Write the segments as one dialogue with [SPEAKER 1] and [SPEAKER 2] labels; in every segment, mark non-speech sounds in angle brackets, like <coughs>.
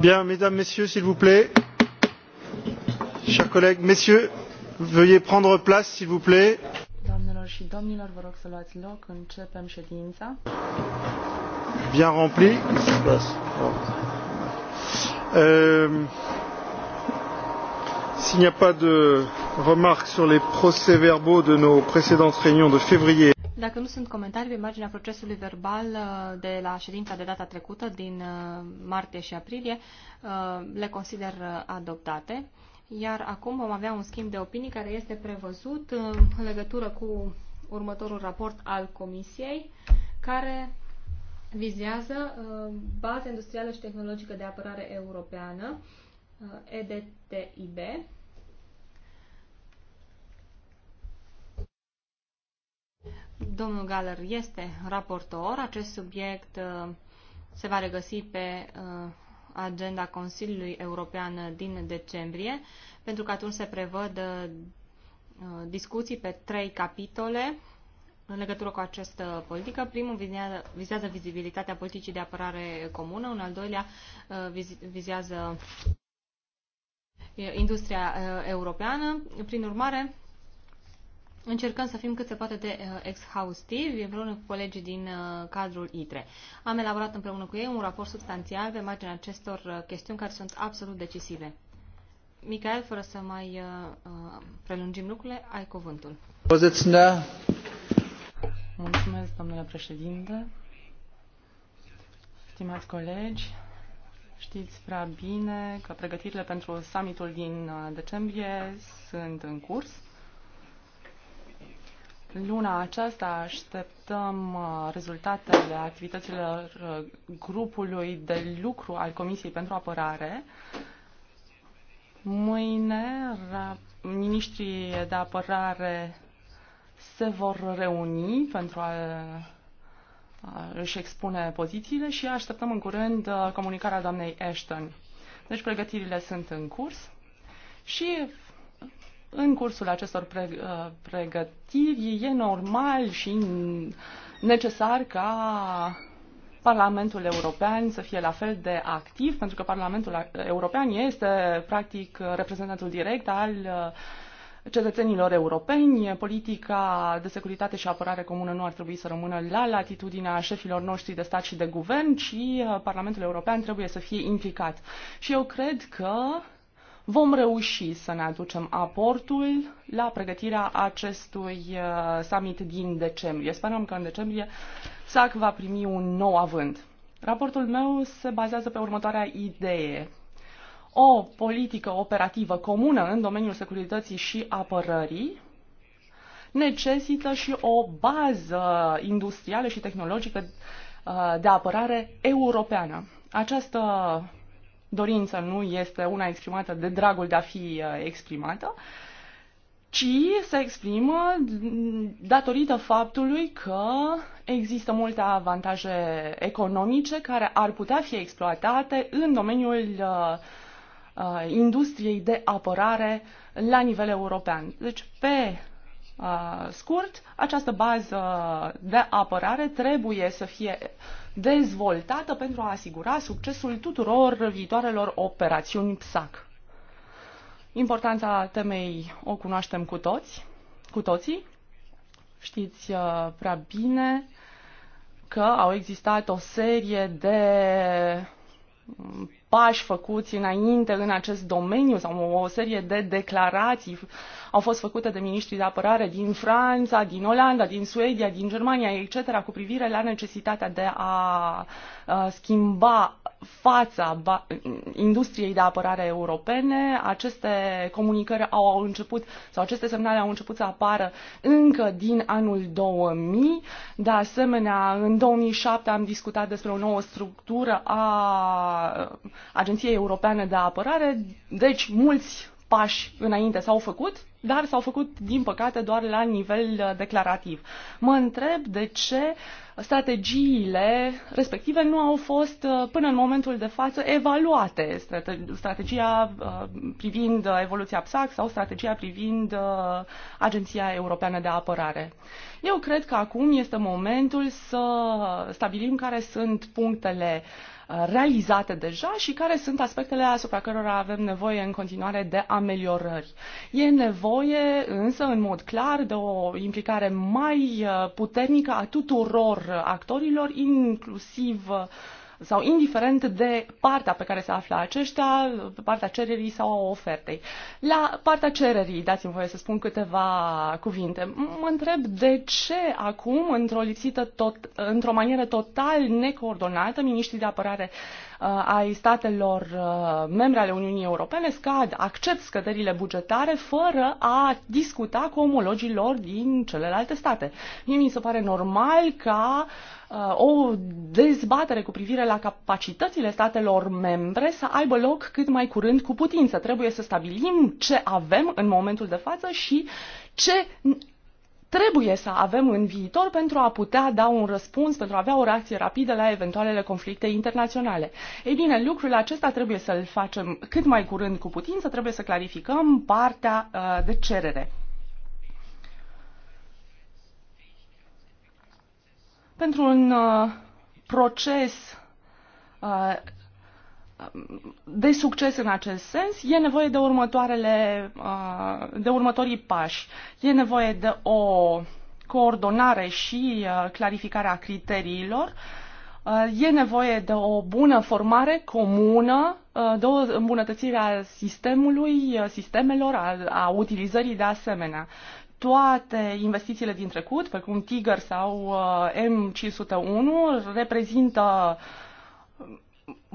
[SPEAKER 1] Bien, mesdames, messieurs, s'il vous plaît. Chers collègues, messieurs, veuillez prendre place, s'il vous plaît.
[SPEAKER 2] Doamnelor și domnilor, vă rog să luați loc, începem ședința.
[SPEAKER 1] Bien rempli. Euh, S'il n'y a pas de remarques sur les procès verbaux de nos précédentes réunions de février
[SPEAKER 3] dacă nu sunt comentarii pe marginea procesului verbal uh, de la ședința de data trecută din uh, martie și aprilie, uh, le consider adoptate. Iar acum vom avea un schimb de opinii care este prevăzut în legătură cu următorul raport al Comisiei, care vizează baza industrială și tehnologică de apărare europeană, EDTIB, Domnul Galer este raportor. Acest subiect uh, se va regăsi pe uh, agenda Consiliului European din decembrie, pentru că atunci se prevăd uh, discuții pe trei capitole în legătură cu această politică. Primul vizează vizibilitatea politicii de apărare comună, un al doilea vizează industria europeană. Prin urmare, încercăm să fim cât se poate de uh, exhaustivi împreună cu colegii din uh, cadrul ITRE. Am elaborat împreună cu ei un raport substanțial pe marginea acestor uh, chestiuni care sunt absolut decisive. Michael, fără să mai prelungim lucrurile, ai cuvântul.
[SPEAKER 2] Mulțumesc, domnule președinte. Stimați colegi, știți prea bine că pregătirile pentru summitul din decembrie sunt în curs Luna aceasta așteptăm uh, rezultatele activităților uh, grupului de lucru al Comisiei pentru Apărare. Mâine, ministrii de apărare se vor reuni pentru a uh, își expune pozițiile și așteptăm în curând comunicarea doamnei Ashton. Deci pregătirile sunt în curs și în cursul acestor pre, uh, pregătiri e normal și necesar ca Parlamentul European să fie la fel de activ, pentru că Parlamentul European este practic reprezentantul direct al uh, cetățenilor europeni. Politica de securitate și apărare comună nu ar trebui să rămână la latitudinea șefilor noștri de stat și de guvern, ci uh, Parlamentul European trebuie să fie implicat. Și eu cred că vom reuși să ne aducem aportul la pregătirea acestui uh, summit din decembrie. Sperăm că în decembrie SAC va primi un nou avânt. Raportul meu se bazează pe următoarea idee. O politică operativă comună în domeniul securității și apărării necesită și o bază industrială și tehnologică uh, de apărare europeană. Această dorință nu este una exprimată de dragul de a fi uh, exprimată, ci se exprimă datorită faptului că există multe avantaje economice care ar putea fi exploatate în domeniul uh, uh, industriei de apărare la nivel european. Deci, pe Uh, scurt, această bază de apărare trebuie să fie dezvoltată pentru a asigura succesul tuturor viitoarelor operațiuni PSAC. Importanța temei o cunoaștem cu toți, cu toții. Știți uh, prea bine că au existat o serie de pași făcuți înainte în acest domeniu sau o serie de declarații au fost făcute de miniștrii de apărare din Franța, din Olanda, din Suedia, din Germania, etc., cu privire la necesitatea de a schimba fața industriei de apărare europene. Aceste comunicări au început, sau aceste semnale au început să apară încă din anul 2000. De asemenea, în 2007 am discutat despre o nouă structură a Agenției Europeane de Apărare, deci mulți pași înainte s-au făcut, dar s-au făcut, din păcate, doar la nivel uh, declarativ. Mă întreb de ce strategiile respective nu au fost, uh, până în momentul de față, evaluate. Strategia uh, privind evoluția PSAC sau strategia privind Agenția Europeană de Apărare. Eu cred că acum este momentul să stabilim care sunt punctele uh, realizate deja și care sunt aspectele asupra cărora avem nevoie în continuare de ameliorări. E nevoie însă în mod clar de o implicare mai uh, puternică a tuturor uh, actorilor, inclusiv uh, sau indiferent de partea pe care se află aceștia, pe partea cererii sau a ofertei. La partea cererii, dați-mi voie să spun câteva cuvinte. Mă întreb de ce acum, într-o lipsită tot, într-o manieră total necoordonată, miniștrii de apărare uh, ai statelor uh, membre ale Uniunii Europene scad, accept scăderile bugetare fără a discuta cu omologii lor din celelalte state. Mie mi se pare normal ca uh, Uh, o dezbatere cu privire la capacitățile statelor membre să aibă loc cât mai curând cu putință. Trebuie să stabilim ce avem în momentul de față și ce trebuie să avem în viitor pentru a putea da un răspuns, pentru a avea o reacție rapidă la eventualele conflicte internaționale. Ei bine, lucrul acesta trebuie să-l facem cât mai curând cu putință, trebuie să clarificăm partea uh, de cerere. pentru un uh, proces uh, de succes în acest sens, e nevoie de următoarele, uh, de următorii pași. E nevoie de o coordonare și clarificarea criteriilor, e nevoie de o bună formare comună, de o îmbunătățire a sistemului, sistemelor, a, a utilizării de asemenea toate investițiile din trecut, precum Tiger sau uh, M501, reprezintă uh,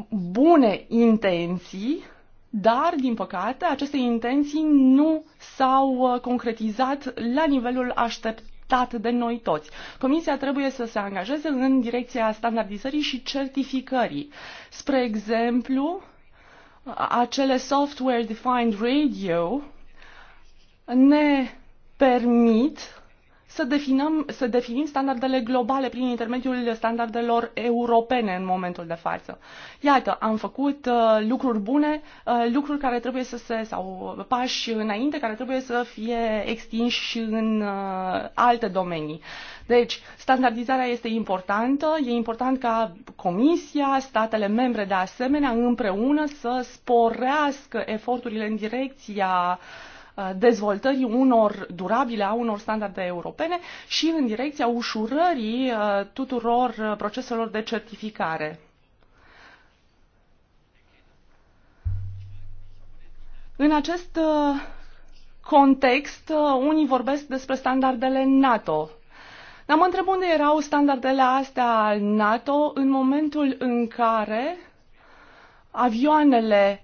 [SPEAKER 2] bune intenții, dar, din păcate, aceste intenții nu s-au uh, concretizat la nivelul așteptat de noi toți. Comisia trebuie să se angajeze în direcția standardizării și certificării. Spre exemplu, acele software-defined radio ne permit să definim, să definim standardele globale prin intermediul standardelor europene în momentul de față. Iată, am făcut uh, lucruri bune, uh, lucruri care trebuie să se, sau pași înainte, care trebuie să fie extinși și în uh, alte domenii. Deci, standardizarea este importantă, e important ca Comisia, statele membre de asemenea, împreună să sporească eforturile în direcția uh, Uh, dezvoltării unor durabile, a unor standarde europene și în direcția ușurării uh, tuturor uh, proceselor de certificare. În acest context, unii vorbesc despre standardele NATO. Dar mă întreb unde erau standardele astea NATO în momentul în care avioanele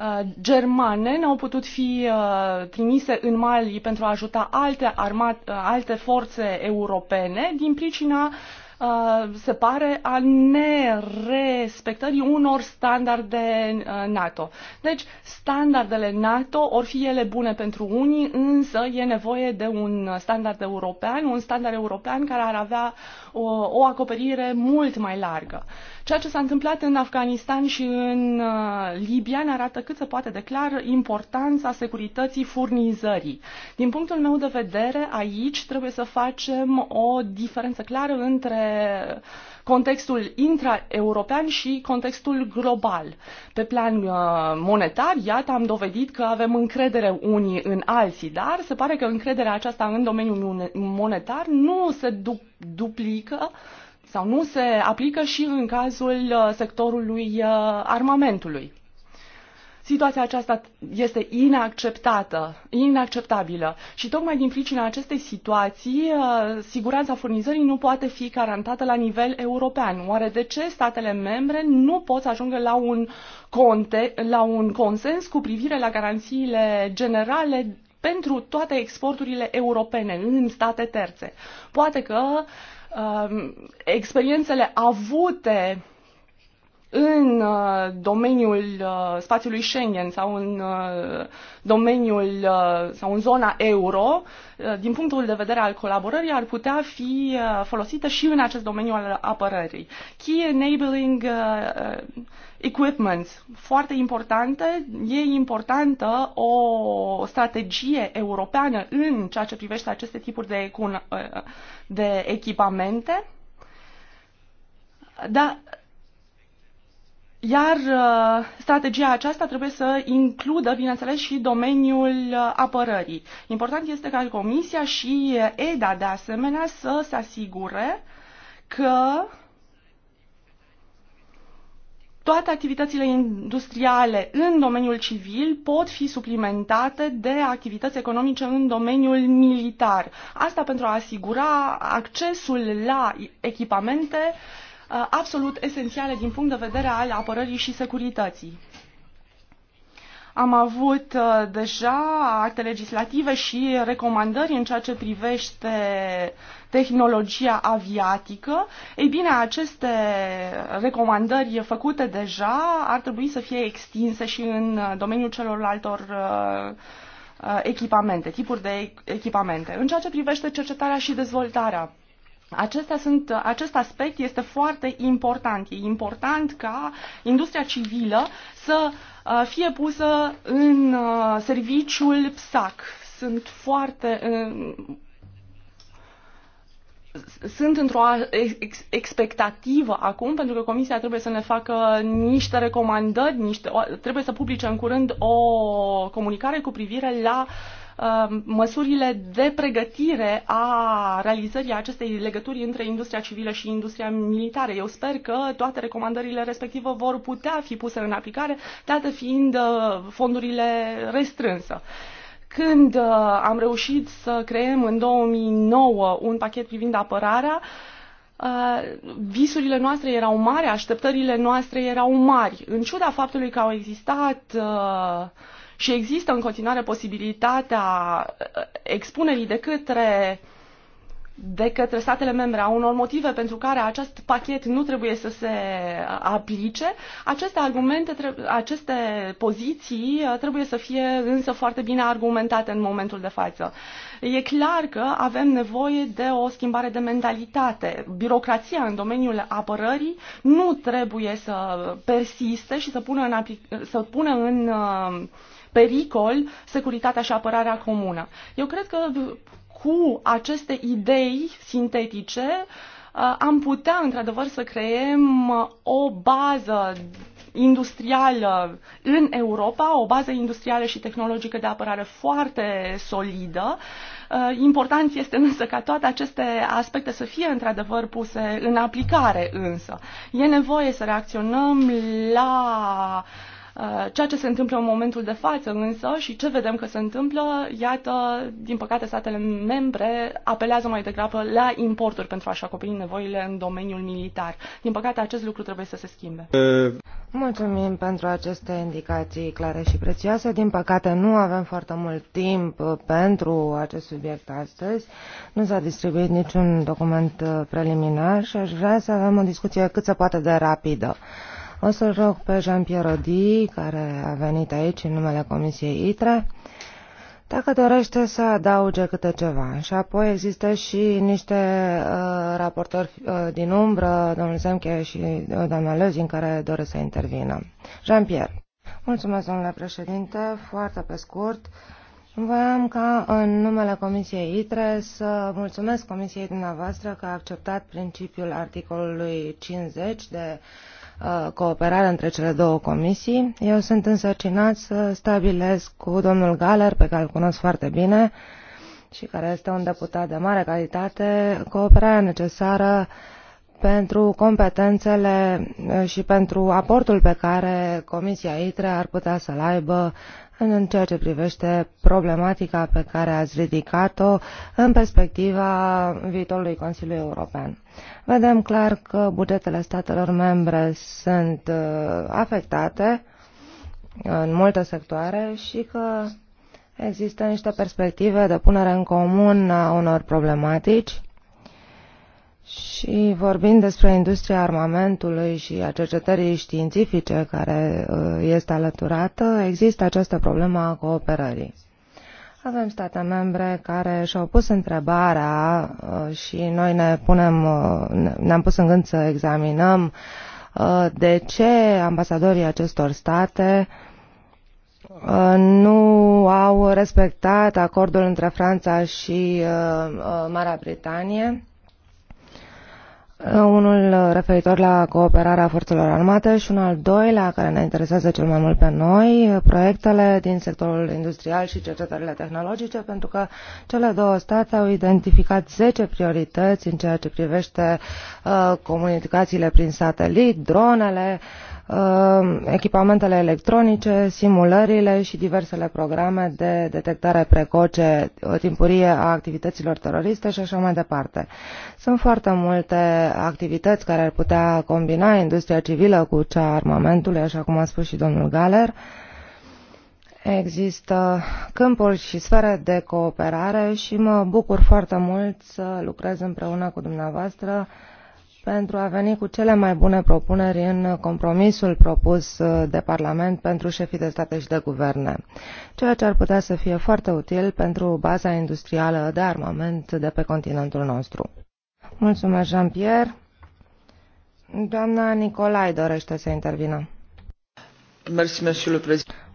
[SPEAKER 2] Uh, germane n-au putut fi uh, trimise în Mali pentru a ajuta alte, armate, uh, alte forțe europene din pricina Uh, se pare, a nerespectării unor standarde uh, NATO. Deci, standardele NATO or fi ele bune pentru unii, însă e nevoie de un standard european, un standard european care ar avea o, o acoperire mult mai largă. Ceea ce s-a întâmplat în Afganistan și în uh, Libia ne arată cât se poate de clar importanța securității furnizării. Din punctul meu de vedere, aici trebuie să facem o diferență clară între contextul intra-european și contextul global. Pe plan uh, monetar, iată, am dovedit că avem încredere unii în alții, dar se pare că încrederea aceasta în domeniul monetar nu se du- duplică sau nu se aplică și în cazul uh, sectorului uh, armamentului. Situația aceasta este inacceptată, inacceptabilă și tocmai din pricina acestei situații uh, siguranța furnizării nu poate fi garantată la nivel european. Oare de ce statele membre nu pot să ajungă la un, conte, la un consens cu privire la garanțiile generale pentru toate exporturile europene în state terțe? Poate că um, experiențele avute în uh, domeniul uh, spațiului Schengen sau în uh, domeniul sau în zona euro, din punctul de vedere al colaborării, ar putea fi folosită și în acest domeniu al apărării. Key enabling equipments, foarte importante, e importantă o strategie europeană în ceea ce privește aceste tipuri de, de echipamente. Dar iar uh, strategia aceasta trebuie să includă, bineînțeles, și domeniul uh, apărării. Important este ca Comisia și EDA, de asemenea, să se asigure că toate activitățile industriale în domeniul civil pot fi suplimentate de activități economice în domeniul militar. Asta pentru a asigura accesul la echipamente uh, Uh, absolut esențiale din punct de vedere al apărării și securității. Am avut uh, deja acte legislative și recomandări în ceea ce privește tehnologia aviatică. Ei bine, aceste recomandări făcute deja ar trebui să fie extinse și în domeniul celorlaltor uh, echipamente, tipuri de echipamente. În ceea ce privește cercetarea și dezvoltarea, Acestea sunt, acest aspect este foarte important. E important ca industria civilă să uh, fie pusă în uh, serviciul PSAC. Sunt foarte uh, sunt într-o expectativă acum, pentru că Comisia trebuie să ne facă niște recomandări, niște, trebuie să publice în curând o comunicare cu privire la uh, Um, măsurile de pregătire a realizării acestei legături între industria civilă și industria militară. Eu sper că toate recomandările respective vor putea fi puse în aplicare, date fiind uh, fondurile restrânsă. Când uh, am reușit să creăm în 2009 un pachet privind apărarea, uh, visurile noastre erau mari, așteptările noastre erau mari. În ciuda faptului că au existat uh, și există în continuare posibilitatea uh, expunerii de către de către statele membre a unor motive pentru care acest pachet nu trebuie să se aplice, aceste argumente, aceste poziții uh, trebuie să fie însă foarte bine argumentate în momentul de față. E clar că avem nevoie de o schimbare de mentalitate. Birocrația în domeniul apărării nu trebuie să persiste și să pună în, să pună în uh, pericol securitatea și apărarea comună. Eu cred că cu aceste idei sintetice uh, am putea într-adevăr să creem uh, o bază industrială în Europa, o bază industrială și tehnologică de apărare foarte solidă. Uh, important este însă ca toate aceste aspecte să fie într-adevăr puse în aplicare însă. E nevoie să reacționăm la uh, Uh, ceea ce se întâmplă în momentul de față însă și ce vedem că se întâmplă, iată, din păcate statele membre apelează mai degrabă la importuri pentru a-și acoperi nevoile în domeniul militar. Din păcate acest lucru trebuie să se schimbe.
[SPEAKER 4] Mulțumim pentru aceste indicații clare și prețioase. Din păcate nu avem foarte mult timp uh, pentru acest subiect astăzi. Nu s-a distribuit niciun document uh, preliminar și aș vrea să avem o discuție cât se poate de rapidă. O să-l rog pe Jean-Pierre Odi, care a venit aici în numele Comisiei ITRE, dacă dorește să adauge câte ceva. Și apoi există și niște uh, raportori uh, din umbră, domnul Zemche și uh, doamna Lezin, care doresc să intervină. Jean-Pierre. Mulțumesc, domnule președinte. Foarte pe scurt. Voiam ca în numele Comisiei ITRE să mulțumesc Comisiei dumneavoastră că a acceptat principiul articolului 50 de uh, Uh, cooperare între cele două comisii. Eu sunt însărcinat să stabilesc cu domnul Galer, pe care îl cunosc foarte bine și care este un deputat de mare calitate, cooperarea necesară pentru competențele uh, și pentru aportul pe care Comisia ITRE ar putea să-l aibă în ceea ce privește problematica pe care ați ridicat-o în perspectiva viitorului Consiliu European. Vedem clar că bugetele statelor membre sunt uh, afectate în multe sectoare și că există niște perspective de punere în comun a unor problematici și vorbind despre industria armamentului și a cercetării științifice care uh, este alăturată, există această problemă a cooperării. Avem state membre care și-au pus întrebarea uh, și noi ne punem, uh, ne-am pus în gând să examinăm de ce ambasadorii acestor state nu au respectat acordul între Franța și Marea Britanie unul uh, referitor la cooperarea forțelor armate și un al doilea care ne interesează cel mai mult pe noi, uh, proiectele din sectorul industrial și cercetările tehnologice, pentru că cele două state au identificat 10 priorități în ceea ce privește uh, comunicațiile prin satelit, dronele, uh, Uh, echipamentele electronice, simulările și diversele programe de detectare precoce, uh, timpurie a activităților teroriste și așa mai departe. Sunt foarte multe activități care ar putea combina industria civilă cu cea a armamentului, așa cum a spus și domnul Galer. Există câmpuri și sfere de cooperare și mă bucur foarte mult să lucrez împreună cu dumneavoastră pentru a veni cu cele mai bune propuneri în compromisul propus uh, de Parlament pentru șefii de state și de guverne, ceea ce ar putea să fie foarte util pentru baza industrială de armament de pe continentul nostru. Mulțumesc, Jean-Pierre. Doamna Nicolai dorește să intervină.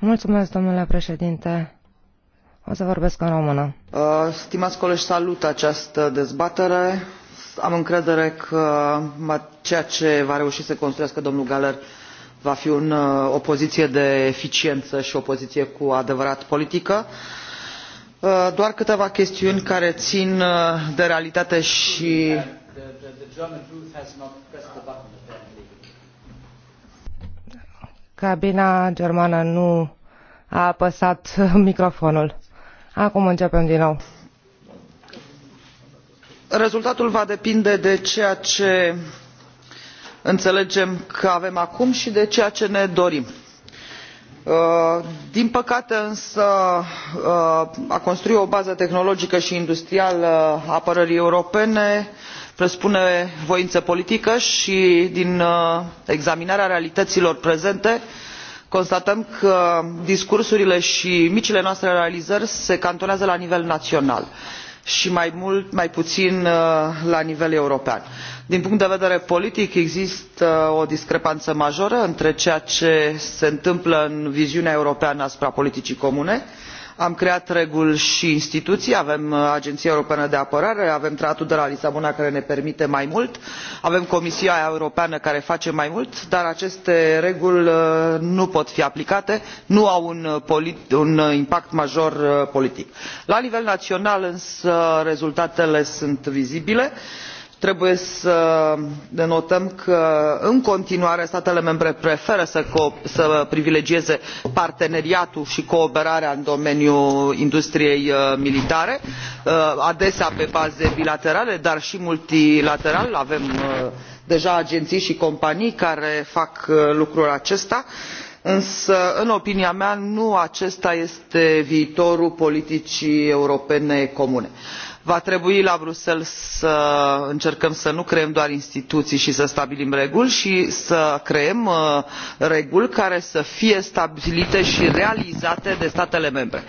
[SPEAKER 4] Mulțumesc, domnule președinte. O să vorbesc în română.
[SPEAKER 5] Uh, stimați colegi, salut această dezbatere am încredere că ceea ce va reuși să construiască domnul gahler va fi un, uh, o poziție de eficiență și o poziție cu adevărat politică. Uh, doar câteva chestiuni care țin uh, de realitate și
[SPEAKER 4] cabina germană nu a apăsat <laughs> microfonul. Acum începem din nou
[SPEAKER 5] rezultatul va depinde de ceea ce înțelegem că avem acum și de ceea ce ne dorim. Uh, din păcate însă uh, a construi o bază tehnologică și industrială a apărării europene presupune voință politică și din uh, examinarea realităților prezente constatăm că discursurile și micile noastre realizări se cantonează la nivel național și mai mult mai puțin uh, la nivel european. din punct de vedere politic există uh, o discrepanță majoră între ceea ce se întâmplă în viziunea europeană asupra politicii comune și am creat reguli și instituții avem uh, agenția europeană de apărare avem tratatul de la lisabona care ne permite mai mult avem comisia europeană care face mai mult dar aceste reguli uh, nu pot fi aplicate nu au un, uh, impact major politic. la nivel național însă rezultatele sunt vizibile și trebuie să denotăm că în continuare statele membre preferă să privilegieze parteneriatul și cooperarea în domeniul industriei uh, militare uh, adesea pe baze bilaterale dar și multilateral avem uh, deja agenții și companii care fac lucrul acesta însă în opinia mea nu acesta este viitorul politicii europene comune va trebui la bruxelles să încercăm să nu creăm doar instituții și să stabilim reguli ci să creăm uh, reguli care să fie stabilite și realizate de statele membre.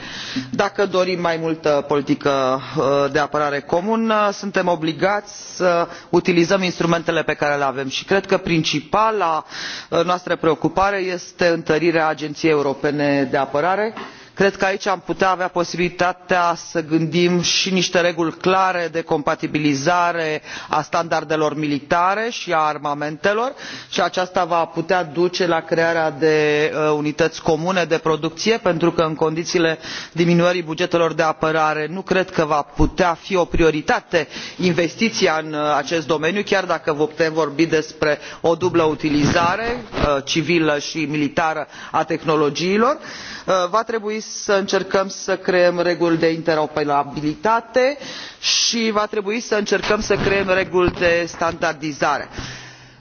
[SPEAKER 5] dacă dorim mai multă politică uh, de apărare comună suntem obligați să utilizăm instrumentele pe care le avem și cred că principala uh, noastră preocupare este întărirea agenției europene de apărare care cred că aici am putea avea posibilitatea să gândim și niște reguli clare de compatibilizare a standardelor militare și a armamentelor și aceasta va putea duce la crearea de uh, unități comune de producție pentru că în condițiile diminuării bugetelor de apărare nu cred că va putea fi o prioritate investiția în uh, acest domeniu chiar dacă putem vorbi despre o dublă utilizare uh, civilă și militară a tehnologiilor va trebui să încercăm să creăm reguli de interoperabilitate și va trebui să încercăm să creăm reguli de standardizare.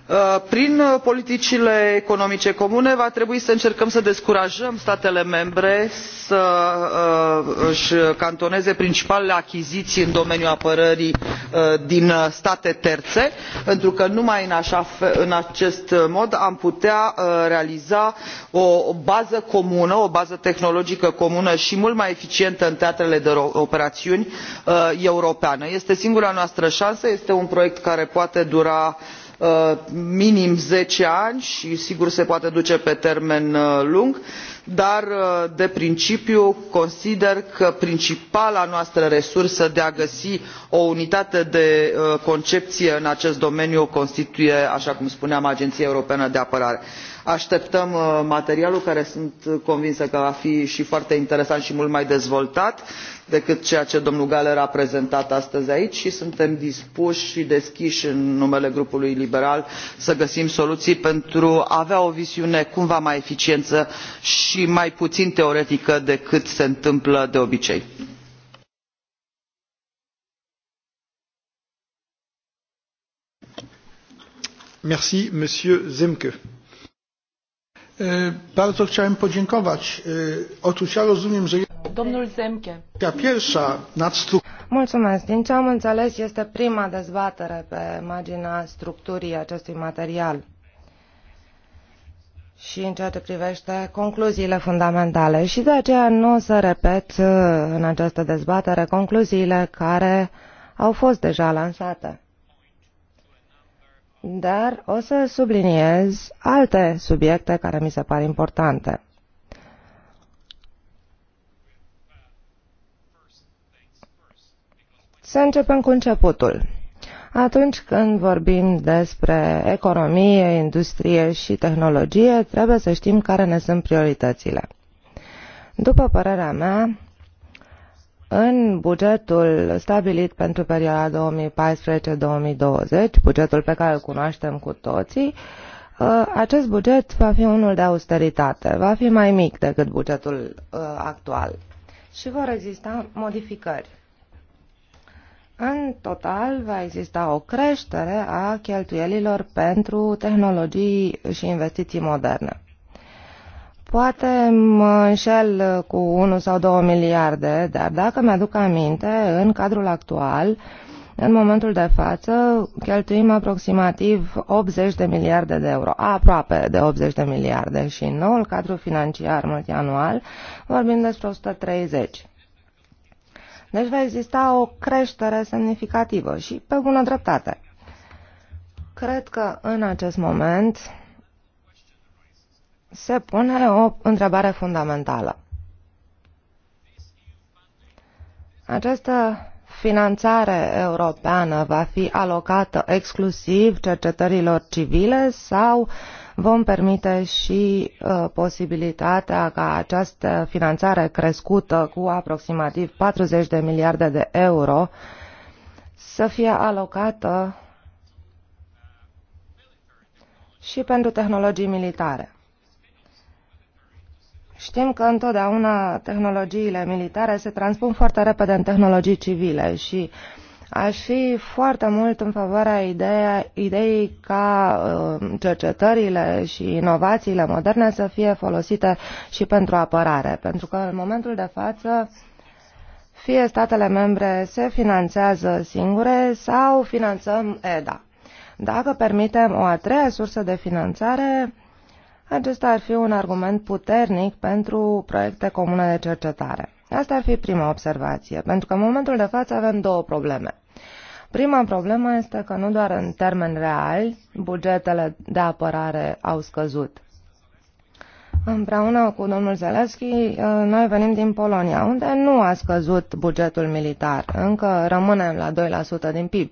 [SPEAKER 5] Uh, prin uh, politicile economice comune va trebui să încercăm să descurajăm statele membre să uh, își cantoneze principalele achiziții în domeniul apărării din state terțe pentru că numai în acest mod am putea realiza o bază comună o bază tehnologică comună și mult mai eficientă în teatrele de operațiuni europeană. este singura noastră șansă este un proiect care poate dura Uh, minim zece ani și sigur se poate duce pe termen uh, lung dar uh, de principiu consider că principala noastră resursă de a găsi o unitate de concepție în acest domeniu o constituie așa cum spuneam agenția europeană de apărare așteptăm uh, materialul care sunt convinsă că va fi și foarte interesant și mult mai dezvoltat decât ceea ce domnul gahler a prezentat astăzi aici și suntem dispuși și deschiși în numele grupului liberal să găsim soluții pentru a avea o viziune cumva mai eficientă și mai puțin teoretică decât se întâmplă de obicei.
[SPEAKER 1] Mulțumesc, domnule Zemke. Bardzo chciałem podziękować. Otóż ja rozumiem, że...
[SPEAKER 4] Domnul Zemke.
[SPEAKER 1] Pierwsza nad
[SPEAKER 4] Mulțumesc. Din ce am înțeles, este prima dezbatere pe marginea structurii acestui material și în ceea ce privește concluziile fundamentale. Și de aceea nu o să repet uh, în această dezbatere concluziile care au fost deja lansate dar o să subliniez alte subiecte care mi se par importante. Să începem cu începutul. Atunci când vorbim despre economie, industrie și tehnologie, trebuie să știm care ne sunt prioritățile. După părerea mea, în bugetul stabilit pentru perioada 2014-2020, bugetul pe care îl cunoaștem cu toții, ă, acest buget va fi unul de austeritate, va fi mai mic decât bugetul ă, actual și vor exista modificări. În total va exista o creștere a cheltuielilor pentru tehnologii și investiții moderne. Poate mă înșel cu 1 sau 2 miliarde, dar dacă mi-aduc aminte, în cadrul actual, în momentul de față, cheltuim aproximativ 80 de miliarde de euro, aproape de 80 de miliarde și în noul cadru financiar multianual vorbim despre 130. Deci va exista o creștere semnificativă și pe bună dreptate. Cred că în acest moment se pune o întrebare fundamentală. Această finanțare europeană va fi alocată exclusiv cercetărilor civile sau vom permite și uh, posibilitatea ca această finanțare crescută cu aproximativ 40 de miliarde de euro să fie alocată și pentru tehnologii militare. Știm că întotdeauna tehnologiile militare se transpun foarte repede în tehnologii civile și aș fi foarte mult în favoarea ideea, ideii ca uh, cercetările și inovațiile moderne să fie folosite și pentru apărare, pentru că în momentul de față fie statele membre se finanțează singure sau finanțăm EDA. Dacă permitem o a treia sursă de finanțare, acesta ar fi un argument puternic pentru proiecte comune de cercetare. Asta ar fi prima observație, pentru că în momentul de față avem două probleme. Prima problemă este că nu doar în termen reali bugetele de apărare au scăzut. Împreună cu domnul Zelenski, ă, noi venim din Polonia, unde nu a scăzut bugetul militar. Încă rămânem la 2% din PIB.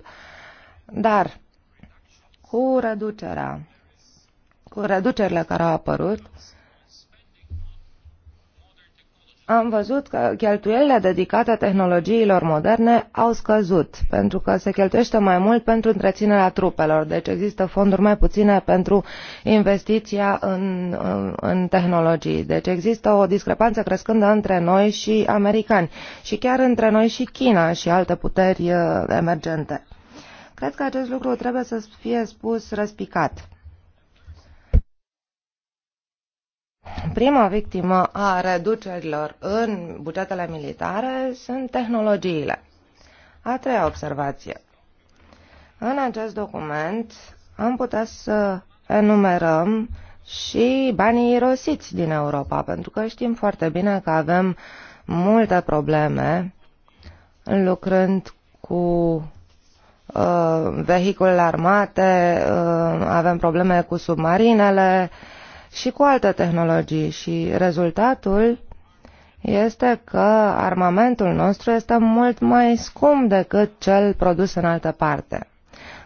[SPEAKER 4] Dar cu reducerea cu reducerile care au apărut, am văzut că cheltuielile dedicate tehnologiilor moderne au scăzut, pentru că se cheltuiește mai mult pentru întreținerea trupelor, deci există fonduri mai puține pentru investiția în, în, în tehnologii. Deci există o discrepanță crescândă între noi și americani și chiar între noi și China și alte puteri uh, emergente. Cred că acest lucru trebuie să fie spus răspicat. Prima victimă a reducerilor în bugetele militare sunt tehnologiile. A treia observație. În acest document am putea să enumerăm și banii irosiți din Europa, pentru că știm foarte bine că avem multe probleme lucrând cu uh, vehiculele armate, uh, avem probleme cu submarinele, uh, și cu alte tehnologii și rezultatul este că armamentul nostru este mult mai scump decât cel produs în altă parte.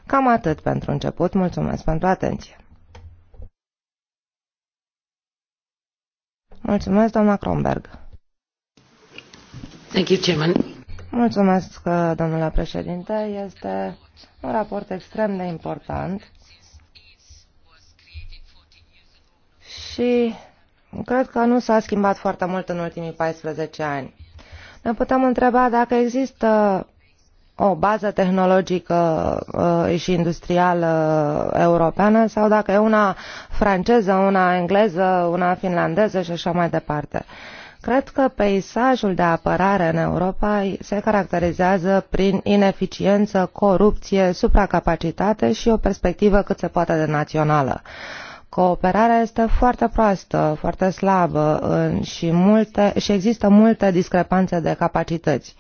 [SPEAKER 4] Cam atât pentru început. Mulțumesc pentru atenție. Mulțumesc, doamna Kronberg.
[SPEAKER 1] Thank you, Chairman.
[SPEAKER 4] Mulțumesc, domnule președinte. Este un raport extrem de important și cred că nu s-a schimbat foarte mult în ultimii 14 ani. Ne putem întreba dacă există o bază tehnologică uh, și industrială europeană sau dacă e una franceză, una engleză, una finlandeză și așa mai departe. Cred că peisajul de apărare în Europa se caracterizează prin ineficiență, corupție, supracapacitate și o perspectivă cât se poate de națională. Cooperarea este foarte proastă, foarte slabă și, multe, și există multe discrepanțe de capacități.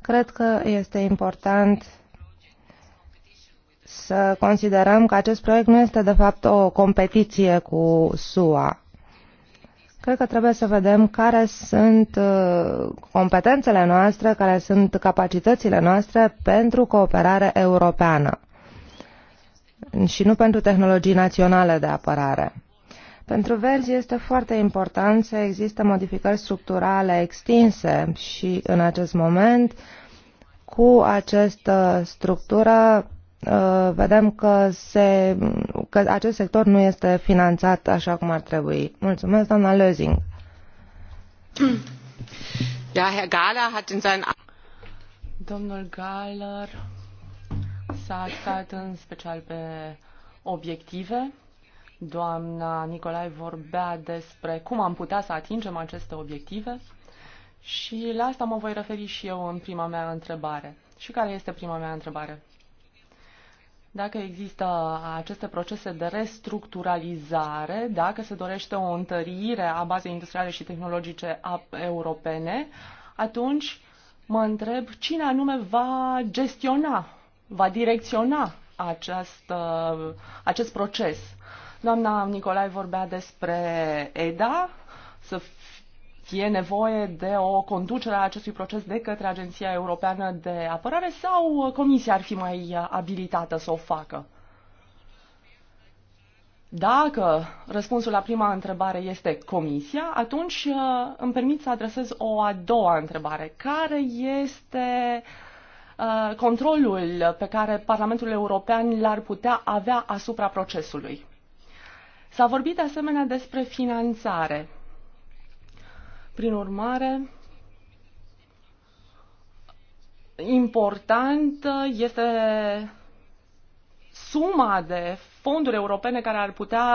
[SPEAKER 4] Cred că este important să considerăm că acest proiect nu este de fapt o competiție cu SUA. Cred că trebuie să vedem care sunt uh, competențele noastre, care sunt capacitățile noastre pentru cooperare europeană și nu pentru tehnologii naționale de apărare. Pentru verzi este foarte important să existe modificări structurale extinse și în acest moment cu această structură uh, vedem că, se, că acest sector nu este finanțat așa cum ar trebui. Mulțumesc, doamna Lözing.
[SPEAKER 2] Ja, Herr Gahler hat in seinen Domnul Galler s-a axat în special pe obiective. Doamna Nicolae vorbea despre cum am putea să atingem aceste obiective și la asta mă voi referi și eu în prima mea întrebare. Și care este prima mea întrebare? Dacă există aceste procese de restructuralizare, dacă se dorește o întărire a bazei industriale și tehnologice europene, atunci mă întreb cine anume va gestiona va direcționa acest, uh, acest proces. Doamna Nicolae vorbea despre EDA, să fie nevoie de o conducere a acestui proces de către Agenția Europeană de Apărare sau Comisia ar fi mai abilitată să o facă? Dacă răspunsul la prima întrebare este Comisia, atunci uh, îmi permit să adresez o a doua întrebare. Care este Uh, controlul pe care Parlamentul European l-ar putea avea asupra procesului. S-a vorbit de asemenea despre finanțare. Prin urmare, important este suma de fonduri europene care ar putea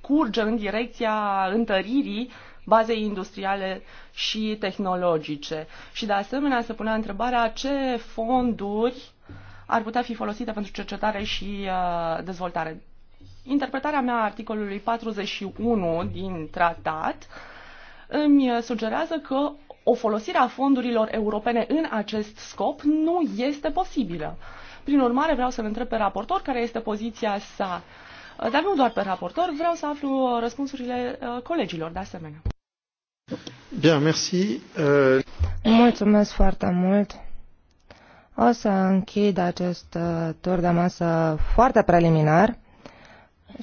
[SPEAKER 2] curge în direcția întăririi uh, baze industriale și tehnologice. Și de asemenea se punea întrebarea ce fonduri ar putea fi folosite pentru cercetare și uh, dezvoltare. Interpretarea mea a articolului 41 din tratat îmi sugerează că o folosire a fondurilor europene în acest scop nu este posibilă. Prin urmare, vreau să-l întreb pe raportor care este poziția sa. Dar nu doar pe raportor, vreau să aflu uh, răspunsurile uh, colegilor de asemenea.
[SPEAKER 4] Euh, Mulțumesc foarte mult. O să închid acest uh, tur de masă foarte preliminar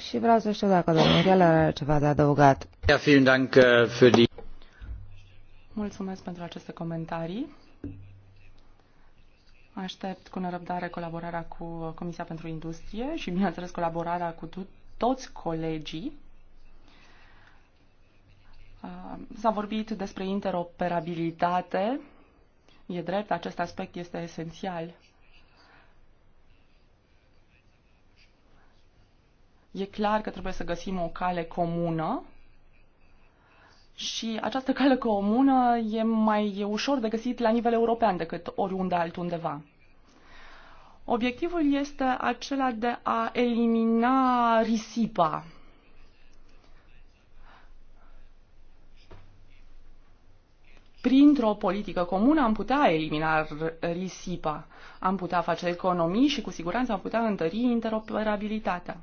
[SPEAKER 4] și vreau să știu dacă domnul Geller are ceva de adăugat. Uh,
[SPEAKER 2] Mulțumesc pentru aceste comentarii. Aștept cu nerăbdare colaborarea cu Comisia pentru Industrie și, bineînțeles, colaborarea cu toți colegii Uh, s-a vorbit despre interoperabilitate. E drept, acest aspect este esențial. E clar că trebuie să găsim o cale comună și această cale comună e mai ușor de găsit la nivel european decât oriunde altundeva. Obiectivul este acela de a elimina risipa printr-o politică comună am putea elimina risipa, am putea face economii și cu siguranță am putea întări interoperabilitatea.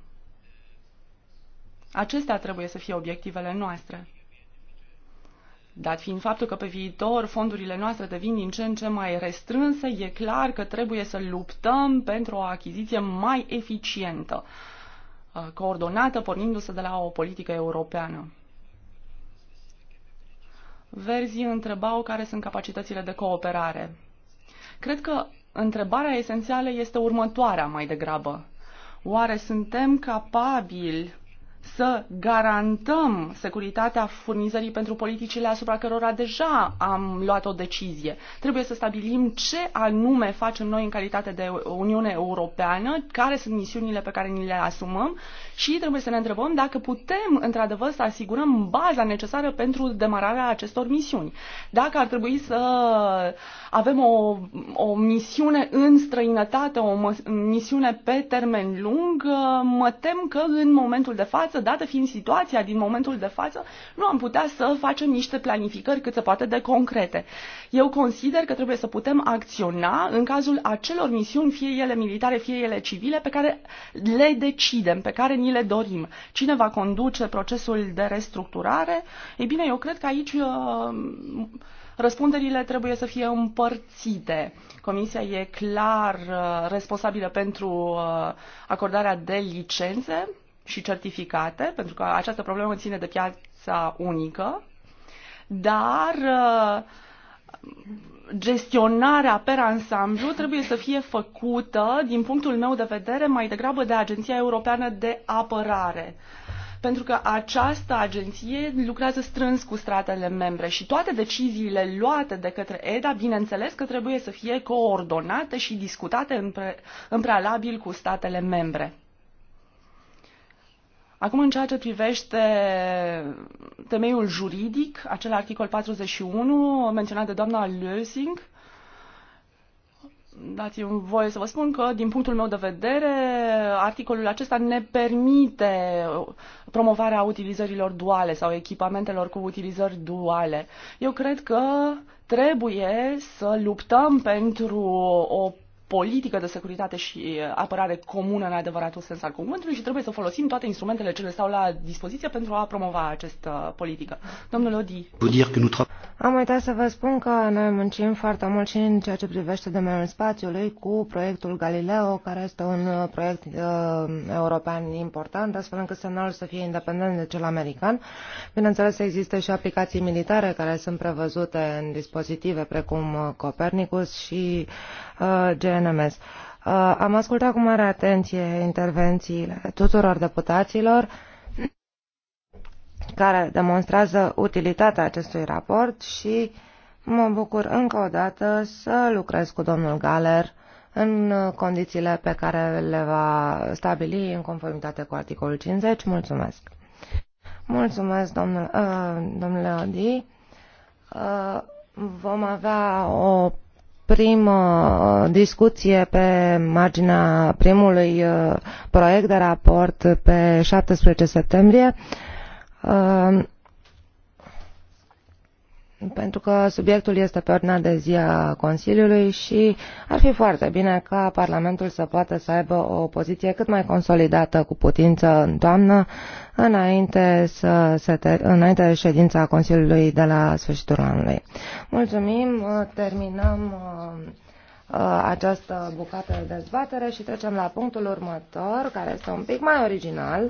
[SPEAKER 2] Acestea trebuie să fie obiectivele noastre. Dat fiind faptul că pe viitor fondurile noastre devin din ce în ce mai restrânse, e clar că trebuie să luptăm pentru o achiziție mai eficientă, uh, coordonată pornindu-se de la o politică europeană. Verzii întrebau care sunt capacitățile de cooperare. Cred că întrebarea esențială este următoarea mai degrabă. Oare suntem capabili să garantăm securitatea furnizării pentru politicile asupra cărora deja am luat o decizie. Trebuie să stabilim ce anume facem noi în calitate de Uniune Europeană, care sunt misiunile pe care ni le asumăm și trebuie să ne întrebăm dacă putem într-adevăr să asigurăm baza necesară pentru demararea acestor misiuni. Dacă ar trebui să avem o, o misiune în străinătate, o misiune pe termen lung, mă tem că în momentul de față această dată fiind situația din momentul de față, nu am putea să facem niște planificări cât se poate de concrete. Eu consider că trebuie să putem acționa în cazul acelor misiuni, fie ele militare, fie ele civile, pe care le decidem, pe care ni le dorim. Cine va conduce procesul de restructurare? Ei bine, eu cred că aici uh, răspunderile trebuie să fie împărțite. Comisia e clar uh, responsabilă pentru uh, acordarea de licențe și certificate, pentru că această problemă ține de piața unică, dar uh, gestionarea per ansamblu trebuie să fie făcută, din punctul meu de vedere, mai degrabă de Agenția Europeană de Apărare pentru că această agenție lucrează strâns cu statele membre și toate deciziile luate de către EDA, bineînțeles că trebuie să fie coordonate și discutate în, pre, în prealabil cu statele membre. Acum, în ceea ce privește temeiul juridic, acel articol 41 menționat de doamna Lösing, dați-mi voie să vă spun că, din punctul meu de vedere, articolul acesta ne permite promovarea utilizărilor duale sau echipamentelor cu utilizări duale. Eu cred că trebuie să luptăm pentru o politică de securitate și apărare comună în adevăratul sens al cuvântului și trebuie să folosim toate instrumentele ce le stau la dispoziție pentru a promova această politică. Domnul Odi.
[SPEAKER 4] Am uitat să vă spun că noi muncim foarte mult și în ceea ce privește domeniul spațiului cu proiectul Galileo, care este un uh, proiect uh, european important, astfel încât semnalul să fie independent de cel american. Bineînțeles, există și aplicații militare care sunt prevăzute în dispozitive precum uh, Copernicus și Uh, GNMS. Uh, am ascultat cu mare atenție intervențiile tuturor deputaților care demonstrează utilitatea acestui raport și mă bucur încă o dată să lucrez cu domnul Galer în condițiile pe care le va stabili în conformitate cu articolul 50. Mulțumesc! Mulțumesc, domnule, uh, domnule Odi. Uh, vom avea o primă uh, discuție pe marginea primului uh, proiect de raport pe 17 septembrie. Uh, pentru că subiectul este pe ordinea de zi a Consiliului și ar fi foarte bine ca Parlamentul să poată să aibă o poziție cât mai consolidată cu putință în toamnă, înainte, să se ter- înainte de ședința Consiliului de la sfârșitul anului. Mulțumim, terminăm uh, uh, această bucată de dezbatere și trecem la punctul următor, care este un pic mai original.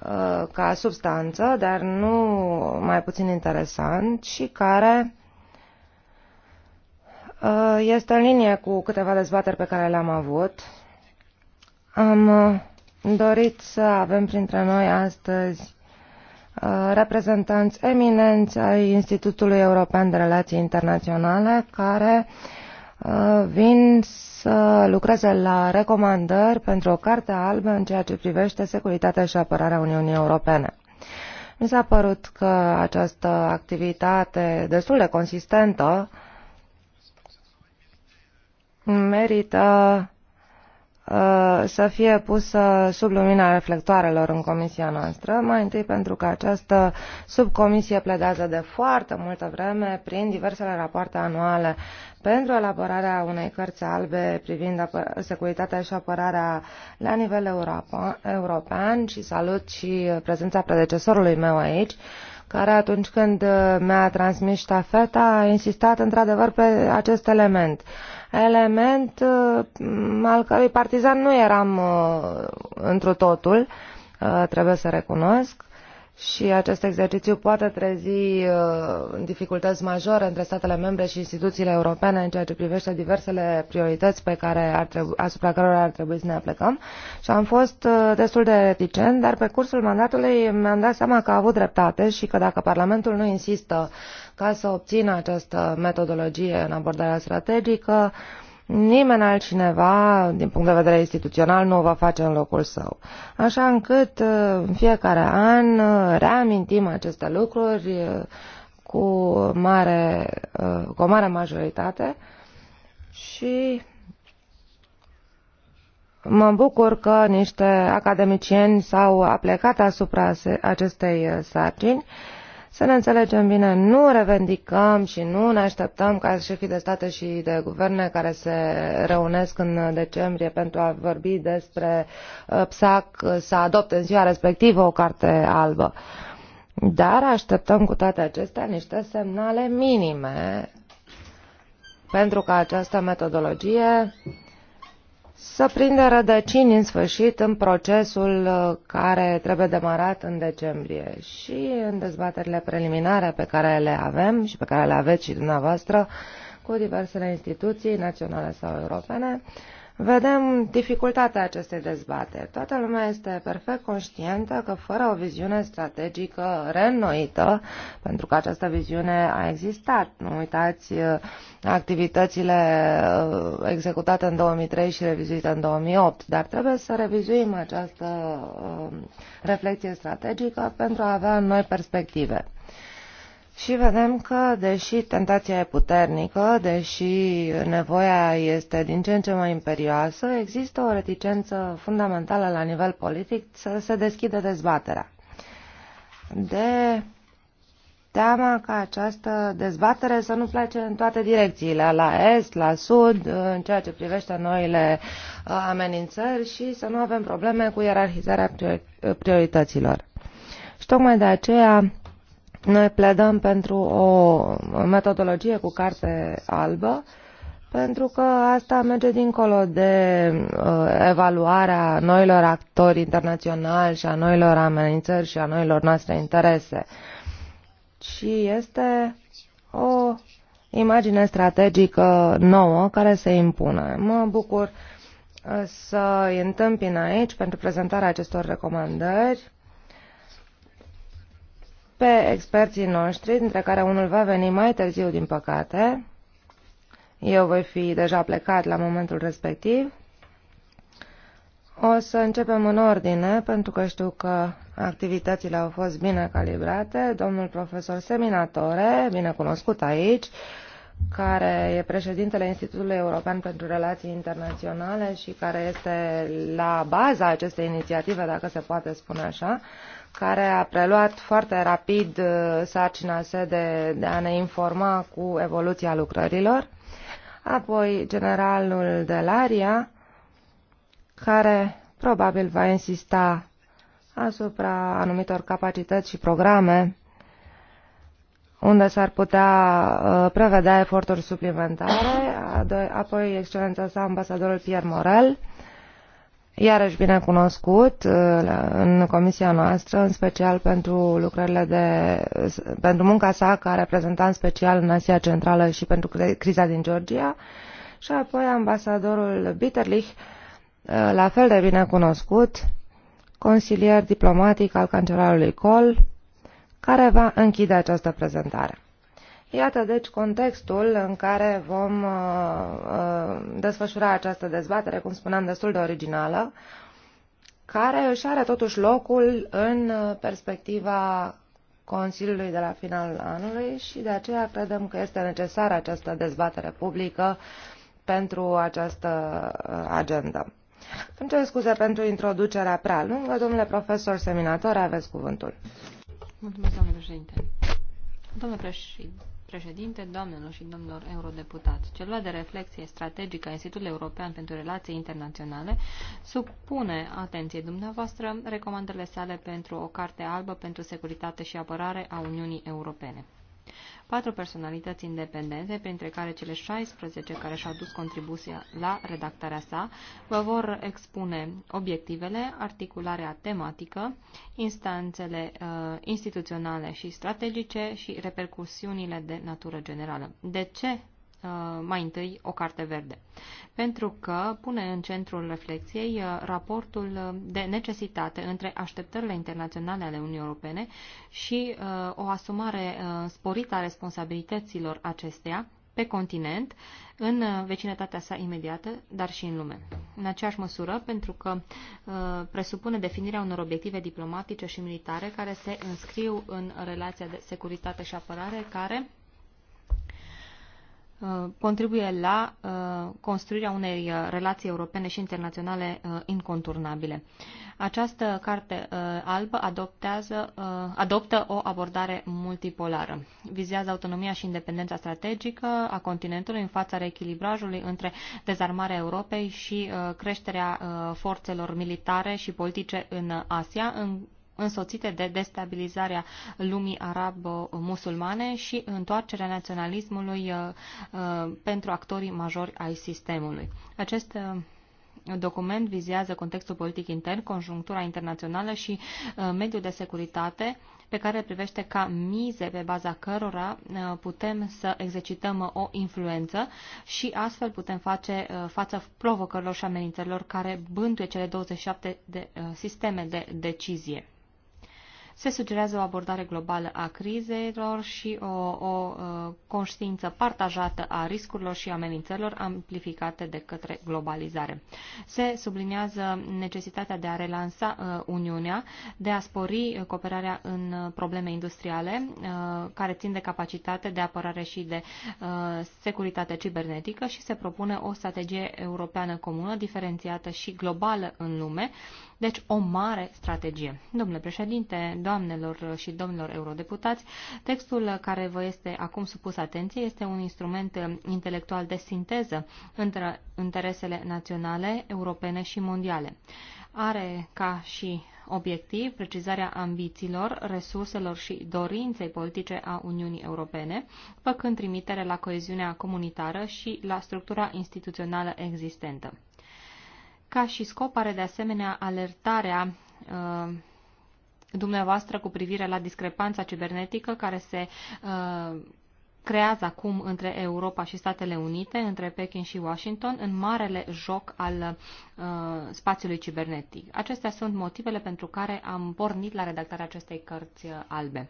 [SPEAKER 4] Uh, ca substanță, dar nu mai puțin interesant și care uh, este în linie cu câteva dezbateri pe care le-am avut. Am uh, dorit să avem printre noi astăzi reprezentanți eminenți ai Institutului European de Relații Internaționale care Uh, vin să lucreze la recomandări pentru o carte albă în ceea ce privește securitatea și apărarea Uniunii Europene. Mi s-a părut că această activitate destul de consistentă merită Uh, să fie pusă sub lumina reflectoarelor în comisia noastră, mai întâi pentru că această subcomisie pledează de foarte multă vreme prin diversele rapoarte anuale pentru elaborarea unei cărți albe privind securitatea și apărarea la nivel european și salut și prezența predecesorului meu aici, care atunci când uh, mi-a transmis ștafeta a insistat într-adevăr pe acest element. Element uh, al cărui partizan nu eram uh, întru totul, trebuie să recunosc, și acest exercițiu poate trezi uh, dificultăți majore între statele membre și instituțiile europene în ceea ce privește diversele priorități pe care ar trebui, asupra cărora ar trebui să ne aplicăm. și am fost uh, destul de reticent, dar pe cursul mandatului mi-am dat seama că a avut dreptate și că dacă Parlamentul nu insistă ca să obțină această metodologie în abordarea strategică, uh, Nimeni altcineva, din punct de vedere instituțional, nu o va face în locul său. Așa încât uh, în fiecare an uh, reamintim aceste lucruri uh, cu, mare, cu o mare majoritate și mă bucur că niște academicieni s-au aplecat asupra acestei sarcini să ne înțelegem bine, nu revendicăm și nu ne așteptăm ca șefii de state și de guverne care se reunesc în decembrie pentru a vorbi despre uh, PSAC să adopte în ziua respectivă o carte albă. Dar așteptăm cu toate acestea niște semnale minime pentru ca această metodologie să prindă rădăcini în sfârșit în procesul uh, care trebuie demarat în decembrie și în dezbaterile preliminare pe care le avem și pe care le aveți și dumneavoastră cu diversele instituții naționale sau europene. Uh, vedem dificultatea acestei dezbateri. Toată lumea este perfect conștientă că fără o viziune strategică reînnoită, pentru că această viziune a existat, nu uitați uh, activitățile uh, executate în 2003 și revizuite în 2008, dar trebuie să revizuim această uh, reflecție strategică pentru a avea noi perspective. Și vedem că, deși tentația e puternică, deși nevoia este din ce în ce mai imperioasă, există o reticență fundamentală la nivel politic să se deschidă dezbaterea. De teama ca această dezbatere să nu plece în toate direcțiile, la est, la sud, în ceea ce privește noile uh, amenințări și să nu avem probleme cu ierarhizarea uh, priorităților. Și tocmai de aceea noi pledăm pentru o metodologie cu carte albă, pentru că asta merge dincolo de uh, evaluarea noilor actori internaționali și a noilor amenințări și a noilor noastre interese, și este o imagine strategică nouă care se impune. Mă bucur uh, să îi întâmpin aici pentru prezentarea acestor recomandări pe experții noștri, dintre care unul va veni mai târziu, din păcate. Eu voi fi deja plecat la momentul respectiv. O să începem în ordine, pentru că știu că activitățile au fost bine calibrate. Domnul profesor Seminatore, bine cunoscut aici, care e președintele Institutului European pentru Relații Internaționale și care este la baza acestei inițiative, dacă se poate spune așa, care a preluat foarte rapid uh, sarcina se de a ne informa cu evoluția lucrărilor, apoi generalul de laria care probabil va insista asupra anumitor capacități și programe unde s-ar putea uh, prevedea eforturi suplimentare, apoi excelența sa ambasadorul Pierre Morel, iarăși bine cunoscut uh, în comisia noastră, în special pentru lucrările de, pentru munca sa ca reprezentant special în Asia Centrală și pentru criza din Georgia și apoi ambasadorul Bitterlich, uh, la fel de bine cunoscut, consilier diplomatic al cancelarului Kohl, care va închide această prezentare. Iată deci contextul în care vom uh, uh, desfășura această dezbatere, cum spuneam, destul de originală, care își are totuși locul în uh, perspectiva Consiliului de la finalul anului și de aceea credem că este necesară această dezbatere publică pentru această uh, agendă. Îmi cer scuze pentru introducerea prea lungă. Domnule profesor seminator, aveți cuvântul.
[SPEAKER 3] Mulțumesc, domnule președinte. Domnule președinte, președinte, doamnelor și domnilor eurodeputați. Celula de reflexie strategică a Institutului European pentru Relații Internaționale supune atenție dumneavoastră recomandările sale pentru o carte albă pentru securitate și apărare a Uniunii Europene patru personalități independente, printre care cele 16 care și-au dus contribuția la redactarea sa, vă vor expune obiectivele, articularea tematică, instanțele uh, instituționale și strategice și repercusiunile de natură generală. De ce Uh, mai întâi o carte verde. Pentru că pune în centrul reflexiei uh, raportul uh, de necesitate între așteptările internaționale ale Uniunii Europene și o asumare sporită a responsabilităților acesteia pe continent, în vecinătatea sa imediată, dar și în lume. În aceeași măsură, pentru că presupune definirea unor obiective diplomatice și militare care se înscriu în relația de securitate și apărare, care Uh, contribuie la uh, construirea unei uh, relații europene și internaționale inconturnabile. Această carte albă adoptează, adoptă o abordare multipolară. Vizează autonomia și independența strategică a continentului în fața reechilibrajului între dezarmarea Europei și creșterea forțelor militare și politice în Asia, în însoțite de destabilizarea lumii arab musulmane și întoarcerea naționalismului uh, uh, pentru actorii majori ai sistemului. Acest uh, document vizează contextul politic intern, conjunctura internațională și mediul de securitate pe care privește ca mize pe baza cărora putem să exercităm o influență și astfel putem face față provocărilor și amenințărilor care bântuie cele 27 de sisteme de decizie. Se sugerează o abordare globală a crizelor și o, o uh, conștiință partajată a riscurilor și amenințărilor amplificate de către globalizare. Se subliniază necesitatea de a relansa uh, Uniunea, de a spori cooperarea în probleme industriale uh, care țin de capacitate de apărare și de securitate cibernetică și se propune o strategie europeană comună, diferențiată și globală în lume, deci o mare strategie. Domnule președinte, doamnelor și domnilor eurodeputați, textul care vă este acum supus atenție este un instrument intelectual de sinteză între interesele naționale, europene și mondiale. Are ca și obiectiv precizarea ambițiilor, resurselor și dorinței politice a Uniunii Europene, făcând trimitere la coeziunea comunitară și la structura instituțională existentă. Ca și scop are de asemenea alertarea uh, dumneavoastră cu privire la discrepanța cibernetică care se uh, creează acum între Europa și Statele Unite, între Pekin și Washington, în marele joc al uh, spațiului cibernetic. Acestea sunt motivele pentru care am pornit la redactarea acestei cărți uh, albe.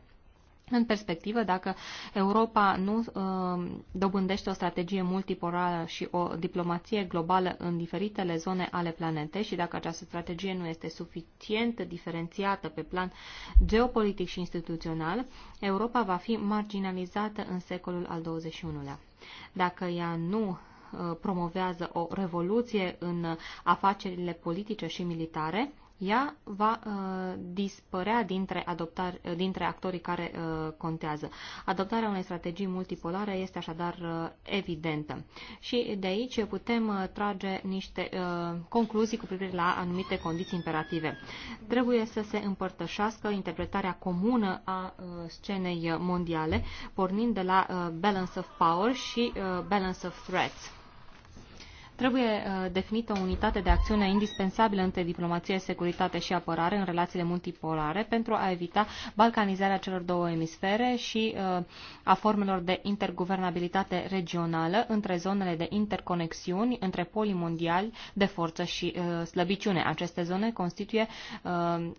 [SPEAKER 3] În perspectivă, dacă Europa nu uh, dobândește o strategie multipolară și o diplomație globală în diferitele zone ale planetei și dacă această strategie nu este suficient diferențiată pe plan geopolitic și instituțional, Europa va fi marginalizată în secolul al XXI-lea. Dacă ea nu uh, promovează o revoluție în afacerile politice și militare, ea va uh, dispărea dintre, adoptar, uh, dintre actorii care uh, contează. Adoptarea unei strategii multipolare este așadar uh, evidentă. Și de aici putem uh, trage niște uh, concluzii cu privire la anumite condiții imperative. Trebuie să se împărtășească interpretarea comună a uh, scenei mondiale, pornind de la uh, balance of power și uh, balance of threats Trebuie uh, definită o unitate de acțiune indispensabilă între diplomație, securitate și apărare în relațiile multipolare pentru a evita balcanizarea celor două emisfere și uh, a formelor de interguvernabilitate regională între zonele de interconexiuni, între polii mondiali de forță și uh, slăbiciune. Aceste zone constituie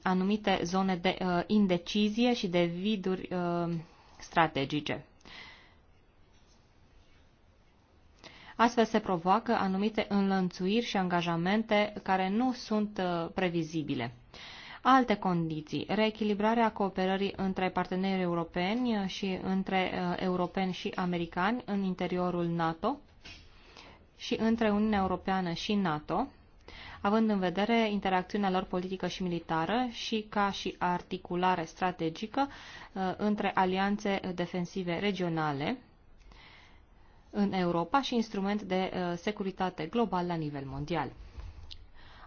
[SPEAKER 3] anumite zone de indecizie și de viduri strategice. Astfel se provoacă anumite înlănțuiri și angajamente care nu sunt uh, previzibile. Alte condiții, reechilibrarea cooperării între parteneri europeni și între uh, europeni și americani în interiorul NATO și între Uniunea Europeană și NATO, având în vedere interacțiunea lor politică și militară și ca și articulare strategică uh, între alianțe defensive regionale, în Europa și instrument de uh, securitate global la nivel mondial.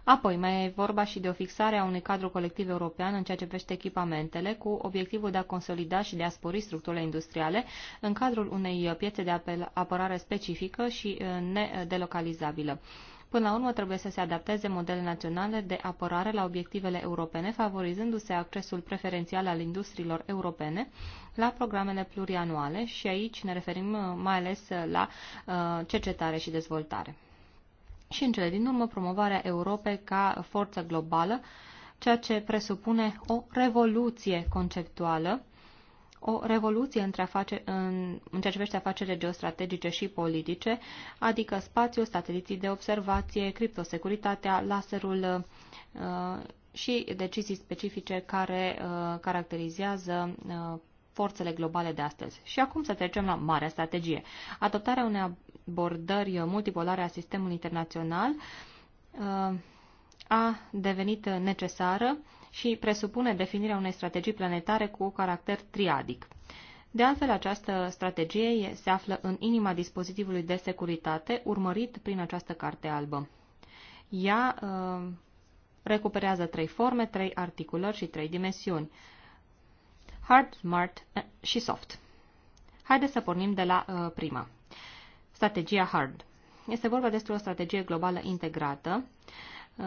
[SPEAKER 3] Apoi, mai e vorba și de o fixare a unui cadru colectiv european în ceea ce privește echipamentele, cu obiectivul de a consolida și de a spori structurile industriale în cadrul unei piețe de apărare specifică și uh, nedelocalizabilă. Până la urmă, trebuie să se adapteze modele naționale de apărare la obiectivele europene, favorizându-se accesul preferențial al industriilor europene la programele plurianuale și aici ne referim uh, mai ales uh, la uh, cercetare și dezvoltare. Și în cele din urmă, promovarea Europei ca forță globală, ceea ce presupune o revoluție conceptuală o revoluție între afaceri, în, în ceea ce vește afacerile geostrategice și politice, adică spațiul, sateliții de observație, criptosecuritatea, laserul uh, și decizii specifice care uh, caracterizează uh, forțele globale de astăzi. Și acum să trecem la marea strategie. Adoptarea unei abordări multipolare a sistemului internațional uh, a devenit necesară și presupune definirea unei strategii planetare cu caracter triadic. De altfel, această strategie se află în inima dispozitivului de securitate urmărit prin această carte albă. Ea uh, recuperează trei forme, trei articulări și trei dimensiuni. Hard, smart uh, și soft. Haideți să pornim de la uh, prima. Strategia hard. Este vorba despre o strategie globală integrată Uh,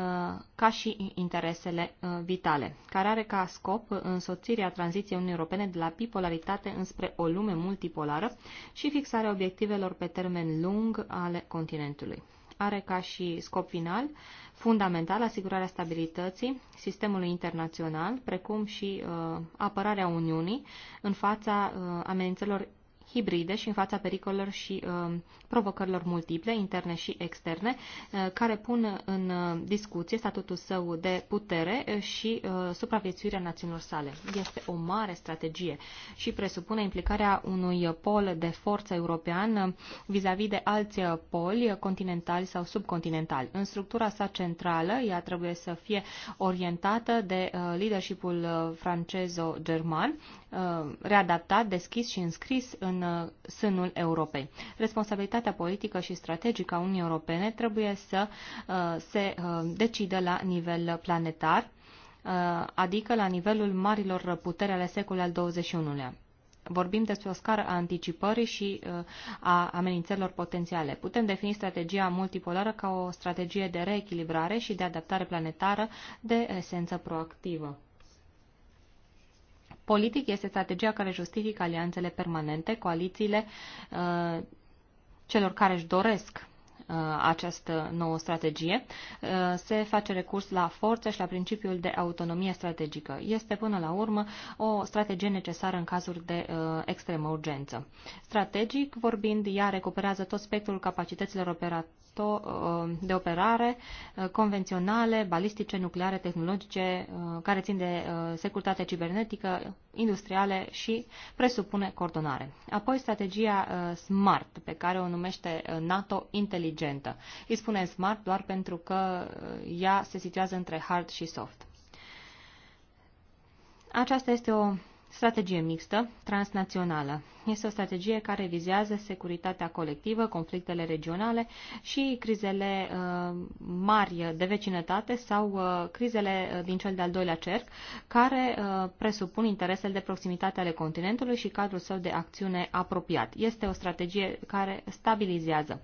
[SPEAKER 3] ca și interesele uh, vitale, care are ca scop însoțirea tranziției Uniunii Europene de la bipolaritate înspre o lume multipolară și fixarea obiectivelor pe termen lung ale continentului. Are ca și scop final fundamental asigurarea stabilității sistemului internațional, precum și uh, apărarea Uniunii în fața uh, amenințelor hibride și în fața pericolelor și uh, provocărilor multiple, interne și externe, uh, care pun în uh, discuție statutul său de putere uh, și uh, supraviețuirea națiunilor sale. Este o mare strategie și presupune implicarea unui pol de forță european uh, vis-a-vis -vis de alți uh, poli continentali sau subcontinentali. În structura sa centrală, ea trebuie să fie orientată de uh, leadership francez francezo german Uh, readaptat, deschis și înscris în uh, sânul Europei. Responsabilitatea politică și strategică a Uniunii Europene trebuie să uh, se decidă la nivel planetar, adică la nivelul marilor puteri ale secolului al XXI-lea. Vorbim despre o scară a anticipării și a amenințărilor potențiale. Putem defini strategia multipolară ca o strategie de reechilibrare și de adaptare planetară de esență proactivă politic este strategia care justifică alianțele permanente, coalițiile uh, celor care își doresc uh, această nouă strategie. Uh, se face recurs la forță și la principiul de autonomie strategică. Este până la urmă o strategie necesară în cazuri de uh, extremă urgență. Strategic vorbind, ea recuperează tot spectrul capacităților operative Uh, de operare uh, convenționale, balistice, nucleare, tehnologice, uh, care țin de securitate cibernetică, industriale și presupune coordonare. Apoi strategia SMART, pe care o numește NATO inteligentă. Îi spune SMART doar pentru că ea se situează între hard și soft. Aceasta este o Strategie mixtă, transnațională. Este o strategie care vizează securitatea colectivă, conflictele regionale și crizele uh, mari de vecinătate sau uh, crizele uh, din cel de-al doilea cerc, care presupun interesele de proximitate ale continentului și cadrul său de acțiune apropiat. Este o strategie care stabilizează.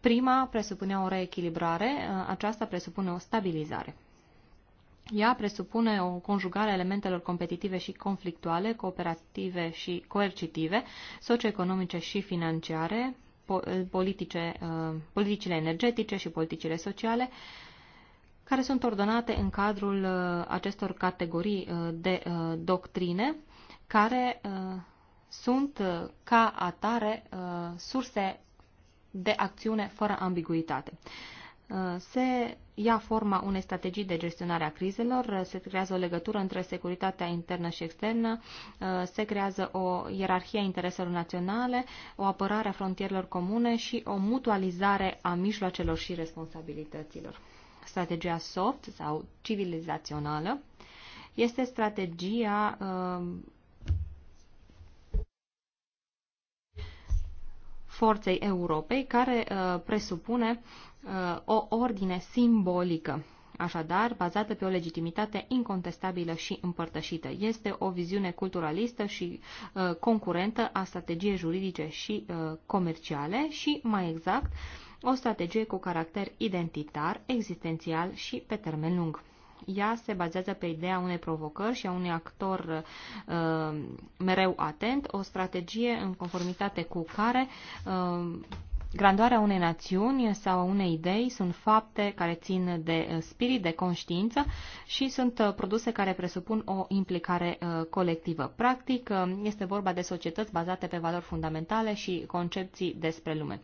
[SPEAKER 3] Prima presupunea o reechilibrare, aceasta presupune o stabilizare. Ea presupune o conjugare a elementelor competitive și conflictuale, cooperative și coercitive, socioeconomice și financiare, eh, politice, eh, politicile energetice și politicile sociale, care sunt ordonate în cadrul eh, acestor categorii de doctrine, care sunt ca atare surse de acțiune fără ambiguitate se ia forma unei strategii de gestionare a crizelor, se creează o legătură între securitatea internă și externă, uh, se creează o ierarhie a intereselor naționale, o apărare a frontierelor comune și o mutualizare a mijloacelor și responsabilităților. Strategia soft sau civilizațională este strategia uh, forței Europei, care uh, presupune uh, o ordine simbolică, așadar bazată pe o legitimitate incontestabilă și împărtășită. Este o viziune culturalistă și uh, concurentă a strategiei juridice și uh, comerciale și, mai exact, o strategie cu caracter identitar, existențial și pe termen lung. Ea se bazează pe ideea unei provocări și a unui actor uh, mereu atent, o strategie în conformitate cu care uh, Grandoarea unei națiuni sau a unei idei sunt fapte care țin de uh, spirit, de conștiință și sunt uh, produse care presupun o implicare uh, colectivă. Practic, este vorba de societăți bazate pe valori fundamentale și concepții despre lume.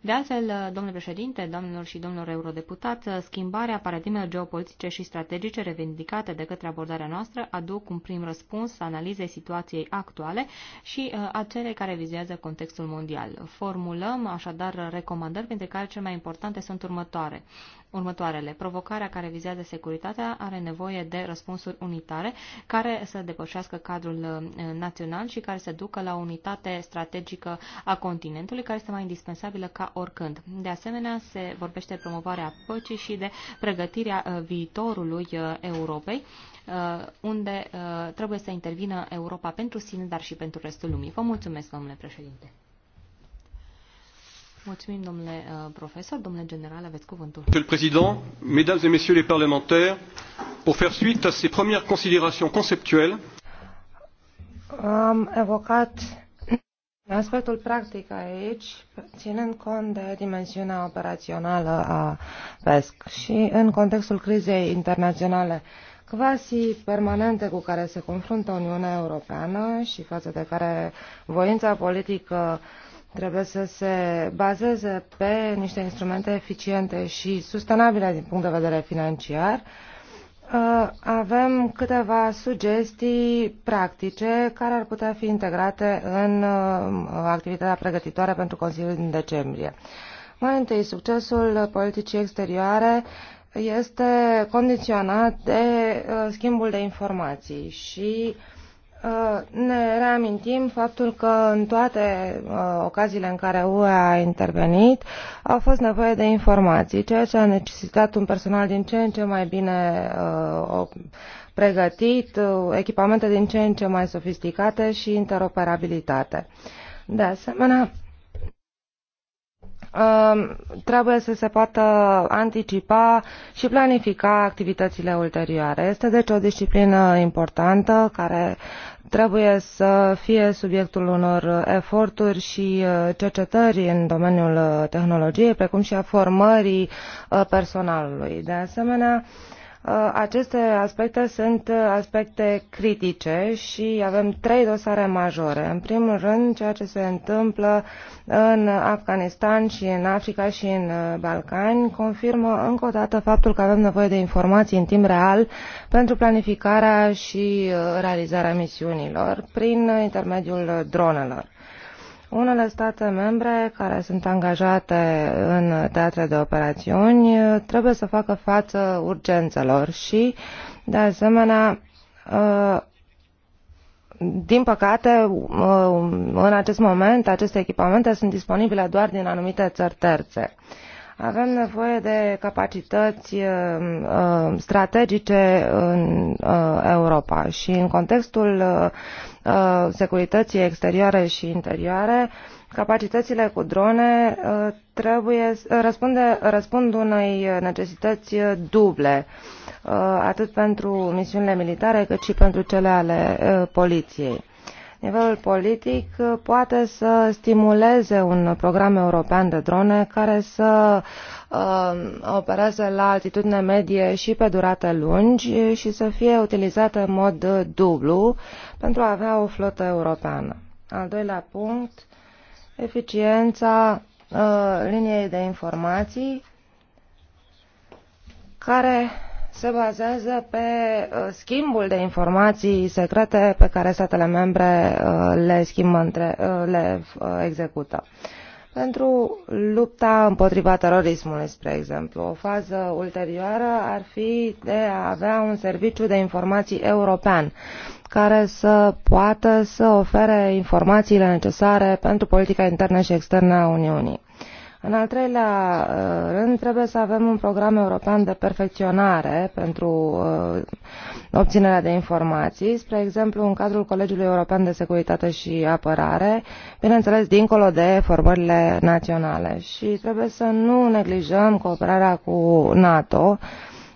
[SPEAKER 3] De altfel, domnule președinte, domnilor și domnilor eurodeputați, schimbarea paradigmelor geopolitice și strategice revindicate de către abordarea noastră aduc un prim răspuns analizei situației actuale și a cele care vizează contextul mondial. Formulăm așadar dar recomandări, printre care cele mai importante sunt următoare. următoarele. Provocarea care vizează securitatea are nevoie de răspunsuri unitare care să depășească cadrul uh, național și care să ducă la unitate strategică a continentului, care este mai indispensabilă ca oricând. De asemenea, se vorbește de promovarea păcii și de pregătirea uh, viitorului uh, Europei, unde trebuie să intervină Europa pentru sine, dar și pentru restul lumii. Vă mulțumesc, domnule președinte. Mulțumim, domnule uh, profesor. Domnule general, aveți cuvântul. Monsieur
[SPEAKER 1] le Président, Mesdames et Messieurs les parlementaires, pour faire suite à ces premières considérations conceptuelles,
[SPEAKER 4] am evocat aspectul practic aici, ținând cont de dimensiunea operațională a PESC și în contextul crizei internaționale quasi permanente cu care se confruntă Uniunea Europeană și față de care voința politică trebuie să se bazeze pe niște instrumente eficiente și sustenabile din punct de vedere financiar, uh, avem câteva sugestii practice care ar putea fi integrate în uh, activitatea pregătitoare pentru Consiliul din decembrie. Mai întâi, succesul politicii exterioare este condiționat de uh, schimbul de informații și uh, Uh, ne reamintim faptul că în toate uh, ocaziile în care UE a intervenit au fost nevoie de informații, ceea ce a necesitat un personal din ce în ce mai bine uh, pregătit, echipamente din ce în ce mai sofisticate și interoperabilitate. De asemenea, Ehm, trebuie să se poată anticipa și planifica activitățile ulterioare. Este deci o disciplină importantă care trebuie să fie subiectul unor eforturi și eh, cercetări în domeniul eh, tehnologiei, precum și a formării eh, personalului. De asemenea, Uh, aceste aspecte sunt uh, aspecte critice și avem trei dosare majore. În primul rând, ceea ce se întâmplă în Afganistan și în Africa și în uh, Balcani confirmă încă o dată faptul că avem nevoie de informații în timp real pentru planificarea și realizarea misiunilor prin intermediul dronelor. Unele state membre care sunt angajate în teatre de operațiuni trebuie să facă față urgențelor și, de asemenea, uh, din păcate, uh, în acest moment, aceste echipamente sunt disponibile doar din anumite țări terțe. Avem nevoie de capacități uh, strategice în Europa și în contextul Uh, securității exterioare și interioare, capacitățile cu drone uh, trebuie, uh, răspunde, răspund unei necesități duble, atât pentru misiunile militare cât și pentru cele ale poliției. Nivelul politic poate să stimuleze un program european de drone care să uh, opereze la altitudine medie și pe durate lungi și să fie utilizate în mod dublu pentru a avea o flotă europeană. Al doilea punct, eficiența uh, liniei de informații care se bazează pe uh, schimbul de informații secrete pe care statele membre uh, le, schimbă între, uh, le execută. Pentru lupta împotriva terorismului, spre exemplu, o fază ulterioară ar fi de a avea un serviciu de informații european care să poată să ofere informațiile necesare pentru politica internă și externă a Uniunii. Uh, în al treilea uh, rând, trebuie să avem un program european de perfecționare pentru uh, obținerea de informații, spre exemplu în cadrul Colegiului European de Securitate și Apărare, bineînțeles dincolo de formările naționale. Și trebuie să nu neglijăm cooperarea cu NATO,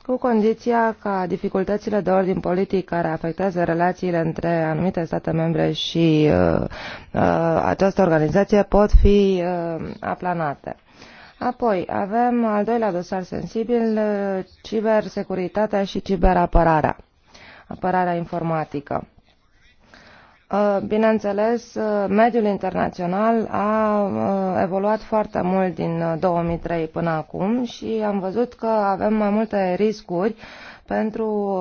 [SPEAKER 4] cu condiția ca dificultățile de ordin politic care afectează relațiile între anumite state membre și uh, uh, această organizație pot fi uh, aplanate. Apoi, avem al doilea dosar sensibil, uh, cibersecuritatea și ciberapărarea, apărarea informatică. Uh, bineînțeles, uh, mediul internațional a uh, evoluat foarte mult din 2003 până acum și am văzut că avem mai multe riscuri pentru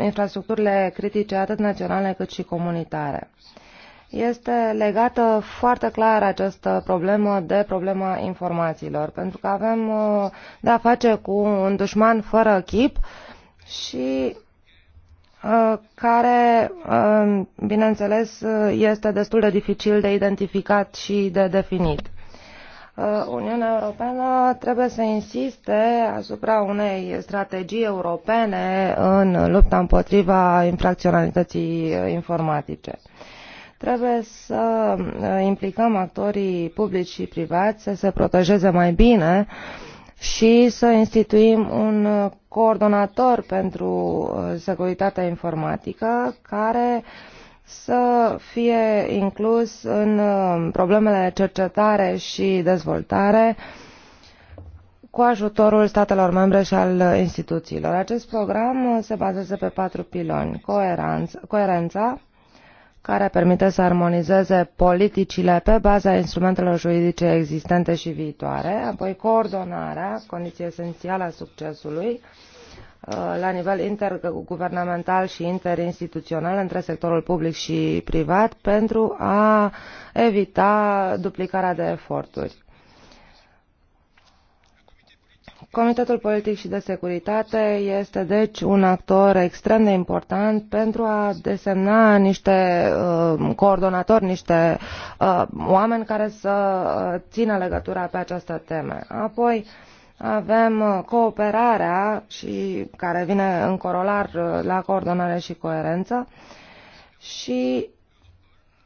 [SPEAKER 4] infrastructurile critice, atât naționale cât și comunitare. Este legată foarte clar această problemă de problema informațiilor, pentru că avem de-a face cu un dușman fără chip și Uh, care, uh, bineînțeles, uh, este destul de dificil de identificat și de definit. Uniunea Europeană trebuie să insiste asupra unei strategii europene în lupta împotriva infracționalității informatice. Trebuie să implicăm actorii publici și privați să se protejeze mai bine uh, și să instituim un uh, coordonator pentru uh, securitatea informatică care să fie inclus în uh, problemele de cercetare și dezvoltare cu ajutorul statelor membre și al instituțiilor. Acest program se bazează pe patru piloni. Coeranța, coerența care permite să armonizeze politicile pe baza instrumentelor juridice existente și viitoare, apoi coordonarea, condiție esențială a succesului, uh, la nivel interguvernamental și interinstituțional între sectorul public și privat pentru a evita duplicarea de eforturi. Comitetul Politic și de Securitate este deci un actor extrem de important pentru a desemna niște uh, coordonatori, niște uh, oameni care să uh, țină legătura pe această teme. Apoi avem uh, cooperarea și care vine în corolar uh, la coordonare și coerență și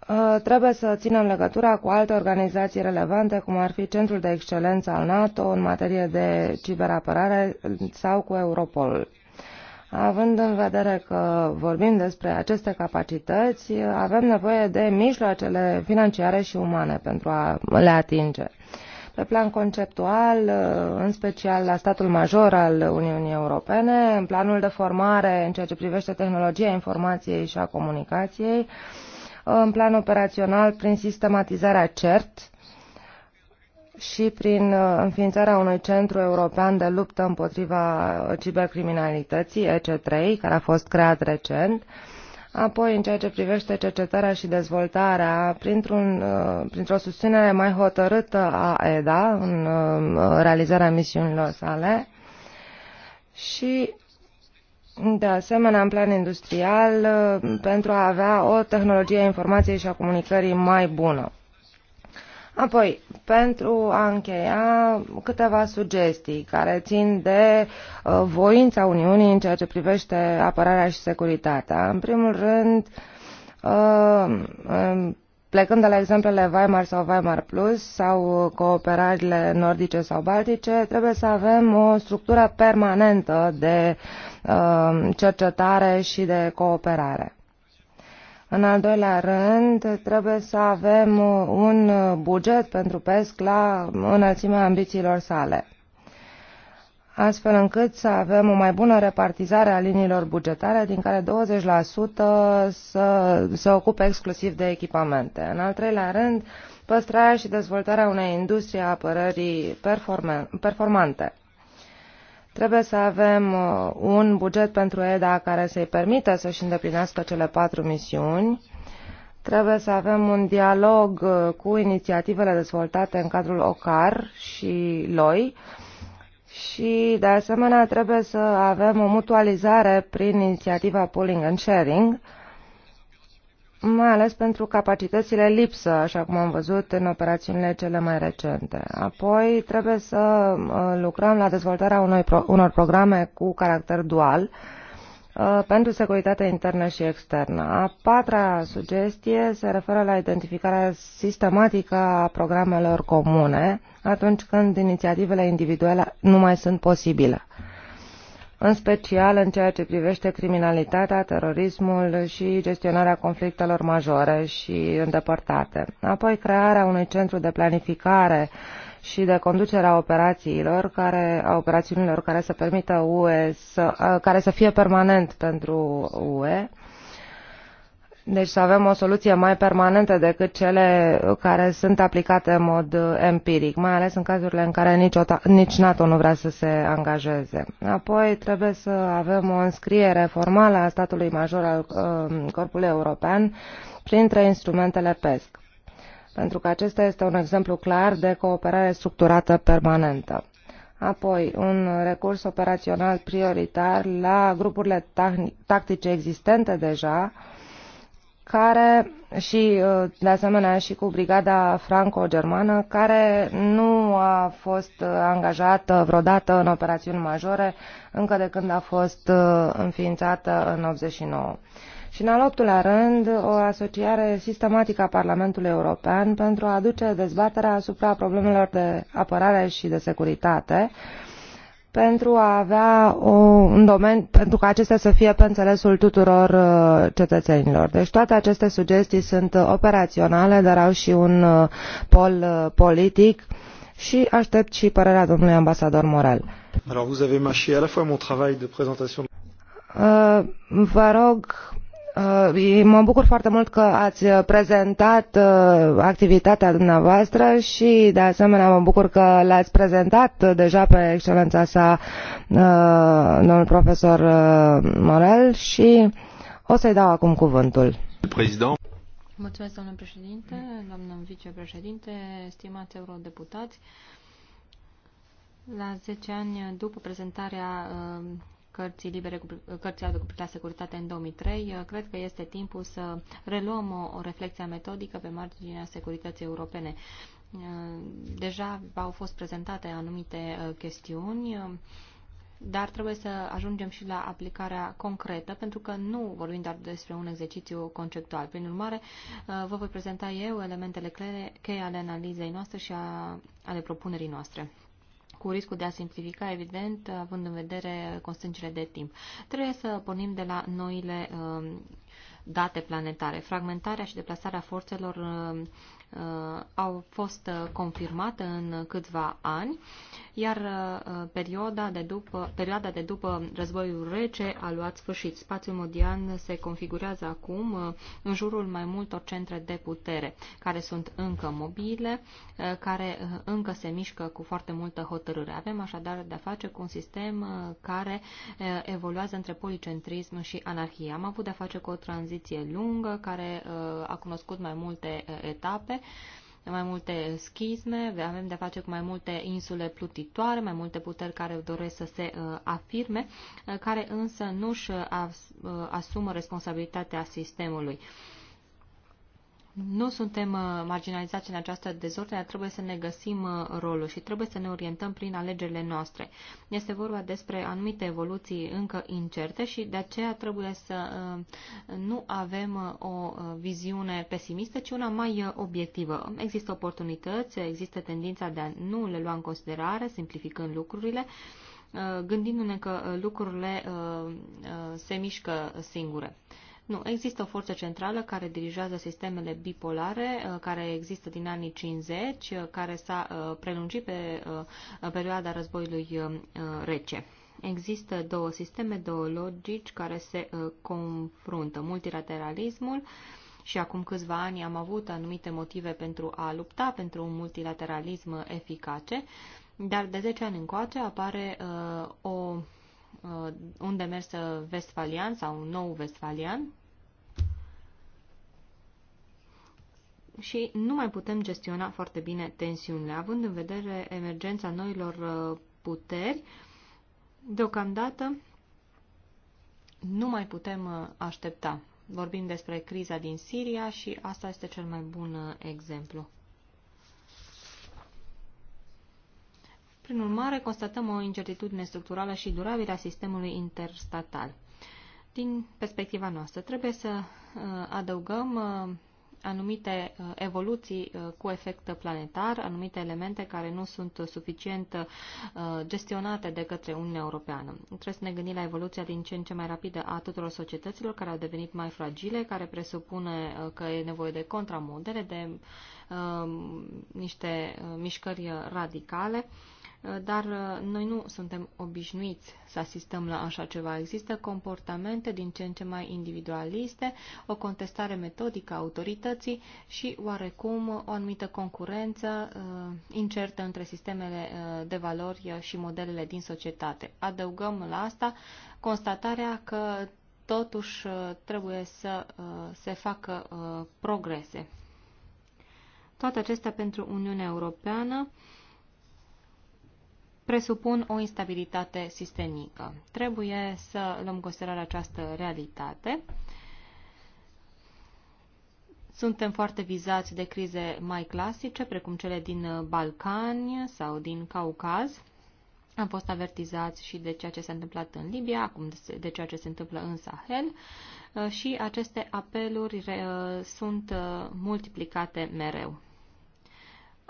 [SPEAKER 4] Uh, trebuie să ținem legătura cu alte organizații relevante, cum ar fi Centrul de Excelență al NATO în materie de ciberapărare sau cu Europol. Având în vedere că vorbim despre aceste capacități, avem nevoie de mijloacele financiare și umane pentru a le atinge. Pe plan conceptual, uh, în special la statul major al Uniunii Europene, în planul de formare în ceea ce privește tehnologia informației și a comunicației, în plan operațional prin sistematizarea CERT și prin uh, înființarea unui centru european de luptă împotriva cibercriminalității, EC3, care a fost creat recent. Apoi, în ceea ce privește cercetarea și dezvoltarea, printr-un, uh, printr-o susținere mai hotărâtă a EDA în uh, realizarea misiunilor sale, și de asemenea în plan industrial pentru a avea o tehnologie a informației și a comunicării mai bună. Apoi, pentru a încheia câteva sugestii care țin de uh, voința Uniunii în ceea ce privește apărarea și securitatea. În primul rând, uh, um, plecând de la exemplele Weimar sau Weimar Plus sau cooperările nordice sau baltice, trebuie să avem o structură permanentă de uh, Um, cercetare și de cooperare. În al doilea rând, trebuie să avem un buget pentru PESC la înălțimea ambițiilor sale, astfel încât să avem o mai bună repartizare a liniilor bugetare, din care 20% să se ocupe exclusiv de echipamente. În al treilea rând, păstrarea și dezvoltarea unei industrie a apărării performante Trebuie să avem uh, un buget pentru EDA care să-i permită să-și îndeplinească cele patru misiuni. Trebuie să avem un dialog uh, cu inițiativele dezvoltate în cadrul OCAR și LOI și, de asemenea, trebuie să avem o mutualizare prin inițiativa Pooling and Sharing, mai ales pentru capacitățile lipsă, așa cum am văzut în operațiunile cele mai recente. Apoi trebuie să uh, lucrăm la dezvoltarea unor pro unor programe cu caracter dual uh, pentru securitatea internă și externă. A patra sugestie se referă la identificarea sistematică a programelor comune atunci când inițiativele individuale nu mai sunt posibile în special în ceea ce privește criminalitatea, terorismul și gestionarea conflictelor majore și îndepărtate. Apoi crearea unui centru de planificare și de conducerea operațiilor care, a operațiunilor care să permită UE să, care să fie permanent pentru UE deci să avem o soluție mai permanentă decât cele care sunt aplicate în mod eh, empiric, mai ales în cazurile în care nici, nici NATO nu vrea să se angajeze. Apoi trebuie să avem o înscriere formală a statului major al uh, Corpului European printre instrumentele PESC, pentru că acesta este un exemplu clar de cooperare structurată permanentă. Apoi, un recurs operațional prioritar la grupurile tactice existente deja, uh, care și uh, de asemenea și cu brigada franco-germană care nu a fost uh, angajată vreodată în operațiuni majore încă de când a fost uh, înființată în 89. Și în al optulea rând, o asociare sistematică a Parlamentului European pentru a aduce dezbaterea asupra problemelor de apărare și de securitate, uh, pentru a avea o, un domeniu pentru ca acestea să fie pe înțelesul tuturor uh, cetățenilor. Deci toate aceste sugestii sunt operaționale, dar au și un uh, pol uh, politic și aștept și părerea domnului ambasador Morel.
[SPEAKER 1] Alors vous avez mâché à la fois mon travail de présentation.
[SPEAKER 4] Uh, vă rog Uh, mă bucur foarte mult că ați prezentat uh, activitatea dumneavoastră și, de asemenea, mă bucur că l-ați prezentat deja pe excelența sa, uh, domnul profesor Morel, și o să-i dau acum cuvântul.
[SPEAKER 3] Mulțumesc, domnule președinte, doamnă vicepreședinte, stimați eurodeputați. La 10 ani după prezentarea cărții, libere cu, cărții cu la securitate în 2003, cred că este timpul să reluăm o, o reflexie metodică pe marginea securității europene. Uh, deja au fost prezentate anumite uh, chestiuni uh, dar trebuie să ajungem și la aplicarea concretă, pentru că nu vorbim doar despre un exercițiu conceptual. Prin urmare, vă voi prezenta eu elementele cheie ale analizei noastre și a, ale propunerii noastre cu riscul de a simplifica, evident, având în vedere constrângile de timp. Trebuie să pornim de la noile um, date planetare. Fragmentarea și deplasarea forțelor um, Uh, au fost uh, confirmate în câțiva ani, iar uh, perioada de după, perioada de după războiul rece a luat sfârșit. Spațiul modian se configurează acum în jurul mai multor centre de putere, care sunt încă mobile, care încă se mișcă cu foarte multă hotărâre. Avem așadar de-a face cu un sistem care evoluează între policentrism și anarhie. Am avut de-a face cu o tranziție lungă care a cunoscut mai multe etape, diferite, mai multe schisme, avem de-a face cu mai multe insule plutitoare, mai multe puteri care doresc să se uh, afirme, uh, care însă nu-și uh, asumă responsabilitatea sistemului nu suntem uh, marginalizați în această dezordine, trebuie să ne găsim uh, rolul și trebuie să ne orientăm prin alegerile noastre. Este vorba despre anumite evoluții încă incerte și de aceea trebuie să uh, nu avem o viziune pesimistă, ci una mai obiectivă. Există oportunități, există tendința de a nu le lua în considerare, simplificând lucrurile, gândindu-ne că lucrurile se mișcă singure. Nu, există o forță centrală care dirigează sistemele bipolare, uh, care există din anii 50, uh, care s-a uh, prelungit pe perioada războiului rece. Există două sisteme, două logici care se confruntă. Multilateralismul și acum câțiva ani am avut anumite motive pentru a lupta pentru un multilateralism eficace, dar de 10 ani încoace apare o Uh, un demers vestfalian sau un nou vestfalian și nu mai putem gestiona foarte bine tensiunile. Având în vedere emergența noilor uh, puteri, deocamdată nu mai putem uh, aștepta. Vorbim despre criza din Siria și asta este cel mai bun exemplu. Prin urmare, constatăm o incertitudine structurală și durabilă a sistemului interstatal. Din perspectiva noastră, trebuie să uh, adăugăm uh, anumite uh, evoluții cu efect planetar, anumite elemente care nu sunt suficient gestionate de către Uniunea Europeană. Trebuie să ne gândim la evoluția din ce în ce mai rapidă a tuturor societăților care au devenit mai fragile, care presupune că e nevoie de contramodele, de niște mișcări radicale dar uh, noi nu suntem obișnuiți să asistăm la așa ceva. Există comportamente din ce în ce mai individualiste, o contestare metodică a autorității și oarecum o anumită concurență uh, incertă între sistemele uh, de valori și modelele din societate. Adăugăm la asta constatarea că totuși trebuie să se facă progrese. Toate acestea pentru Uniunea Europeană presupun o instabilitate sistemică. Trebuie să luăm considerare această realitate. Suntem foarte vizați de crize mai clasice, precum cele din Balcani sau din Caucaz. Am fost avertizați și de ceea ce s-a întâmplat în Libia, acum de ceea ce se întâmplă în Sahel și aceste apeluri sunt uh, multiplicate mereu.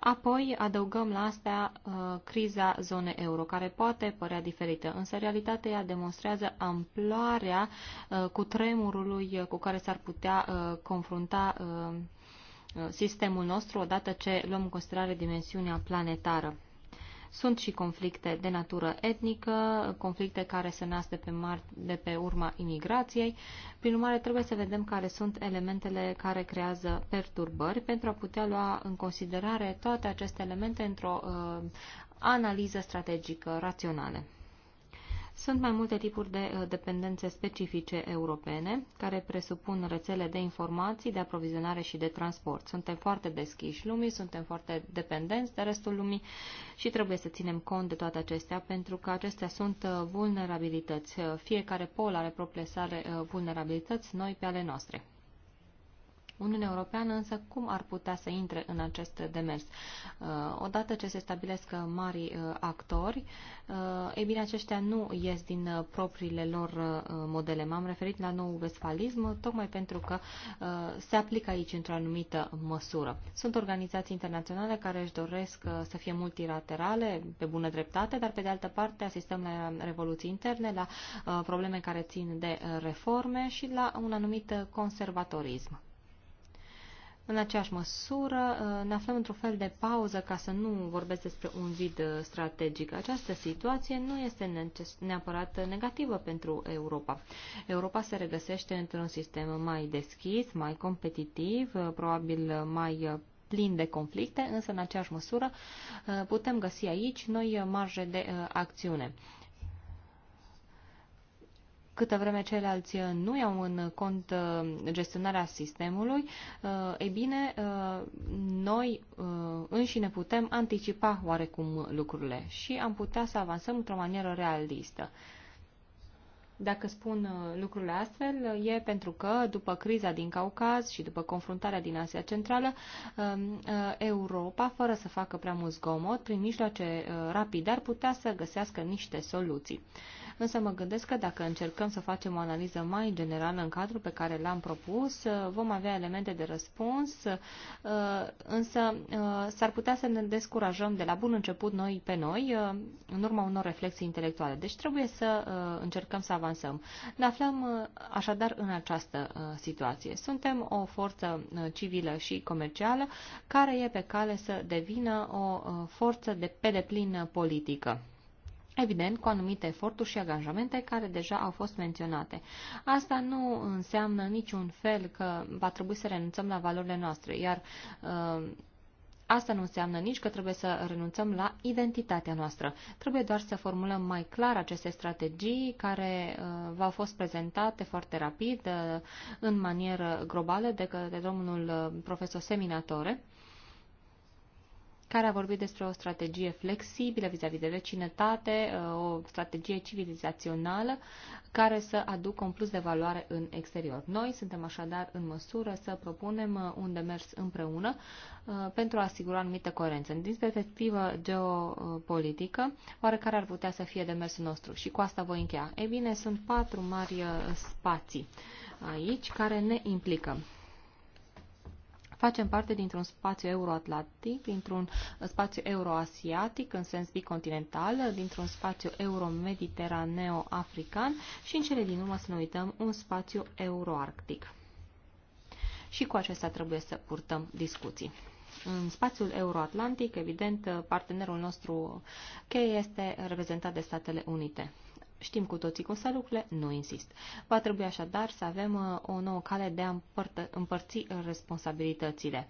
[SPEAKER 3] Apoi adăugăm la asta uh, criza zonei euro, care poate părea diferită, însă realitatea ea demonstrează amploarea uh, cu tremurului uh, cu care s-ar putea uh, confrunta uh, uh, sistemul nostru odată ce luăm în considerare dimensiunea planetară. Sunt și conflicte de natură etnică, conflicte care se nasc de pe, mar- de pe urma imigrației. Prin urmare, trebuie să vedem care sunt elementele care creează perturbări pentru a putea lua în considerare toate aceste elemente într-o uh, analiză strategică rațională. Sunt mai multe tipuri de uh, dependențe specifice europene, care presupun rețele de informații, de aprovizionare și de transport. Suntem foarte deschiși lumii, suntem foarte dependenți de restul lumii și trebuie să ținem cont de toate acestea, pentru că acestea sunt uh, vulnerabilități. Uh, fiecare pol are propriile sale vulnerabilități, noi pe ale noastre. Uniunea Europeană însă cum ar putea să intre în acest demers? Uh, odată ce se stabilesc mari uh, actori, uh, e bine, aceștia nu ies din propriile lor modele. M-am referit la nou vesfalism tocmai pentru că se aplică aici într-o anumită măsură. Sunt organizații internaționale care își doresc să fie multilaterale, pe bună dreptate, dar pe de altă parte asistăm la revoluții interne, la probleme care țin de reforme și la un anumit conservatorism. În aceeași măsură, uh, ne aflăm într-un fel de pauză ca să nu vorbesc despre un vid uh, strategic. Această situație nu este neapărat negativă pentru Europa. Europa se regăsește într-un sistem mai deschis, mai competitiv, uh, probabil mai plin de conflicte, însă în aceeași măsură putem găsi aici noi marje de acțiune câtă vreme ceilalți uh, nu iau în cont uh, gestionarea sistemului, uh, e bine, noi înși ne putem anticipa oarecum lucrurile și am putea să avansăm într-o manieră realistă. Dacă spun lucrurile astfel, e pentru că după criza din Caucaz și după confruntarea din Asia Centrală, um, Europa, fără să facă prea mult zgomot, prin mijloace rapide, ar putea să găsească niște soluții însă mă gândesc că dacă încercăm să facem o analiză mai generală în cadrul pe care l-am propus, uh, vom avea elemente de răspuns, uh, însă uh, s-ar putea să ne descurajăm de la bun început noi pe noi, în urma unor reflexii intelectuale. Deci trebuie să încercăm să avansăm. Ne aflăm așadar în această situație. Suntem o forță civilă și comercială care e pe cale să devină o forță de pe deplin politică. Evident, cu anumite eforturi și angajamente care deja au fost menționate. Asta nu înseamnă niciun fel că va trebui să renunțăm la valorile noastre, iar uh, Asta nu înseamnă nici că trebuie să renunțăm la identitatea noastră. Trebuie doar să formulăm mai clar aceste strategii care uh, v-au fost prezentate foarte rapid, uh, în manieră globală, de către domnul uh, profesor Seminatore care a vorbit despre o strategie flexibilă vis-a-vis -vis de vecinătate, uh, o strategie civilizațională care să aducă un plus de valoare în exterior. Noi suntem așadar în măsură să propunem uh, un demers împreună uh, pentru a asigura anumită coerență. Din perspectivă geopolitică, oarecare ar putea să fie demersul nostru și cu asta voi încheia. Ei bine, sunt patru mari spații aici care ne implică. Facem parte dintr-un spațiu euroatlantic, dintr-un spațiu euroasiatic în sens bicontinental, dintr-un spațiu euromediteraneo-african și în cele din urmă să ne uităm un spațiu euroarctic. Și cu acesta trebuie să purtăm discuții. În spațiul euroatlantic, evident, partenerul nostru cheie este reprezentat de Statele Unite. Știm cu toții cum să lucrurile, nu insist. Va trebui așadar să avem uh, o nouă cale de a împărți uh, responsabilitățile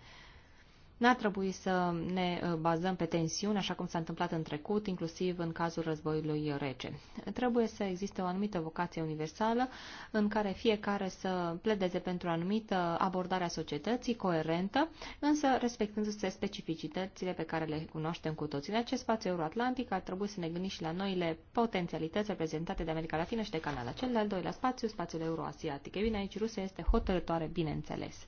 [SPEAKER 3] n a trebuit să ne uh, bazăm pe tensiuni, așa cum s-a întâmplat în trecut, inclusiv în cazul războiului rece. Trebuie să existe o anumită vocație universală în care fiecare să pledeze pentru o anumită abordare a societății, coerentă, însă respectându-se specificitățile pe care le cunoaștem cu toții. În acest spațiu euroatlantic ar trebui să ne gândim și la noile potențialități reprezentate de America Latină și de Canada. Cel de-al doilea spațiu, spațiul euroasiatic. Ei bine, aici Rusia este hotărătoare, bineînțeles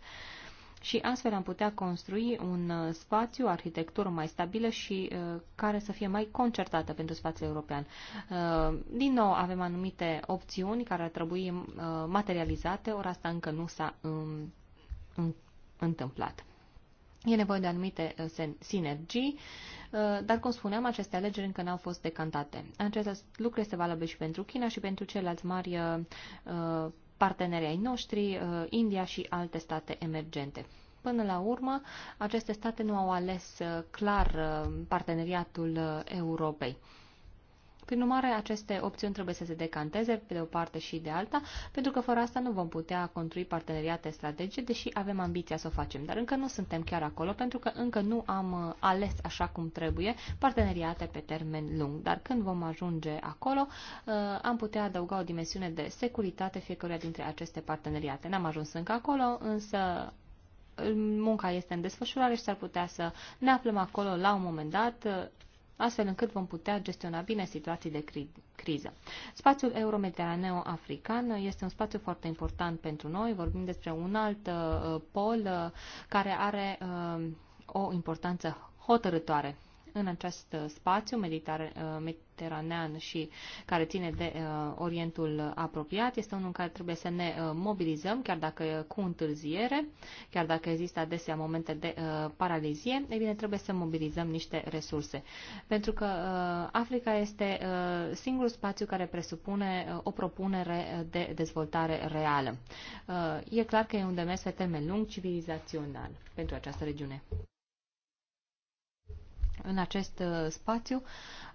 [SPEAKER 3] și astfel am putea construi un uh, spațiu, o arhitectură mai stabilă și uh, care să fie mai concertată pentru spațiul european. Uh, din nou, avem anumite opțiuni care ar trebui materializate, ori asta încă nu s-a um, întâmplat. E nevoie de anumite sinergii, dar, cum spuneam, aceste alegeri încă n-au fost decantate. Acest lucru este valabil și pentru China și pentru ceilalți mari partenerii ai noștri, uh, India și alte state emergente. Până la urmă, aceste state nu au ales uh, clar uh, parteneriatul Europei. Prin urmare, aceste opțiuni trebuie să se decanteze pe de o parte și de alta, pentru că fără asta nu vom putea construi parteneriate strategice, deși avem ambiția să o facem. Dar încă nu suntem chiar acolo, pentru că încă nu am uh, ales așa cum trebuie parteneriate pe termen lung. Dar când vom ajunge acolo, uh, am putea adăuga o dimensiune de securitate fiecăruia dintre aceste parteneriate. N-am ajuns încă acolo, însă uh, munca este în desfășurare și s-ar putea să ne aflăm acolo la un moment dat astfel încât vom putea gestiona bine situații de cri- criză. Spațiul euromediteraneo-african este un spațiu foarte important pentru noi. Vorbim despre un alt uh, pol uh, care are uh, o importanță hotărătoare în acest spațiu meditar, uh, mediteranean și care ține de uh, Orientul apropiat. Este unul în care trebuie să ne uh, mobilizăm, chiar dacă cu întârziere, chiar dacă există adesea momente de paralizie, e bine, trebuie să mobilizăm niște resurse. Pentru că Africa este singurul spațiu care presupune o propunere de dezvoltare reală. E clar că e un demers pe termen lung civilizațional pentru această regiune în acest uh, spațiu,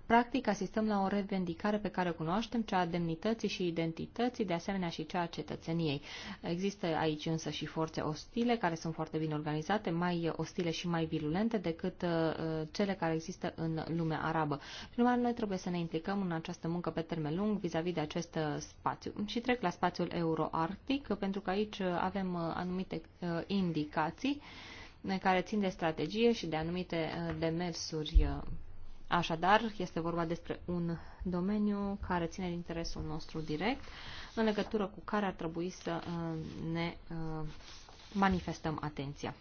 [SPEAKER 3] practic asistăm la o revendicare pe care o cunoaștem, cea a demnității și identității, de asemenea și cea a cetățeniei. Există aici însă și forțe ostile, care sunt foarte bine organizate, mai ostile și mai virulente decât uh, cele care există în lumea arabă. Prin urmare, noi trebuie să ne implicăm în această muncă pe termen lung vis-a-vis -vis de acest uh, spațiu. Și trec la spațiul euroarctic, pentru că aici avem anumite indicații care țin de strategie și de anumite uh, demersuri. Uh. Așadar, este vorba despre un domeniu care ține de interesul nostru direct, în legătură cu care ar trebui să uh, ne manifestăm atenția.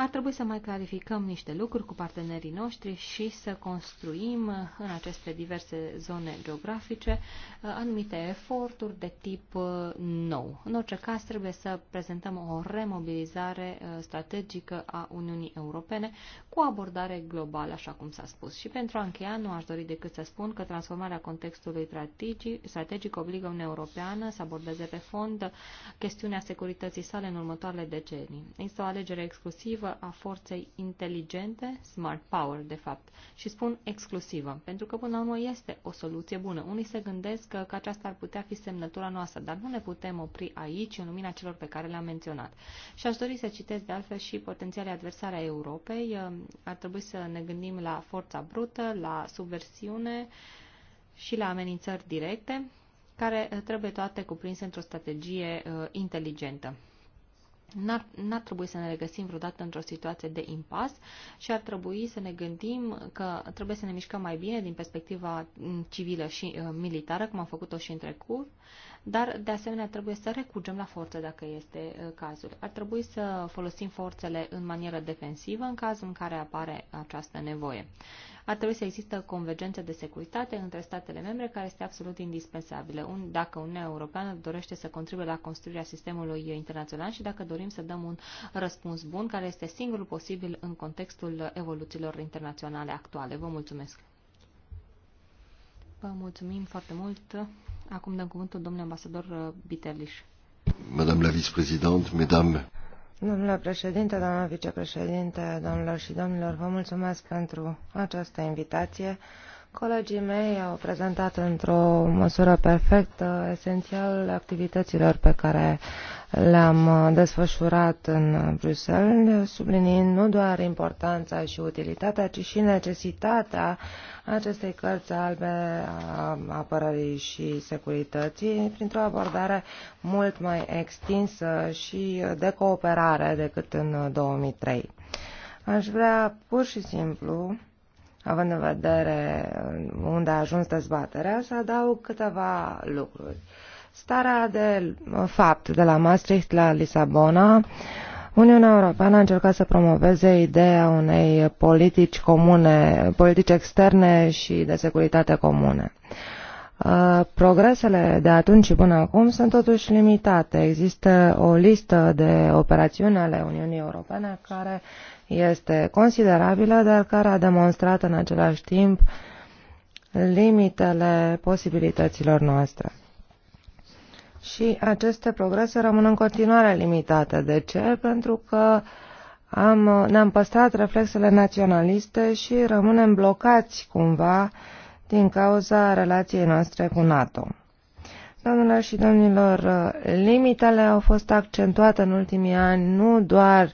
[SPEAKER 3] Ar trebui să mai clarificăm niște lucruri cu partenerii noștri și să construim în aceste diverse zone geografice anumite eforturi de tip uh, nou. În orice caz, trebuie să prezentăm o remobilizare uh, strategică a Uniunii Europene cu abordare globală, așa cum s-a spus. Și pentru a încheia, nu aș dori decât să spun că transformarea contextului strategic obligă Uniunea Europeană să abordeze pe fond chestiunea securității sale în următoarele decenii. Există o alegere exclusivă exclusivă a forței inteligente, smart power, de fapt, și spun exclusivă, pentru că până la urmă este o soluție bună. Unii se gândesc că, că aceasta ar putea fi semnătura noastră, dar nu ne putem opri aici în lumina celor pe care le-am menționat. Și aș dori să citesc de altfel și potențialii adversari a Europei. Ehm, ar trebui să ne gândim la forța brută, la subversiune și la amenințări directe, care eh, trebuie toate cuprinse într-o strategie eh, inteligentă. N-ar, n-ar trebui să ne regăsim vreodată într-o situație de impas și ar trebui să ne gândim că trebuie să ne mișcăm mai bine din perspectiva mm, civilă și uh, militară, cum am făcut-o și în trecut, dar de asemenea trebuie să recurgem la forță dacă este uh, cazul. Ar trebui să folosim forțele în manieră defensivă în cazul în care apare această nevoie ar trebui să există convergență de securitate între statele membre care este absolut indispensabilă. Dacă Uniunea Europeană dorește să contribuie la construirea sistemului internațional și dacă dorim să dăm un răspuns bun care este singurul posibil în contextul evoluțiilor internaționale actuale. Vă mulțumesc! Vă mulțumim foarte mult. Acum dăm cuvântul domnului ambasador uh, Biterliș.
[SPEAKER 1] Madame la vice-présidente, mesdames.
[SPEAKER 4] Domnule președinte, doamnă vicepreședinte, domnilor și domnilor, vă mulțumesc pentru această invitație. Colegii mei au prezentat într-o măsură perfectă esențialul activităților pe care le-am uh, desfășurat în uh, Bruxelles, subliniind nu doar importanța și utilitatea, ci și necesitatea acestei cărți albe a apărării și securității printr-o abordare mult mai extinsă și de cooperare decât în 2003. Uh, Aș vrea pur și simplu având în vedere unde a ajuns dezbaterea, să adaug câteva lucruri. Starea de uh, fapt de la Maastricht la Lisabona, Uniunea Europeană a încercat să promoveze ideea unei politici comune, politici externe și de securitate comune. Uh, progresele de atunci și până acum sunt totuși limitate. Există o listă de operațiuni ale Uniunii Europene care este considerabilă, dar care a demonstrat în același timp limitele posibilităților noastre. Și aceste progrese rămân în continuare limitate. De ce? Pentru că am, ne-am păstrat reflexele naționaliste și rămânem blocați cumva din cauza relației noastre cu NATO. Doamnelor și domnilor, limitele au fost accentuate în ultimii ani nu doar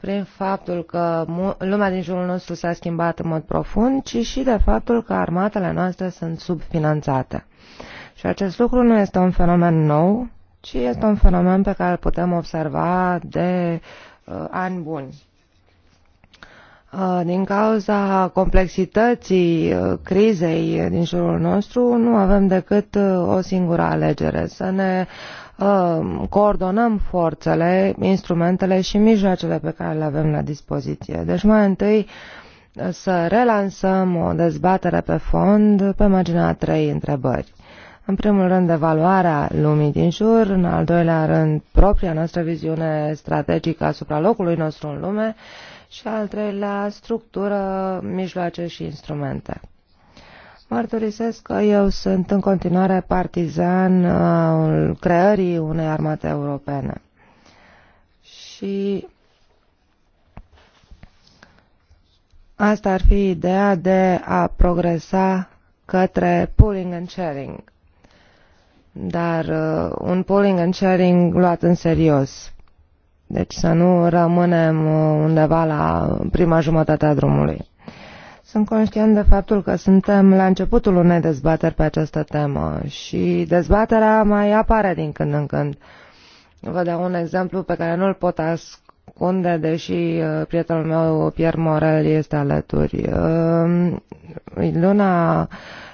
[SPEAKER 4] prin faptul că lumea din jurul nostru s-a schimbat în mod profund, ci și de faptul că armatele noastre sunt subfinanțate. Și acest lucru nu este un fenomen nou, ci este un fenomen pe care îl putem observa de uh, ani buni. Uh, din cauza complexității uh, crizei din jurul nostru, nu avem decât uh, o singură alegere, să ne coordonăm forțele, instrumentele și mijloacele pe care le avem la dispoziție. Deci mai întâi să relansăm o dezbatere pe fond pe marginea a trei întrebări în primul rând, evaluarea lumii din jur, în al doilea rând, propria noastră viziune strategică asupra locului nostru în lume și, al treilea, structură, mijloace și instrumente. Mărturisesc că eu sunt în continuare partizan uh, al creării unei armate europene. Și asta ar fi ideea de a progresa către pooling and sharing dar uh, un polling and sharing luat în serios. Deci să nu rămânem uh, undeva la prima jumătate a drumului. Sunt conștient de faptul că suntem la începutul unei dezbateri pe această temă și dezbaterea mai apare din când în când. Vă dau un exemplu pe care nu-l pot ascunde, deși uh, prietenul meu, Pierre Morel, este alături. Uh, luna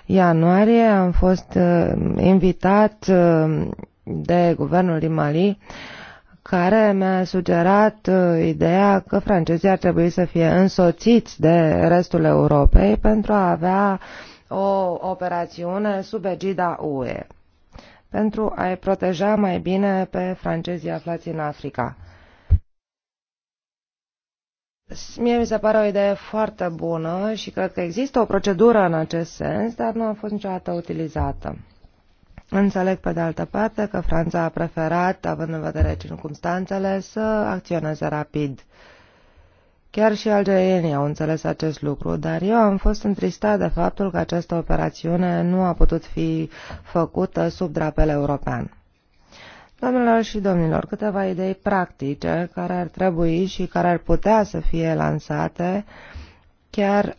[SPEAKER 4] ianuarie am fost uh, invitat uh, de guvernul din Mali care mi-a sugerat uh, ideea că francezii ar trebui să fie însoțiți de restul Europei pentru a avea o operațiune sub egida UE, pentru a-i proteja mai bine pe francezii aflați în Africa. Mie mi se pare o idee foarte bună și cred că există o procedură în acest sens, dar nu a fost niciodată utilizată. Înțeleg pe de altă parte că Franța a preferat, având în vedere circunstanțele, să acționeze rapid. Chiar și algerienii au înțeles acest lucru, dar eu am fost întristat de faptul că această operațiune nu a putut fi făcută sub drapel european. Doamnelor și domnilor, câteva idei practice care ar trebui și care ar putea să fie lansate chiar uh,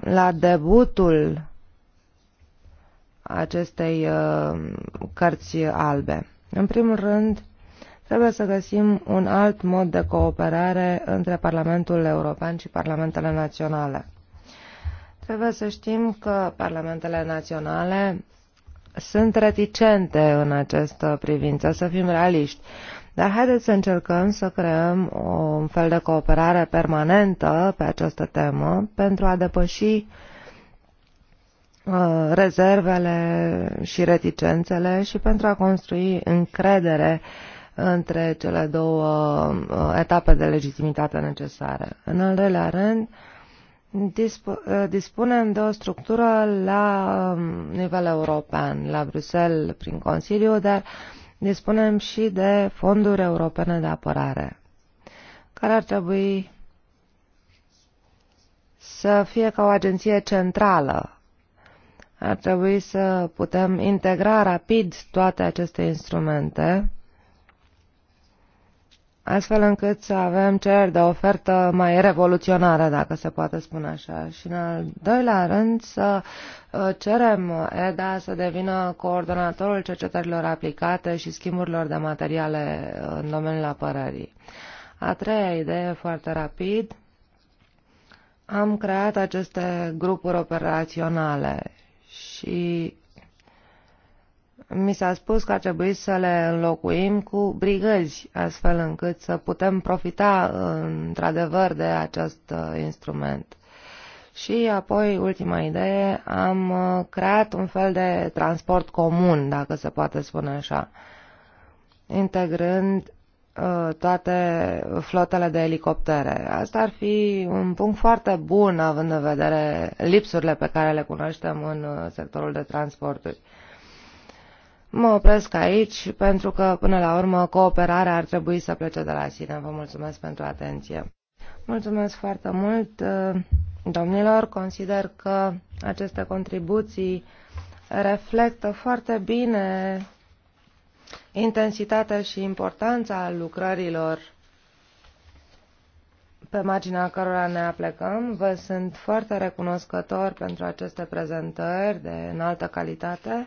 [SPEAKER 4] la debutul acestei uh, cărți albe. În primul rând, trebuie să găsim un alt mod de cooperare între Parlamentul European și Parlamentele Naționale. Trebuie să știm că Parlamentele Naționale sunt reticente în această privință, să fim realiști. Dar haideți să încercăm să creăm un fel de cooperare permanentă pe această temă pentru a depăși uh, rezervele și reticențele și pentru a construi încredere între cele două uh, etape de legitimitate necesare. În al doilea rând, uh, Uh, dispunem de o structură la um, nivel european, la Bruxelles, prin Consiliu, dar dispunem și de fonduri europene de apărare, care ar trebui să fie ca o agenție centrală. Ar trebui să putem integra rapid toate aceste instrumente astfel încât să avem cereri de ofertă mai revoluționară, dacă se poate spune așa. Și în al doilea rând să uh, cerem EDA să devină coordonatorul cercetărilor aplicate și schimburilor de materiale uh, în domeniul apărării. A treia idee, foarte rapid, am creat aceste grupuri operaționale și mi s-a spus că ar trebui să le înlocuim cu brigăzi, astfel încât să putem profita într-adevăr de acest uh, instrument. Și apoi, ultima idee, am uh, creat un fel de transport comun, dacă se poate spune așa, integrând uh, toate flotele de elicoptere. Asta ar fi un punct foarte bun, având în vedere lipsurile pe care le cunoaștem în sectorul de transporturi. Mă opresc aici pentru că, până la urmă, cooperarea ar trebui să plece de la sine. Vă mulțumesc pentru atenție. Mulțumesc foarte mult, uh, domnilor. Consider că aceste contribuții reflectă foarte bine intensitatea și importanța lucrărilor pe marginea cărora ne aplecăm. Vă sunt foarte recunoscător pentru aceste prezentări de înaltă calitate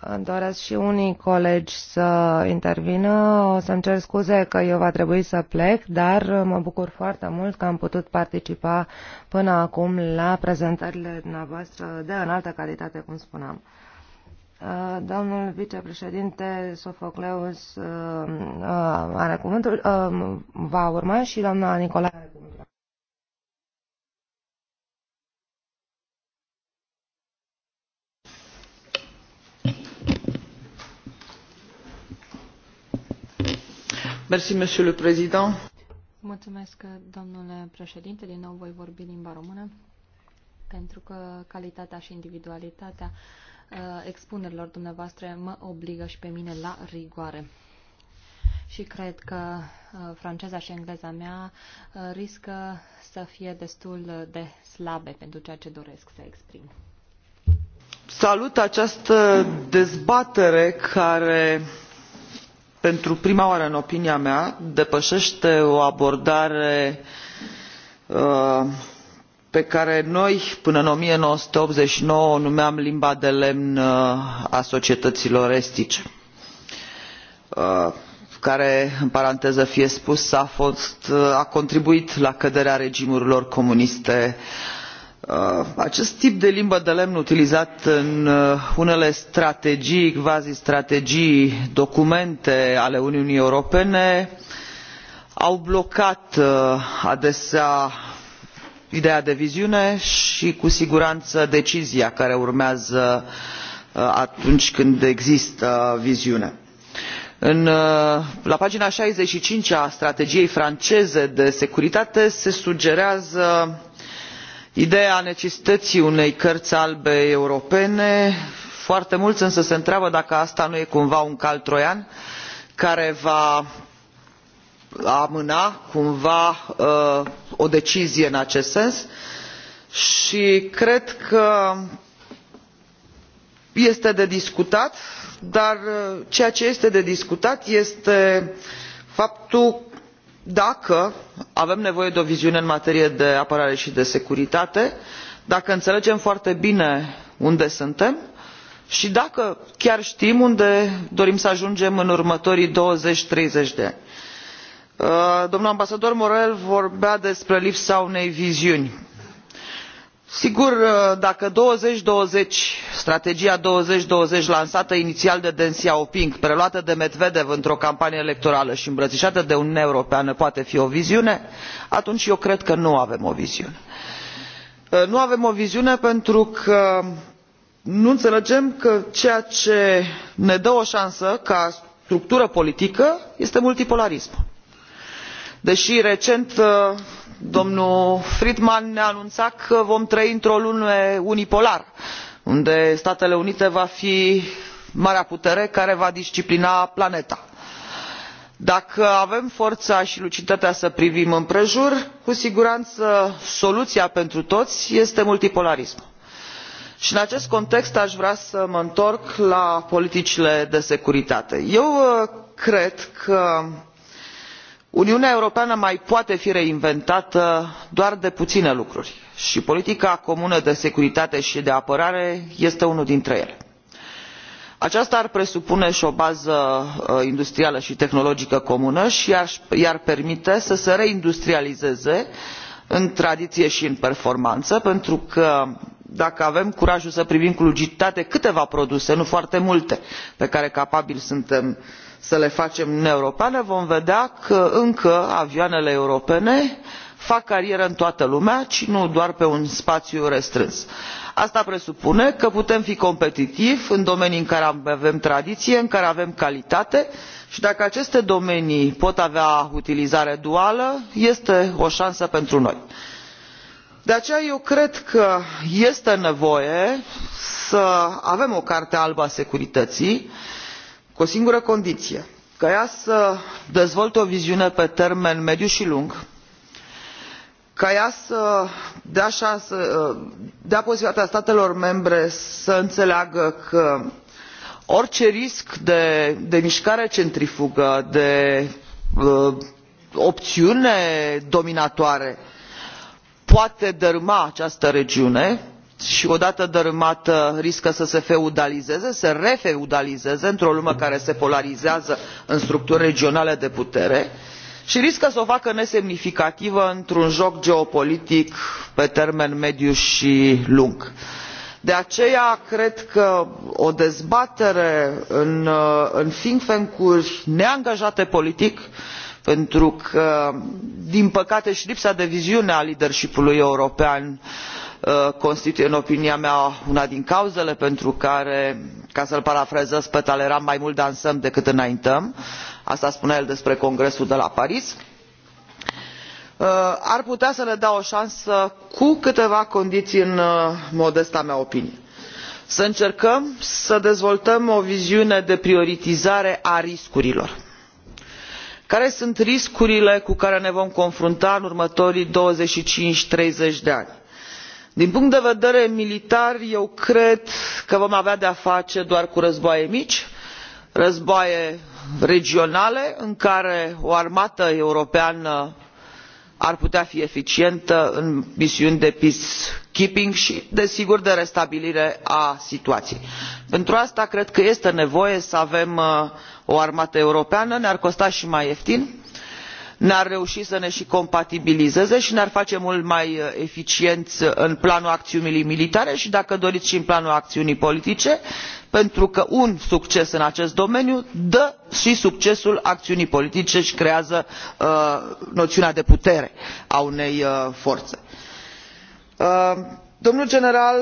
[SPEAKER 4] îmi doresc și unii colegi să intervină. O să-mi cer scuze că eu va trebui să plec, dar mă bucur foarte mult că am putut participa până acum la prezentările dumneavoastră de înaltă calitate, cum spuneam. Uh, domnul vicepreședinte Sofocleus uh, uh, are cuvântul, va urma și doamna Nicolae are cuvântul.
[SPEAKER 3] Mulțumesc, domnule președinte. Din nou voi vorbi limba română, pentru că calitatea și individualitatea uh, expunerilor dumneavoastră mă obligă și pe mine la rigoare și cred că uh, franceza și engleza mea uh, riscă să fie destul de slabe pentru ceea ce doresc să exprim.
[SPEAKER 5] Salut această dezbatere care pentru prima oară în opinia mea depășește o abordare uh, pe care noi până în o mie nouă sute optzeci și nouă o numeam limba de lemn uh, a societăților estice uh, care în paranteză fie spus a, contribuit la căderea regimurilor comuniste ale Uh, acest tip de limbă de lemn utilizat în uh, unele strategii kvazi strategii documente ale uniunii europene a blocat uh, adesea ideea de viziune și cu siguranță decizia care urmează atunci când există viziune. la pagina șaizeci și cinci a strategiei franceze de securitate se sugerează ideea necesității unei cărți albe europene foarte mulți însă se întreabă dacă asta nu e cumva un cal troian care va amâna cumva uh, o decizie în acest sens și cred că este de discutat dar uh, ceea ce este de discutat este faptul dacă avem nevoie de o viziune în materie de apărare și de securitate dacă înțelegem foarte bine unde suntem și dacă chiar știm unde dorim să ajungem în următorii douăzeci treizeci de ani. Uh, domnul ambasador borrell vorbea despre lipsa unei viziuni sigur uh, dacă douăzeci douăzeci strategia două mii douăzeci lansată inițial de deng xiaoping preluată de medvedev într o campanie electorală și îmbrățișată de uniunea europeană poate fi o viziune atunci eu cred că nu avem o viziune. Uh, nu avem o viziune pentru că nu înțelegem că ceea ce ne dă o șansă ca structură politică este multipolarismul. deși recent uh, domnul friedman ne anunțat că vom trăi într o lume unipolară unde statele unite va fi marea putere care va disciplina planeta. dacă avem forța și luciditatea să privim împrejur cu siguranță soluția pentru toți este multipolarismul și în acest context aș vrea să mă întorc la politicile de securitate. eu uh, cred că uniunea europeană mai poate fi reinventată doar de puține lucruri și politica comună de securitate și de apărare este unul dintre ele. aceasta ar presupune și o bază uh, industrială și tehnologică comună și i ar permite să se reindustrializeze în tradiție și în performanță pentru că dacă avem curajul să privim cu luciditate câteva produse nu foarte multe pe care capabili suntem să le facem în uniunea europeană vom vedea că încă avioanele europene fac carieră în toată lumea și nu doar pe un spațiu restrâns. asta presupune că putem fi competitivi în domenii în care avem tradiție în care avem calitate și dacă aceste domenii pot avea utilizare duală este o șansă pentru noi. de aceea eu cred că este nevoie să avem o carte albă a securității cu o singură condiție ca ea să dezvolte o viziune pe termen mediu și lung ca ea să dea, șansă, uh, dea posibilitatea statelor membre să înțeleagă că orice risc de, de mișcare centrifugă de uh, opțiune dominatoare poate dărâma această regiune și odată dărâmată riscă să se feudalizeze se refeudalizeze într o lume care se polarizează în structuri regionale de putere și riscă să o facă nesemnificativă într un joc geopolitic pe termen mediu și lung. de aceea cred că o dezbatere în, în think tank uri neangajate politic pentru că din păcate și lipsa de viziune a leadership ului european Uh, constituie în opinia mea una din cauzele pentru care ca să îl parafrazez pe talleyrand mai mult dansăm decât înaintăm asta spunea el despre congresul de la paris uh, ar putea să le dea o șansă cu câteva condiții în uh, modesta mea opinie să încercăm să dezvoltăm o viziune de prioritizare a riscurilor care sunt riscurile cu care ne vom confrunta în următorii douăzeci și cinci treizeci de ani? din punct de vedere militar eu cred că vom avea de a face doar cu războaie mici războaie regionale în care o armată europeană ar putea fi eficientă în misiuni de peacekeeping și desigur de restabilire a situației. pentru asta cred că este nevoie să avem uh, o armată europeană ne ar costa și mai ieftin ne ar reuși să ne și compatibilizeze și ne ar face mult mai uh, eficienți uh, în planul acțiunii militare și dacă doriți și în planul acțiunii politice pentru că un succes în acest domeniu dă și succesul acțiunii politice și creează uh, noțiunea de putere a unei forțe. domnul general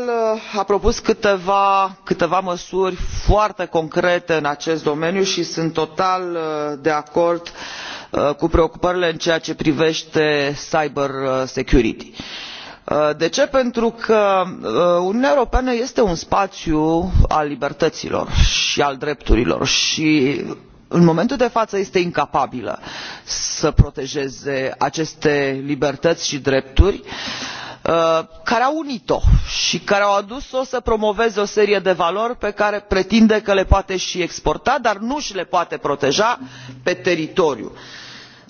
[SPEAKER 5] a propus câteva, câteva măsuri foarte concrete în acest domeniu și sunt total de acord cu Uh, cu preocupările în ceea ce privește cyber uh, security. Uh, de ce? pentru că uniunea europeană este un spațiu al libertăților și al drepturilor și în momentul de față este incapabilă să protejeze aceste libertăți și drepturi Uh, care au unit o și care au adus o să promoveze o serie de valori pe care pretinde că le poate și exporta dar nu și le poate proteja pe teritoriul său.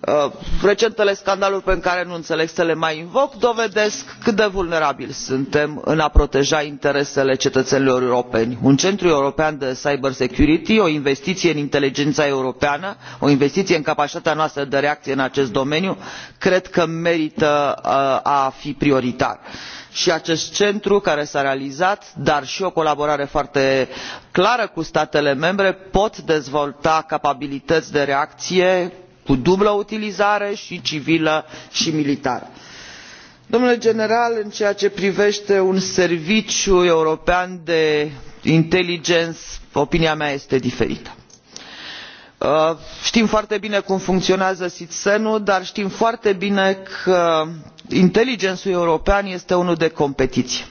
[SPEAKER 5] Uh, recentele scandaluri pe care nu înțeleg să le mai invoc dovedesc cât de vulnerabili suntem în a proteja interesele cetățenilor europeni. un centru european de cybersecurity o investiție în inteligența europeană o investiție în capacitatea noastră de reacție în acest domeniu cred că merită uh, a fi prioritar și acest centru care s a realizat dar și o colaborare foarte clară cu statele membre pot dezvolta capabilități de reacție cu dublă utilizare și civilă și militară. domnule general în ceea ce privește un serviciu european de inteligență opinia mea este diferită. Uh, știm foarte bine cum funcționează sitsen ul dar știm foarte bine că inteligențul european este unul de competiție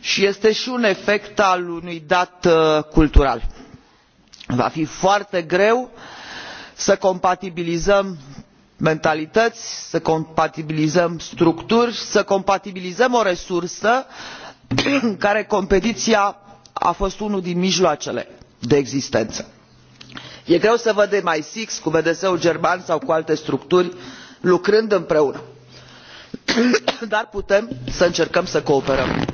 [SPEAKER 5] și este și un efect al unui dat uh, cultural. va fi foarte greu să compatibilizăm mentalități să compatibilizăm structuri să compatibilizăm o resursă în <clears throat> care competiția a fost unul din mijloacele de existență. e greu să văd mi șase cu bds ul german sau cu alte structuri lucrând împreună <clears throat> dar putem să încercăm să cooperăm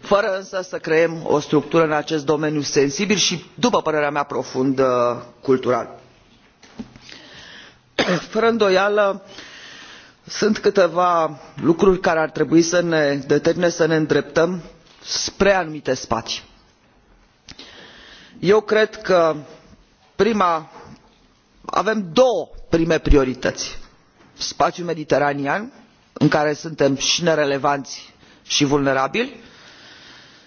[SPEAKER 5] fără însă să creăm o structură în acest domeniu sensibil și după părerea mea profund uh, cultural <coughs> fără îndoială sunt câteva lucruri care ar trebui să ne determine să ne îndreptăm spre anumite spații. eu cred că prima, avem două prime priorități spațiul mediteranean în care suntem și nerelevanți și vulnerabili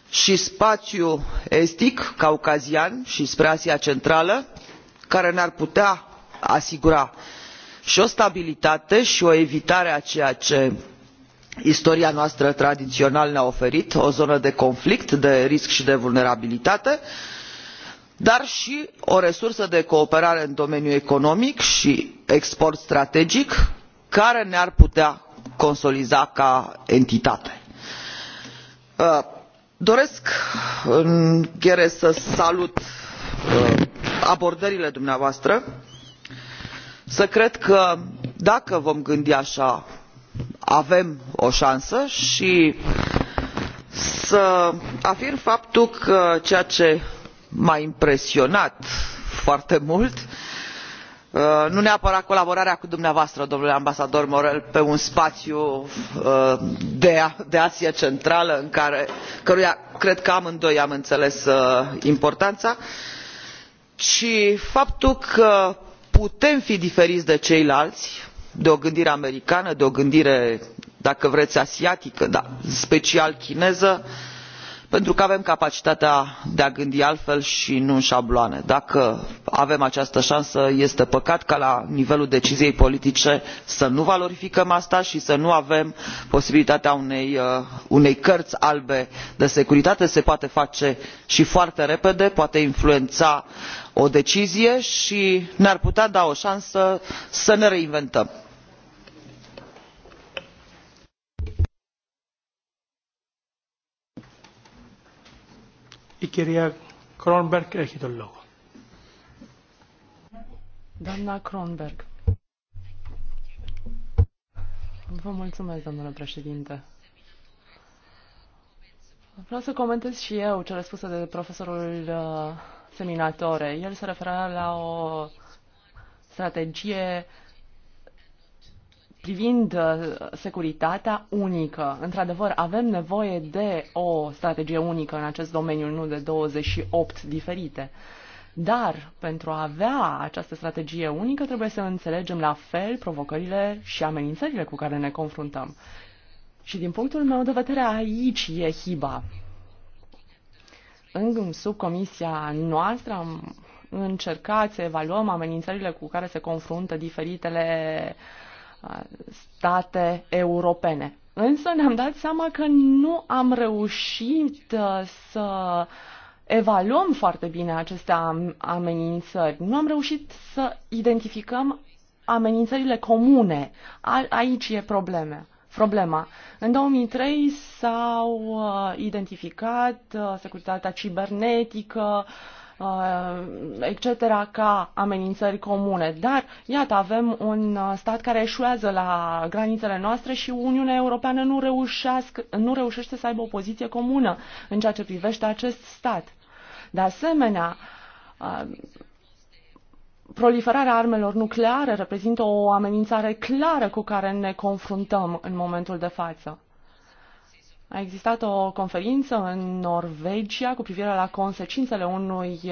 [SPEAKER 5] și spațiul estic caucazian și spre asia centrală care ne ar putea asigura și o stabilitate și o evitare a ceea ce istoria noastră tradițională ne a oferit o zonă de conflict de risc și de vulnerabilitate dar și o resursă de cooperare în domeniul economic și export strategic care ne ar putea consolida ca entitate. Uh, doresc în încheiere să salut uh, abordările dumneavoastră să cred că dacă vom gândi așa avem o șansă și să afirm faptul că ceea ce m a impresionat foarte mult uh, nu neapărat colaborarea cu dumneavoastră domnule ambasador Morel, pe un spațiu uh, de, de asia centrală în care, căruia cred că amândoi am înțeles uh, importanța ci faptul că putem fi diferiți de ceilalți de o gândire americană de o gândire dacă vreți asiatică dar special chineză pentru că avem capacitatea de a gândi altfel și nu în șabloane. dacă avem această șansă este păcat ca la nivelul deciziei politice să nu valorificăm asta și să nu avem posibilitatea unei, uh, unei cărți albe de securitate. se poate face și foarte repede poate influența o decizie și ne ar putea da o șansă să ne reinventăm.
[SPEAKER 2] Doamna Kronberg. Vă mulțumesc, domnule președinte. Vreau să comentez și eu cele spuse de profesorul uh, seminatore. El se referă la o strategie privind uh, securitatea unică. Într-adevăr, avem nevoie de o strategie unică în acest domeniu, nu de 28 diferite. Dar, pentru a avea această strategie unică, trebuie să înțelegem la fel provocările și amenințările cu care ne confruntăm. Și din punctul meu de vedere, aici e hiba în subcomisia noastră am încercat să evaluăm amenințările cu care se confruntă diferitele uh, state europene. Însă ne-am dat seama că nu am reușit uh, să evaluăm foarte bine aceste amenințări. Nu am reușit să identificăm amenințările comune. Aici e problema problema. În 2003 s-au uh, identificat uh, securitatea cibernetică, uh, etc., ca amenințări comune. Dar, iată, avem un uh, stat care eșuează la granițele noastre și Uniunea Europeană nu, reușească, nu reușește să aibă o poziție comună în ceea ce privește acest stat. De asemenea, uh, proliferarea armelor nucleare reprezintă o amenințare clară cu care ne confruntăm în momentul de față. A existat o conferință în Norvegia cu privire la consecințele unui uh,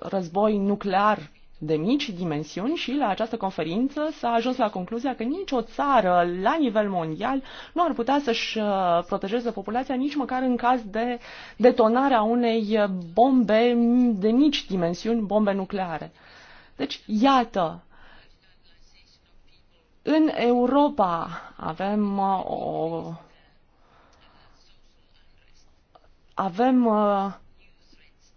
[SPEAKER 2] război nuclear de mici dimensiuni și la această conferință s-a ajuns la concluzia că nicio țară la nivel mondial nu ar putea să-și uh, protejeze populația nici măcar în caz de detonarea unei bombe de mici dimensiuni, bombe nucleare. Deci, iată, în Europa avem uh, o avem uh,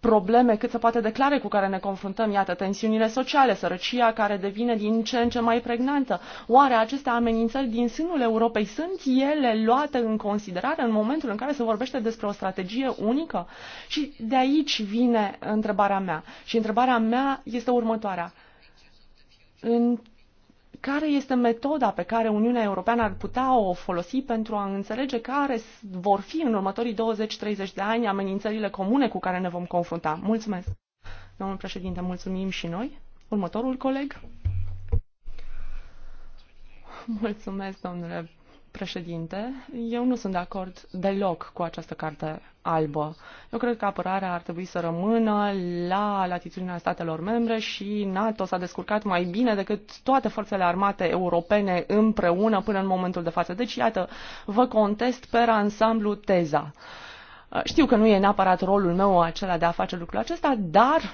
[SPEAKER 2] probleme cât se poate declare cu care ne confruntăm, iată, tensiunile sociale, sărăcia care devine din ce în ce mai pregnantă. Oare aceste amenințări din sânul Europei sunt ele luate în considerare în momentul în care se vorbește despre o strategie unică? Și de aici vine întrebarea mea. Și întrebarea mea este următoarea. În care este metoda pe care Uniunea Europeană ar putea o folosi pentru a înțelege care vor fi în următorii 20-30 de ani amenințările comune cu care ne vom confrunta. Mulțumesc! Domnul președinte, mulțumim și noi. Următorul coleg. Mulțumesc, domnule președinte, eu nu sunt de acord deloc cu această carte albă. Eu cred că apărarea ar trebui să rămână la latitudinea statelor membre și NATO s-a descurcat mai bine decât toate forțele armate europene împreună până în momentul de față. Deci, iată, vă contest pe ansamblu teza. Știu că nu e neapărat rolul meu acela de a face lucrul acesta, dar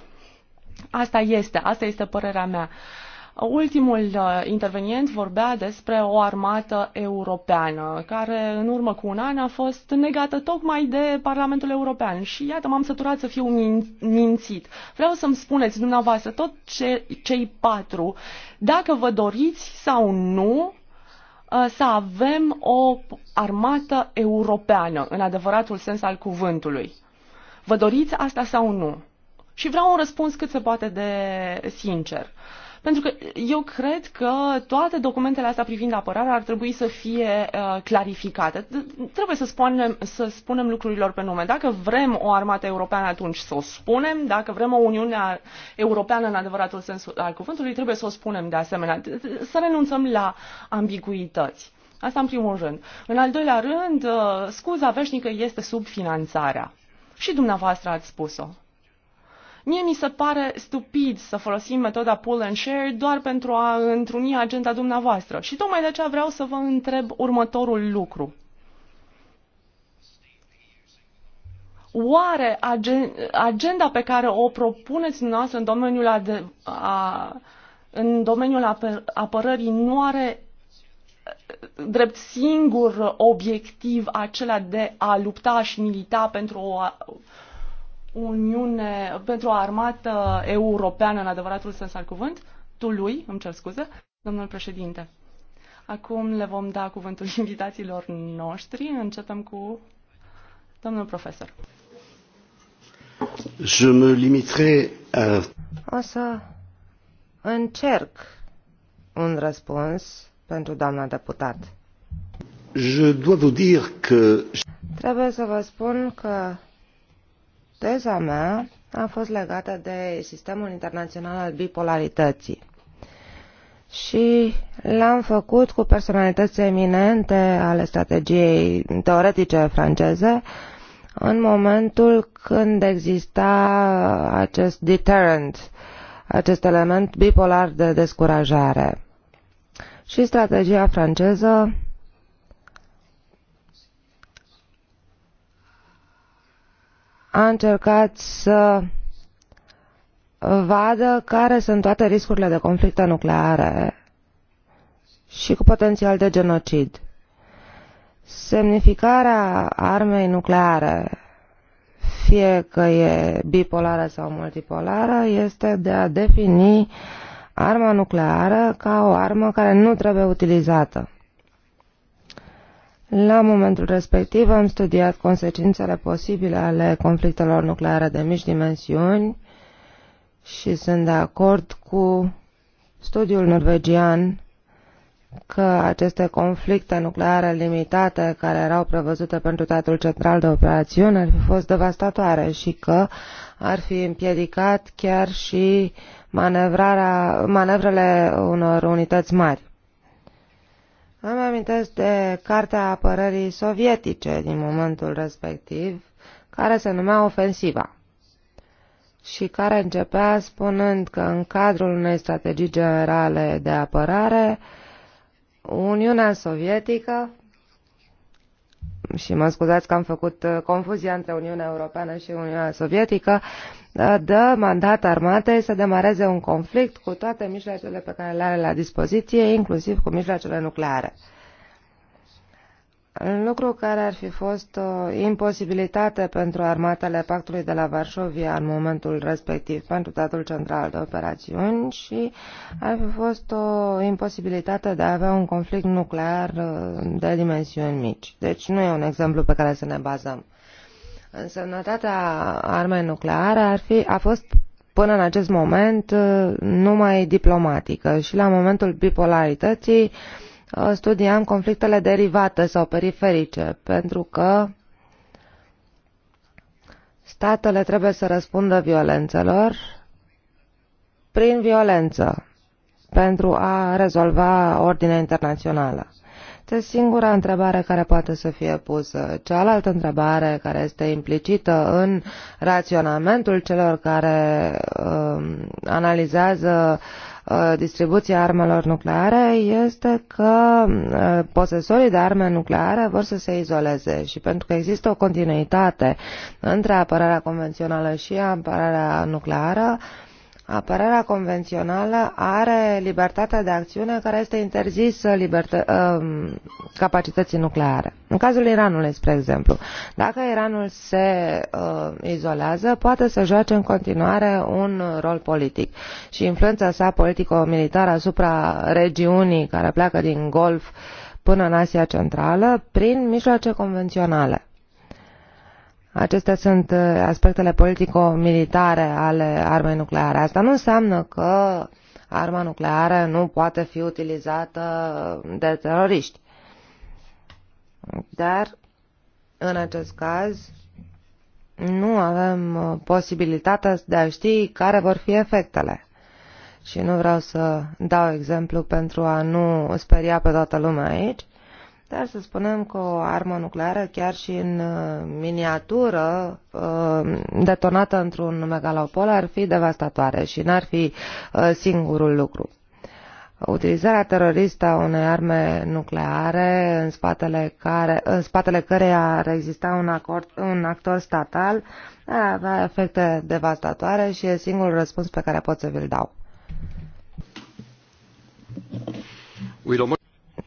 [SPEAKER 2] asta este, asta este părerea mea. Uh, Ultimul uh, intervenient vorbea despre o armată europeană, care în urmă cu un an a fost negată tocmai de Parlamentul European. Și iată, m-am săturat să fiu min- mințit. Vreau să-mi spuneți dumneavoastră, tot ce, cei patru, dacă vă doriți sau nu uh, să avem o armată europeană, în adevăratul sens al cuvântului. Vă doriți asta sau nu? Și vreau un răspuns cât se poate de sincer. Uh, pentru că eu cred că toate documentele astea privind apărarea ar trebui să fie uh, clarificate. Trebuie să spunem, să spunem lucrurilor pe nume. Dacă vrem o armată europeană, atunci să o spunem. Dacă vrem o Uniune Europeană în adevăratul sens al cuvântului, trebuie să o spunem de asemenea. Să renunțăm la ambiguități. Asta în primul rând. În al doilea rând, uh, scuza veșnică este subfinanțarea. Și dumneavoastră ați spus-o. Mie mi se pare stupid să folosim metoda pull and share doar pentru a întruni agenda dumneavoastră și tocmai de aceea vreau să vă întreb următorul lucru. Oare agenda pe care o propuneți dumneavoastră în domeniul, ade- a, în domeniul apă- apărării nu are uh, drept singur obiectiv acela de a lupta și milita pentru o, Uniune, pentru o armată europeană în adevăratul sens al cuvânt, tu lui, îmi cer scuze, domnul președinte. Acum le vom da cuvântul <laughs> invitațiilor noștri. Începem cu
[SPEAKER 4] domnul profesor.
[SPEAKER 1] Je me limiterai à...
[SPEAKER 4] O să încerc un răspuns pentru doamna deputat.
[SPEAKER 1] Je dois vous dire que...
[SPEAKER 4] Trebuie să vă spun că Teza mea a fost legată de sistemul internațional al bipolarității. Și l-am făcut cu personalități eminente ale strategiei teoretice franceze în momentul când exista acest deterrent, acest element bipolar de descurajare. Și strategia franceză a încercat să vadă care sunt toate riscurile de conflicte nucleare și cu potențial de genocid. Semnificarea armei nucleare, fie că e bipolară sau multipolară, este de a defini arma nucleară ca o armă care nu trebuie utilizată. La momentul respectiv am studiat consecințele posibile ale conflictelor nucleare de mici dimensiuni și sunt de acord cu studiul norvegian că aceste conflicte nucleare limitate care erau prevăzute pentru Teatrul Central de Operațiuni ar fi fost devastatoare și că ar fi împiedicat chiar și manevrarea, manevrele unor unități mari. Îmi amintesc de Cartea Apărării Sovietice din momentul respectiv, care se numea Ofensiva și care începea spunând că în cadrul unei strategii generale de apărare, Uniunea Sovietică și mă scuzați că am făcut uh, confuzia între Uniunea Europeană și Uniunea Sovietică, uh, dă mandat armatei să demareze un conflict cu toate mijloacele pe care le are la dispoziție, inclusiv cu mijloacele nucleare lucru care ar fi fost o uh, imposibilitate pentru armatele pactului de la Varșovia în momentul respectiv, pentru statul central de operațiuni și ar fi fost o imposibilitate de a avea un conflict nuclear uh, de dimensiuni mici. Deci nu e un exemplu pe care să ne bazăm. Însemnătatea armei nucleare ar fi, a fost până în acest moment uh, numai diplomatică și la momentul bipolarității uh, Uh, studiam conflictele derivate sau periferice, pentru că statele trebuie să răspundă violențelor prin violență pentru a rezolva ordinea internațională. Este singura întrebare care poate să fie pusă. Cealaltă întrebare care este implicită în raționamentul celor care uh, analizează Uh, distribuția armelor nucleare este că uh, posesorii de arme nucleare vor să se izoleze și pentru că există o continuitate între apărarea convențională și apărarea nucleară, Apărarea convențională are libertatea de acțiune care este interzisă uh, libertă, uh, capacității nucleare. În cazul Iranului, spre exemplu, dacă Iranul se uh, izolează, poate să joace în continuare un rol politic și influența sa politico-militară asupra regiunii care pleacă din Golf până în Asia Centrală prin mijloace convenționale. Acestea sunt uh, aspectele politico-militare ale armei nucleare. Asta nu înseamnă că arma nucleară nu poate fi utilizată de teroriști. Dar, în acest caz, nu avem uh, posibilitatea de a ști care vor fi efectele. Și nu vreau să dau exemplu pentru a nu speria pe toată lumea aici, dar să spunem că o armă nucleară, chiar și în uh, miniatură, uh, detonată într-un megalopol, ar fi devastatoare și n-ar fi uh, singurul lucru. Utilizarea teroristă a unei arme nucleare, în spatele, care, în spatele căreia ar exista un, acord, un actor statal, ar avea efecte devastatoare și e singurul răspuns pe care pot să vi-l dau. Oui,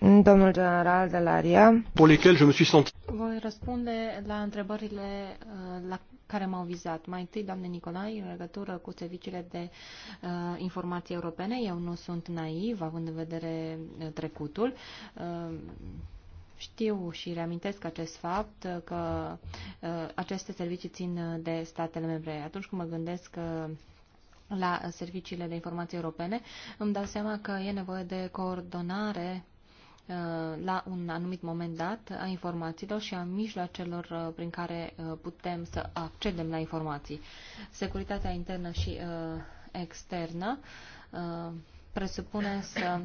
[SPEAKER 4] Domnul general de la RIA.
[SPEAKER 3] Voi răspunde la întrebările uh, la care m-au vizat. Mai întâi, doamne Nicolai, în legătură cu serviciile de uh, informații europene, eu nu sunt naiv, având în vedere uh, trecutul. Uh, știu și reamintesc acest fapt uh, că uh, aceste servicii țin de statele membre. Atunci când mă gândesc că la serviciile de informații europene, îmi dau seama că e nevoie de coordonare Uh, la un anumit moment dat a informațiilor și a mijloacelor uh, prin care uh, putem să accedem la informații. Securitatea internă și externă presupune să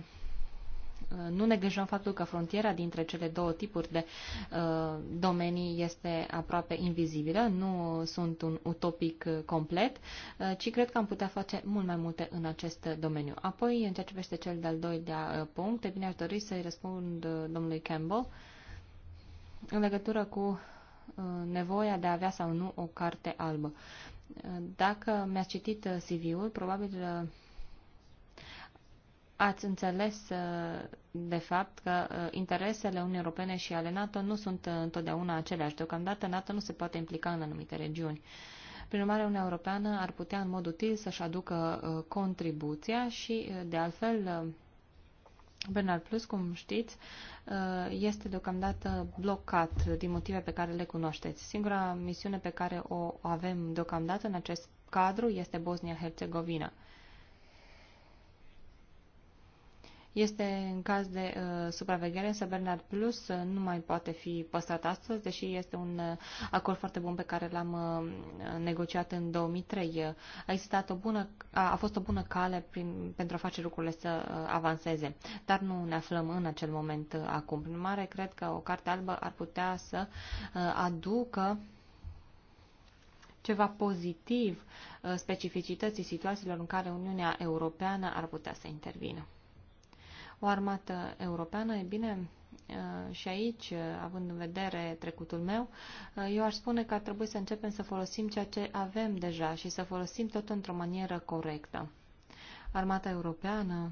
[SPEAKER 3] nu neglijăm faptul că frontiera dintre cele două tipuri de uh, domenii este aproape invizibilă, nu sunt un utopic complet, uh, ci cred că am putea face mult mai multe în acest domeniu. Apoi, în ceea ce privește cel de-al doilea uh, punct, e bine aș dori să-i răspund domnului Campbell în legătură cu nevoia de a avea sau nu o carte albă. Dacă mi-ați citit CV-ul, probabil Ați înțeles, uh, de fapt, că uh, interesele Uniunii Europene și ale NATO nu sunt uh, întotdeauna aceleași. Deocamdată NATO nu se poate implica în anumite regiuni. Prin urmare, Uniunea Europeană ar putea în mod util să-și aducă contribuția și, de altfel, Bernard Plus, cum știți, este deocamdată blocat din motive pe care le cunoașteți. Singura misiune pe care o avem deocamdată în acest cadru este Bosnia-Herzegovina. este în caz de uh, supraveghere, însă Bernard Plus uh, nu mai poate fi păstrat astăzi, deși este un uh, acord foarte bun pe care l-am uh, negociat în 2003. Uh, a existat o bună, uh, a fost o bună cale prin, pentru a face lucrurile să uh, avanseze, dar nu ne aflăm în acel moment uh, acum. Prin mare, cred că o carte albă ar putea să uh, aducă ceva pozitiv uh, specificității situațiilor în care Uniunea Europeană ar putea să intervină o armată europeană, e bine, uh, și aici, uh, având în vedere trecutul meu, uh, eu aș spune că ar trebui să începem să folosim ceea ce avem deja și să folosim tot într-o manieră corectă. Armata europeană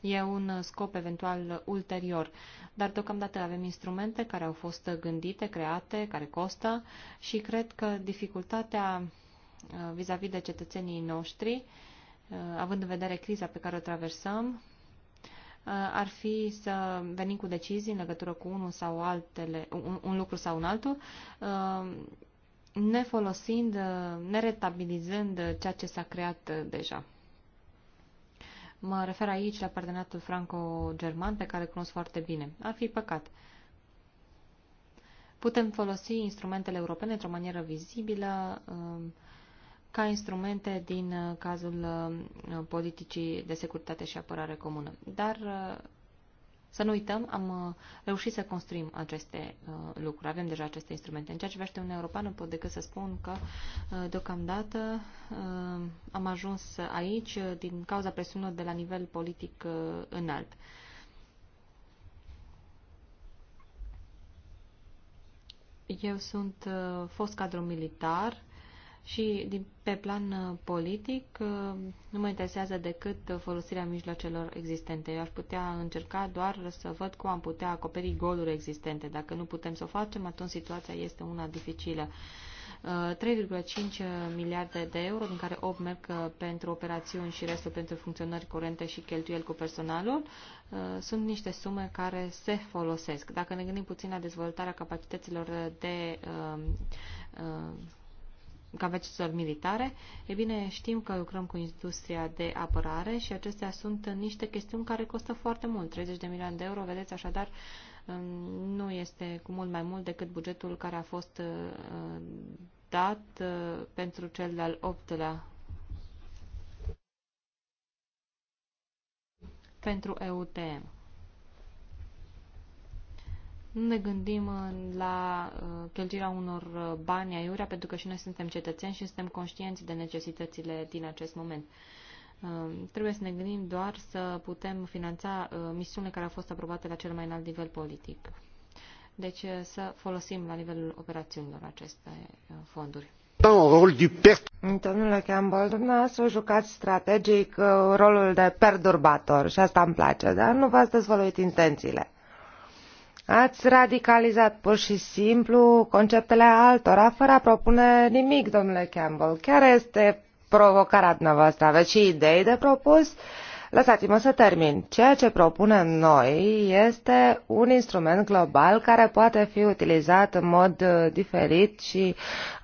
[SPEAKER 3] e un scop eventual ulterior, dar deocamdată avem instrumente care au fost gândite, create, care costă și cred că dificultatea vis-a-vis -vis de cetățenii noștri uh, Uh, având în vedere criza pe care o traversăm, uh, ar fi să venim cu decizii în legătură cu unul sau altele, un, un lucru sau un altul, uh, ne folosind, ne retabilizând ceea ce s-a creat deja. Mă refer aici la parteneratul franco-german, pe care îl cunosc foarte bine. Ar fi păcat. Putem folosi instrumentele europene într-o manieră vizibilă, ca instrumente din uh, cazul uh, politicii de securitate și apărare comună. Dar uh, să nu uităm, am reușit să construim aceste lucruri, avem deja aceste instrumente. În ceea ce un Uniunea Europeană, pot decât să spun că deocamdată am ajuns aici din cauza presiunilor de la nivel politic înalt. Eu sunt fost cadru militar și din, pe plan uh, politic uh, nu mă interesează decât folosirea mijloacelor existente. Eu aș putea încerca doar să văd cum am putea acoperi goluri existente. Dacă nu putem să o facem, atunci situația este una dificilă. 3,5 uh, miliarde de euro, din care 8 merg pentru operațiuni și restul pentru funcționări curente și cheltuieli cu personalul, sunt niște sume care se folosesc. Dacă ne gândim puțin la dezvoltarea capacităților de ca vețelor militare, e bine, știm că lucrăm cu industria de apărare și acestea sunt niște chestiuni care costă foarte mult, 30 de milioane de euro, vedeți, așadar nu este cu mult mai mult decât bugetul care a fost uh, dat uh, pentru cel de-al optelea pentru EUTM. Nu ne gândim uh, la uh, cheltuirea unor uh, bani aiurea, pentru că și noi suntem cetățeni și suntem conștienți de necesitățile din acest moment. Trebuie să ne gândim doar să putem finanța misiunile care au fost aprobate la cel mai înalt nivel politic. Deci să folosim la nivelul operațiunilor aceste fonduri.
[SPEAKER 4] Domnule Campbell, dumneavoastră jucați strategic rolul de perturbator și asta îmi place, dar nu v-ați dezvăluit intențiile. Ați radicalizat pur și simplu conceptele altora fără a propune nimic, domnule Campbell. Care este provocarea dumneavoastră? Aveți și idei de propus? Lăsați-mă să termin. Ceea ce propunem noi este un instrument global care poate fi utilizat în mod uh, diferit și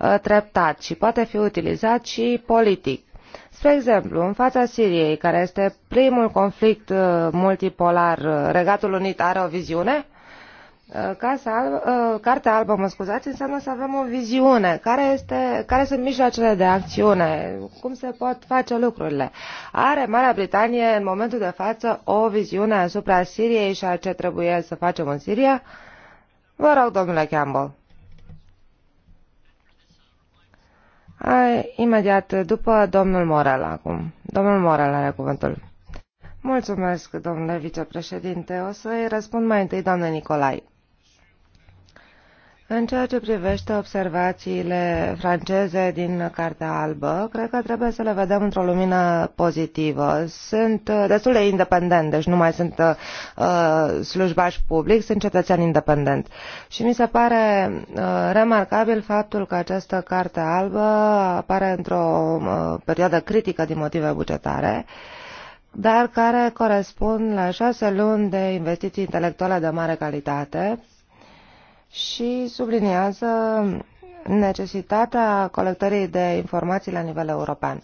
[SPEAKER 4] uh, treptat și poate fi utilizat și politic. Spre exemplu, în fața Siriei, care este primul conflict uh, multipolar, Regatul Unit are o viziune? Uh, casa albă, uh, Cartea albă, mă scuzați, înseamnă să avem o viziune. Care, este, care sunt mijloacele de acțiune? Cum se pot face lucrurile? Are Marea Britanie în momentul de față o viziune asupra Siriei și a ce trebuie să facem în Siria? Vă rog, domnule Campbell. Ai, imediat după domnul Morel acum. Domnul Morel are cuvântul. Mulțumesc, domnule vicepreședinte. O să-i răspund mai întâi, doamne Nicolai. În ceea ce privește observațiile franceze din Cartea Albă, cred că trebuie să le vedem într-o lumină pozitivă. Sunt uh, destul de independent, deci nu mai sunt uh, slujbași public, sunt cetățean independent. Și mi se pare uh, remarcabil faptul că această Carte Albă apare într-o uh, perioadă critică din motive bugetare dar care corespund la șase luni de investiții intelectuale de mare calitate, și subliniază necesitatea colectării de informații la nivel european.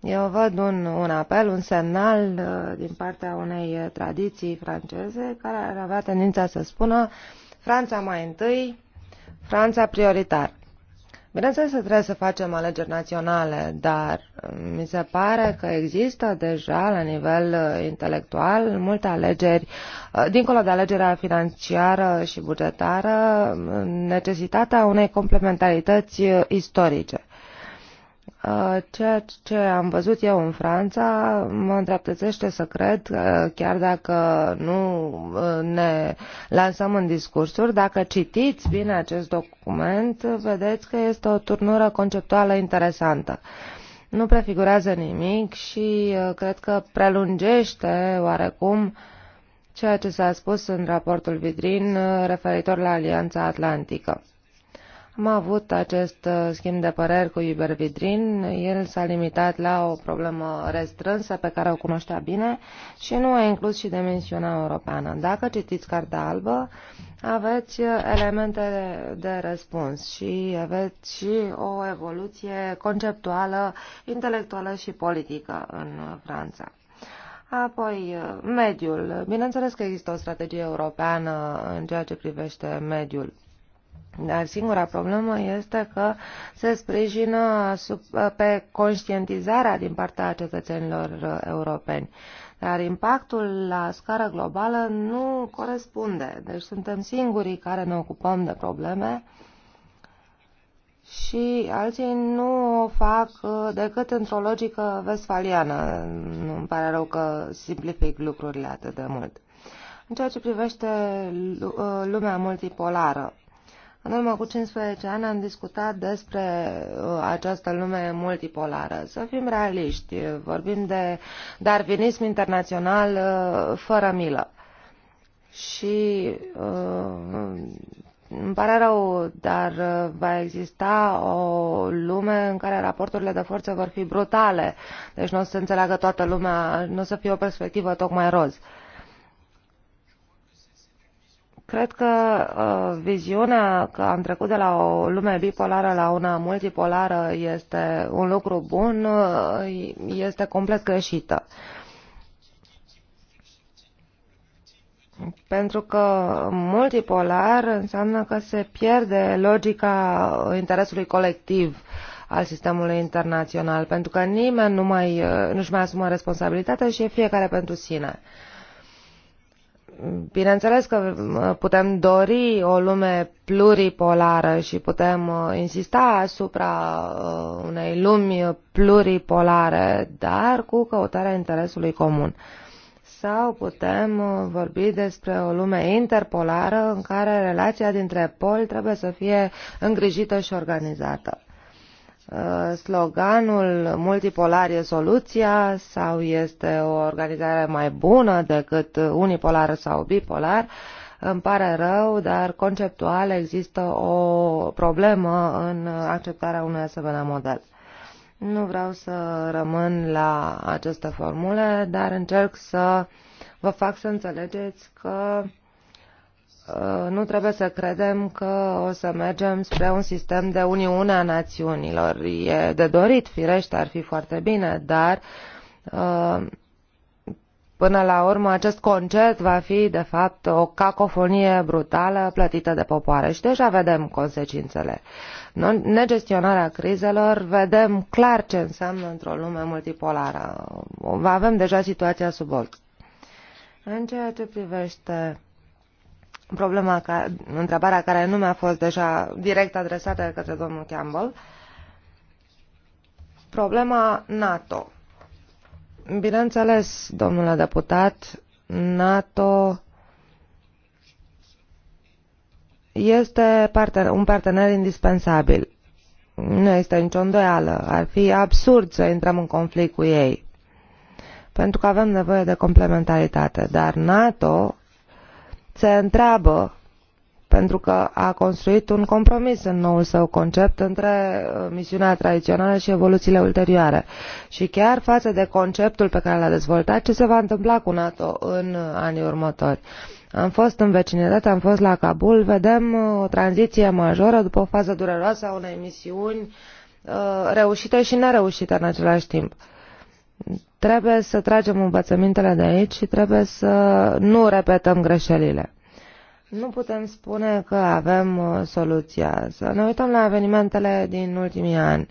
[SPEAKER 4] Eu văd un, un apel, un semnal uh, din partea unei tradiții franceze care ar avea tendința să spună Franța mai întâi, Franța prioritar. Bineînțeles că trebuie să facem alegeri naționale, dar mi se pare că există deja la nivel uh, intelectual multe alegeri, uh, dincolo de alegerea financiară și bugetară, uh, necesitatea unei complementarități istorice. Uh, ceea ce am văzut eu în Franța mă îndreaptățește să cred, uh, chiar dacă nu uh, ne lansăm în discursuri, dacă citiți bine acest document, vedeți că este o turnură conceptuală interesantă. Nu prefigurează nimic și cred că prelungește oarecum ceea ce s-a spus în raportul Vidrin referitor la Alianța Atlantică. Am avut acest uh, schimb de păreri cu Iber Vidrin. El s-a limitat la o problemă restrânsă pe care o cunoștea bine și nu a inclus și dimensiunea europeană. Dacă citiți Cartea Albă, aveți elemente de răspuns și aveți și o evoluție conceptuală, intelectuală și politică în Franța. Apoi, mediul. Bineînțeles că există o strategie europeană în ceea ce privește mediul dar singura problemă este că se sprijină pe conștientizarea din partea cetățenilor europeni. Dar impactul la scară globală nu corespunde. Deci suntem singurii care ne ocupăm de probleme și alții nu o fac uh, decât într-o logică vestfaliană. Nu îmi pare rău că simplific lucrurile atât de mult. În ceea ce privește uh, lumea multipolară, în urmă cu 15 ani am discutat despre uh, această lume multipolară. Să fim realiști, vorbim de darvinism internațional uh, fără milă. Și uh, îmi pare rău, dar va exista o lume în care raporturile de forță vor fi brutale, deci nu o să înțeleagă toată lumea, nu o să fie o perspectivă tocmai roz. Cred că uh, viziunea că am trecut de la o lume bipolară la una multipolară este un lucru bun, uh, este complet greșită. Pentru că multipolar înseamnă că se pierde logica interesului colectiv al sistemului internațional, pentru că nimeni nu mai, uh, nu-și mai asumă responsabilitatea și e fiecare pentru sine. Uh, Bineînțeles că putem dori o lume pluripolară și putem uh, insista asupra uh, unei lumi pluripolare, dar cu căutarea interesului comun. Sau putem uh, vorbi despre o lume interpolară în care relația dintre poli trebuie să fie îngrijită și organizată. Uh, sloganul multipolar e soluția sau este o organizare mai bună decât unipolar sau bipolar. Îmi pare rău, dar conceptual există o problemă în acceptarea unui asemenea model. Nu vreau să rămân la aceste formule, dar încerc să vă fac să înțelegeți că Uh, nu trebuie să credem că o să mergem spre un sistem de uniune a națiunilor. E de dorit, firește, ar fi foarte bine, dar uh, până la urmă acest concert va fi de fapt o cacofonie brutală plătită de popoare și deja vedem consecințele. Negestionarea crizelor vedem clar ce înseamnă într-o lume multipolară. Avem deja situația sub ochi. În ceea ce privește problema, ca, întrebarea care nu mi-a fost deja direct adresată către domnul Campbell, problema NATO. Bineînțeles, domnule deputat, NATO este partener, un partener indispensabil. Nu este nicio îndoială. Ar fi absurd să intrăm în conflict cu ei. Pentru că avem nevoie de complementaritate. Dar NATO se întreabă pentru că a construit un compromis în noul său concept între uh, misiunea tradițională și evoluțiile ulterioare. Și chiar față de conceptul pe care l-a dezvoltat, ce se va întâmpla cu NATO în uh, anii următori? Am fost în vecinătate, am fost la Kabul, vedem uh, o tranziție majoră după o fază dureroasă a unei misiuni reușite și nereușite în același timp. Trebuie să tragem învățămintele de aici și trebuie să nu repetăm greșelile. Nu putem spune că avem uh, soluția. Să ne uităm la evenimentele din ultimii ani.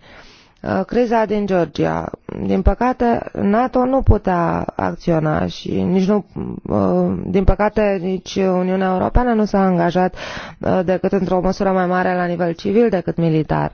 [SPEAKER 4] Uh, criza din Georgia. Din păcate, NATO nu putea acționa și nici nu, uh, din păcate, nici Uniunea Europeană nu s-a angajat decât într-o măsură mai mare la nivel civil decât militar.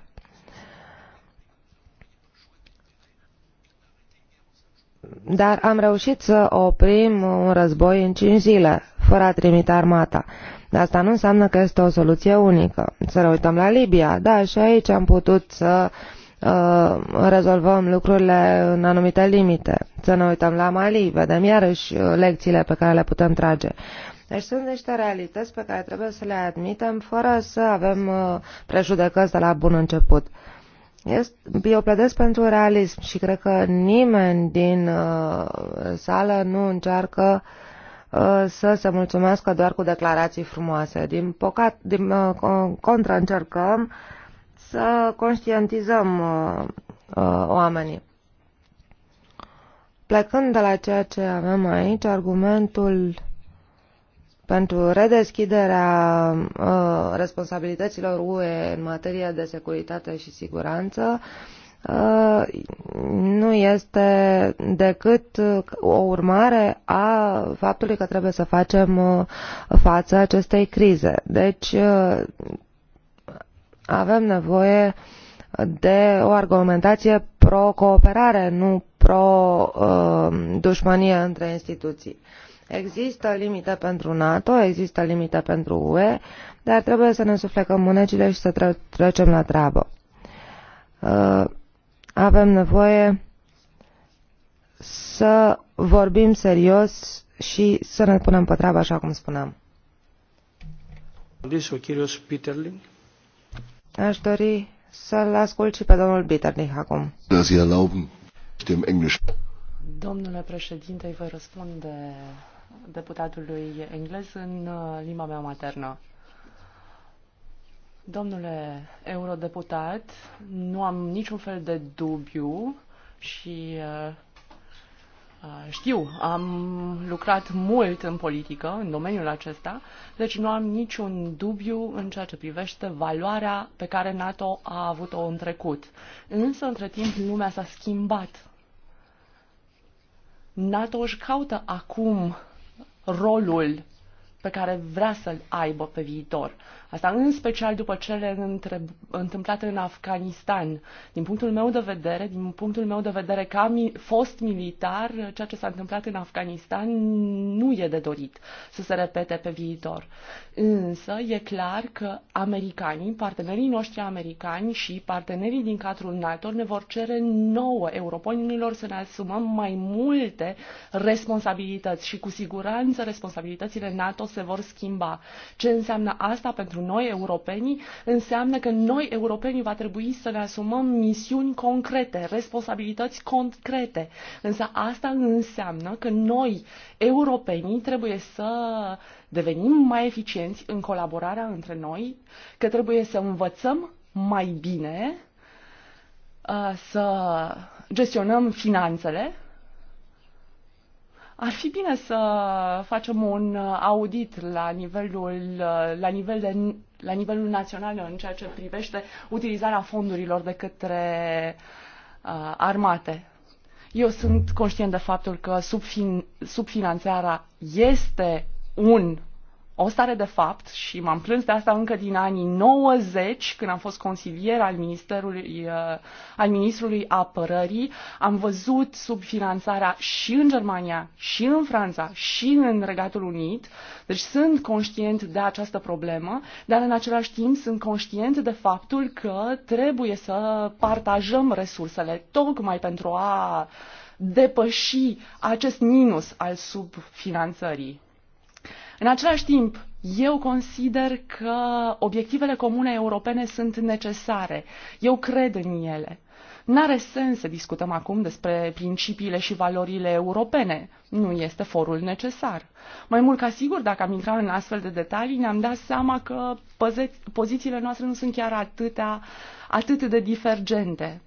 [SPEAKER 4] dar am reușit să oprim un război în 5 zile, fără a trimite armata. Asta nu înseamnă că este o soluție unică. Să ne uităm la Libia, da, și aici am putut să uh, rezolvăm lucrurile în anumite limite. Să ne uităm la Mali, vedem iarăși uh, lecțiile pe care le putem trage. Deci sunt niște realități pe care trebuie să le admitem fără să avem uh, prejudecăți de la bun început. Eu pledez pentru realism și cred că nimeni din uh, sală nu încearcă uh, să se mulțumească doar cu declarații frumoase. Din, pocat, din uh, contra încercăm să conștientizăm uh, uh, oamenii. Plecând de la ceea ce avem aici, argumentul pentru redeschiderea uh, responsabilităților UE în materie de securitate și siguranță uh, nu este decât o urmare a faptului că trebuie să facem uh, față acestei crize. Deci uh, avem nevoie de o argumentație pro-cooperare, nu pro-dușmanie uh, între instituții. Uh, Există limite pentru NATO, există limite pentru UE, dar trebuie să ne suflecăm mânecile și să tre- trecem la treabă. Uh, avem nevoie să vorbim serios și să ne punem pe treabă, așa cum spuneam.
[SPEAKER 1] Uh,
[SPEAKER 4] Aș dori să-l ascult și pe domnul Bitterling acum. Domnule președinte, îi voi răspunde deputatului
[SPEAKER 2] englez în uh, limba mea maternă. Domnule eurodeputat, nu am niciun fel de dubiu și uh, uh, știu, am lucrat mult în politică, în domeniul acesta, deci nu am niciun dubiu în ceea ce privește valoarea pe care NATO a avut-o în trecut. Însă, între timp, lumea s-a schimbat. NATO își caută acum rolul pe care vrea să-l aibă pe viitor. Asta în special după cele între, întâmplate în Afganistan. Din punctul meu de vedere, din punctul meu de vedere ca mi, fost militar, ceea ce s-a întâmplat în Afganistan nu e de dorit să se repete pe viitor. Însă e clar că americanii, partenerii noștri americani și partenerii din cadrul NATO ne vor cere nouă europonilor să ne asumăm mai multe responsabilități și cu siguranță responsabilitățile NATO se vor schimba. Ce înseamnă asta pentru noi, europenii? Înseamnă că noi, europenii, va trebui să ne asumăm misiuni concrete, responsabilități concrete. Însă asta înseamnă că noi, europenii, trebuie să devenim mai eficienți în colaborarea între noi, că trebuie să învățăm mai bine uh, să gestionăm finanțele ar fi bine să facem un uh, audit la nivelul, uh, la nivel de, la nivelul național în ceea ce privește utilizarea fondurilor de către uh, armate. Eu sunt conștient de faptul că subfin, subfinanțarea este un o stare de fapt și m-am plâns de asta încă din anii 90, când am fost consilier al, ministerului, uh, al Ministrului Apărării. Am văzut subfinanțarea și în Germania, și în Franța, și în Regatul Unit. Deci sunt conștient de această problemă, dar în același timp sunt conștient de faptul că trebuie să partajăm resursele tocmai pentru a depăși acest minus al subfinanțării. În același timp, eu consider că obiectivele comune europene sunt necesare. Eu cred în ele. N-are sens să discutăm acum despre principiile și valorile europene. Nu este forul necesar. Mai mult ca sigur, dacă am intrat în astfel de detalii, ne-am dat seama că pozițiile noastre nu sunt chiar atâtea, atât de divergente.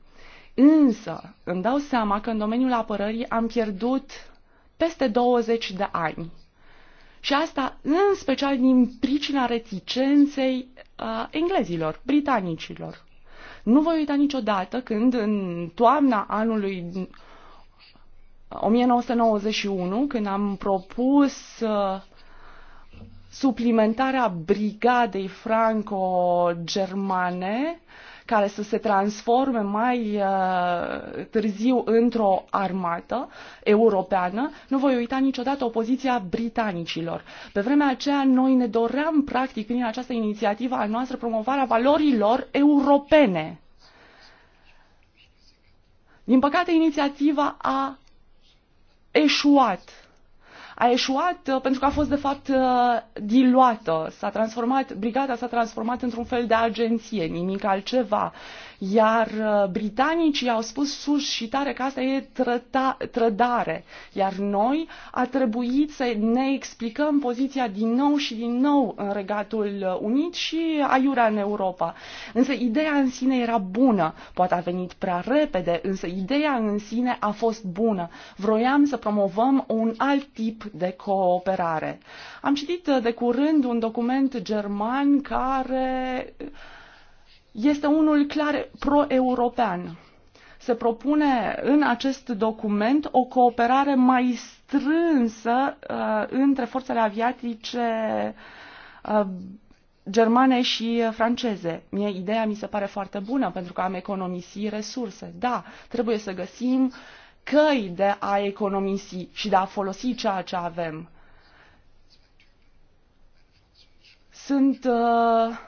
[SPEAKER 2] Însă, îmi dau seama că în domeniul apărării am pierdut peste 20 de ani și asta în special din pricina reticenței uh, englezilor, britanicilor. Nu voi uita niciodată când în toamna anului 1991, când am propus uh, suplimentarea brigadei franco-germane uh, care să se transforme mai uh, târziu într-o armată europeană, nu voi uita niciodată opoziția britanicilor. Pe vremea aceea noi ne doream practic prin această inițiativă a noastră promovarea valorilor europene. Din păcate, inițiativa a eșuat a eșuat uh, pentru că a fost de fapt uh, diluată. S-a transformat, brigada s-a transformat într-un fel de agenție, nimic altceva. Uh, iar uh, britanicii au spus sus și tare că asta e trăta, trădare. Iar noi a trebuit să ne explicăm poziția din nou și din nou în Regatul Unit și aiurea în Europa. Însă ideea în sine era bună. Poate a venit prea repede, însă ideea în sine a fost bună. Vroiam să promovăm un alt tip de cooperare. Am citit uh, de curând un document german care este unul clar pro-european. Se propune în acest document o cooperare mai strânsă uh, între forțele aviatice uh, germane și uh, franceze. Mie ideea mi se pare foarte bună pentru că am economisi resurse. Da, trebuie să găsim căi de a economisi și de a folosi ceea ce avem. Sunt uh,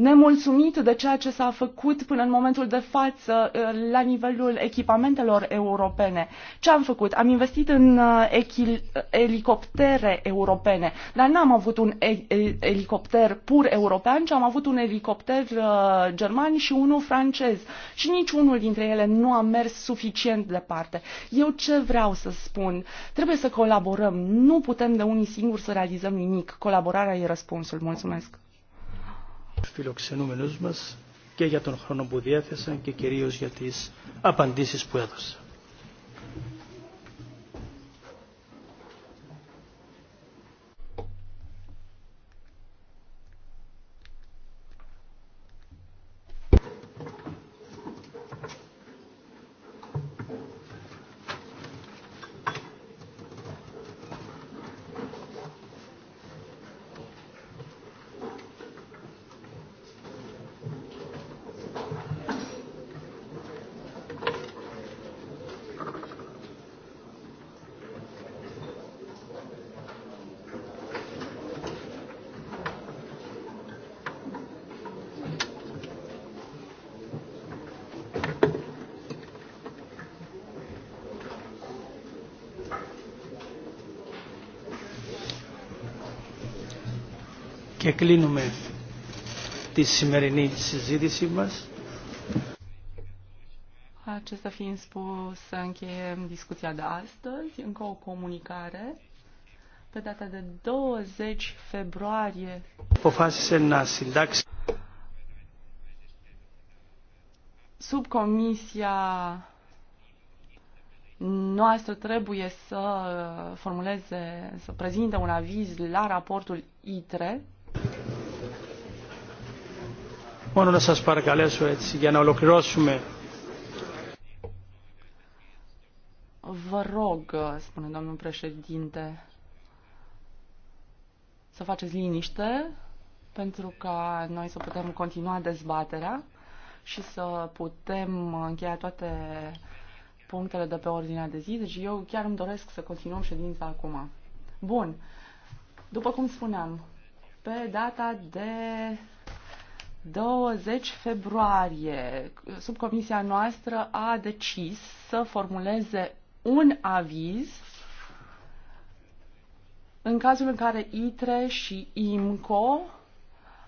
[SPEAKER 2] nemulțumit de ceea ce s-a făcut până în momentul de față uh, la nivelul echipamentelor europene. Ce am făcut? Am investit în uh, uh, elicoptere europene, dar n-am avut un elicopter pur european, ci am avut un elicopter german și unul francez. Și niciunul dintre ele nu a mers suficient departe. Eu ce vreau să spun? Trebuie să colaborăm. Nu putem de unii singuri să realizăm nimic. Colaborarea e răspunsul. Mulțumesc
[SPEAKER 1] φιλοξενούμενους μας και για τον χρόνο που διέθεσαν και κυρίως για τις απαντήσεις που έδωσαν. και κλείνουμε τη σημερινή συζήτησή μας.
[SPEAKER 2] Acesta fiind spus, să încheiem discuția de astăzi, încă o comunicare. Pe data de 20 februarie.
[SPEAKER 1] Αποφάσισε να συντάξει.
[SPEAKER 2] Subcomisia noastră trebuie să formuleze, să prezinte un aviz la raportul ITRE
[SPEAKER 1] Μόνο να σας παρακαλέσω έτσι για να ολοκληρώσουμε.
[SPEAKER 2] Vă rog, spune domnul președinte, să faceți liniște pentru ca noi să putem continua dezbaterea și să putem încheia toate punctele de pe ordinea de zi. Deci eu chiar îmi doresc să continuăm ședința acum. Bun. După cum spuneam, pe data de 20 februarie, subcomisia noastră a decis să formuleze un aviz în cazul în care ITRE și IMCO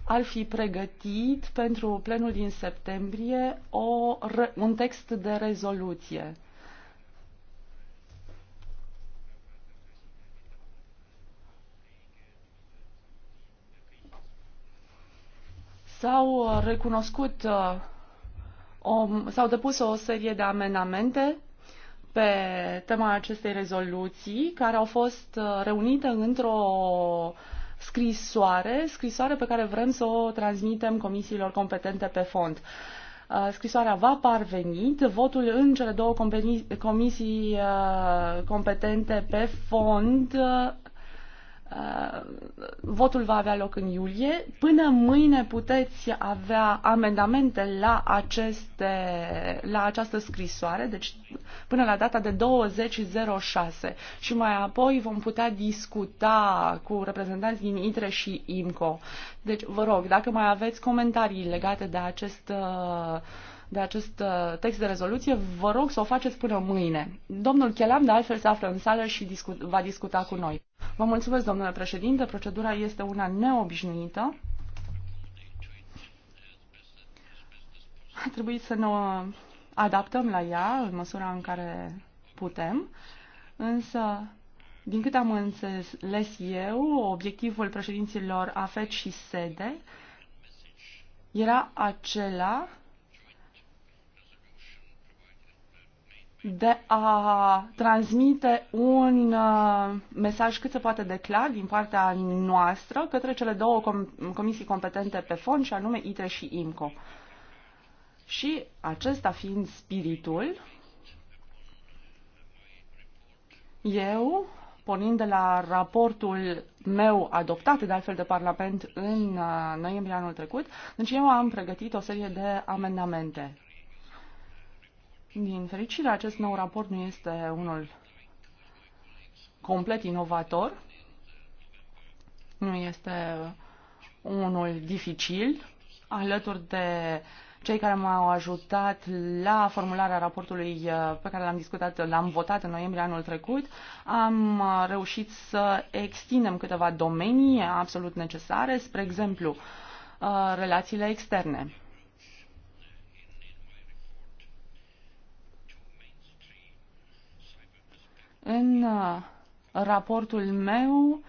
[SPEAKER 2] ar fi pregătit pentru plenul din septembrie o, un text de rezoluție. S-au uh, recunoscut, uh, s-au depus o serie de amenamente pe tema acestei rezoluții, care au fost uh, reunite într-o scrisoare, scrisoare pe care vrem să o transmitem comisiilor competente pe fond. Scrisoarea va parvenit, votul în cele două comisii competente pe fond Uh, votul va avea loc în iulie. Până mâine puteți avea amendamente la, aceste, la această scrisoare, deci până la data de 20.06. Și mai apoi vom putea discuta cu reprezentanți din ITRE și IMCO. Deci, vă rog, dacă mai aveți comentarii legate de acest uh, de acest uh, text de rezoluție, vă rog să o faceți până mâine. Domnul Chelam, de altfel, se află în sală și discu- va discuta cu noi. Vă mulțumesc, domnule președinte. Procedura este una neobișnuită. A trebuit să ne adaptăm la ea în măsura în care putem, însă, din câte am înțeles eu, obiectivul președinților AFET și SEDE era acela de a transmite un uh, mesaj cât se poate de clar din partea noastră către cele două com- comisii competente pe fond, și anume ITRE și IMCO. Și acesta fiind spiritul, eu, pornind de la raportul meu adoptat de altfel de Parlament în uh, noiembrie anul trecut, deci eu am pregătit o serie de amendamente din fericire, acest nou raport nu este unul complet inovator, nu este unul dificil. Alături de cei care m-au ajutat la formularea raportului uh, pe care l-am discutat, l-am votat în noiembrie anul trecut, am uh, reușit să extindem câteva domenii absolut necesare, spre exemplu, uh, relațiile externe. În uh, raportul meu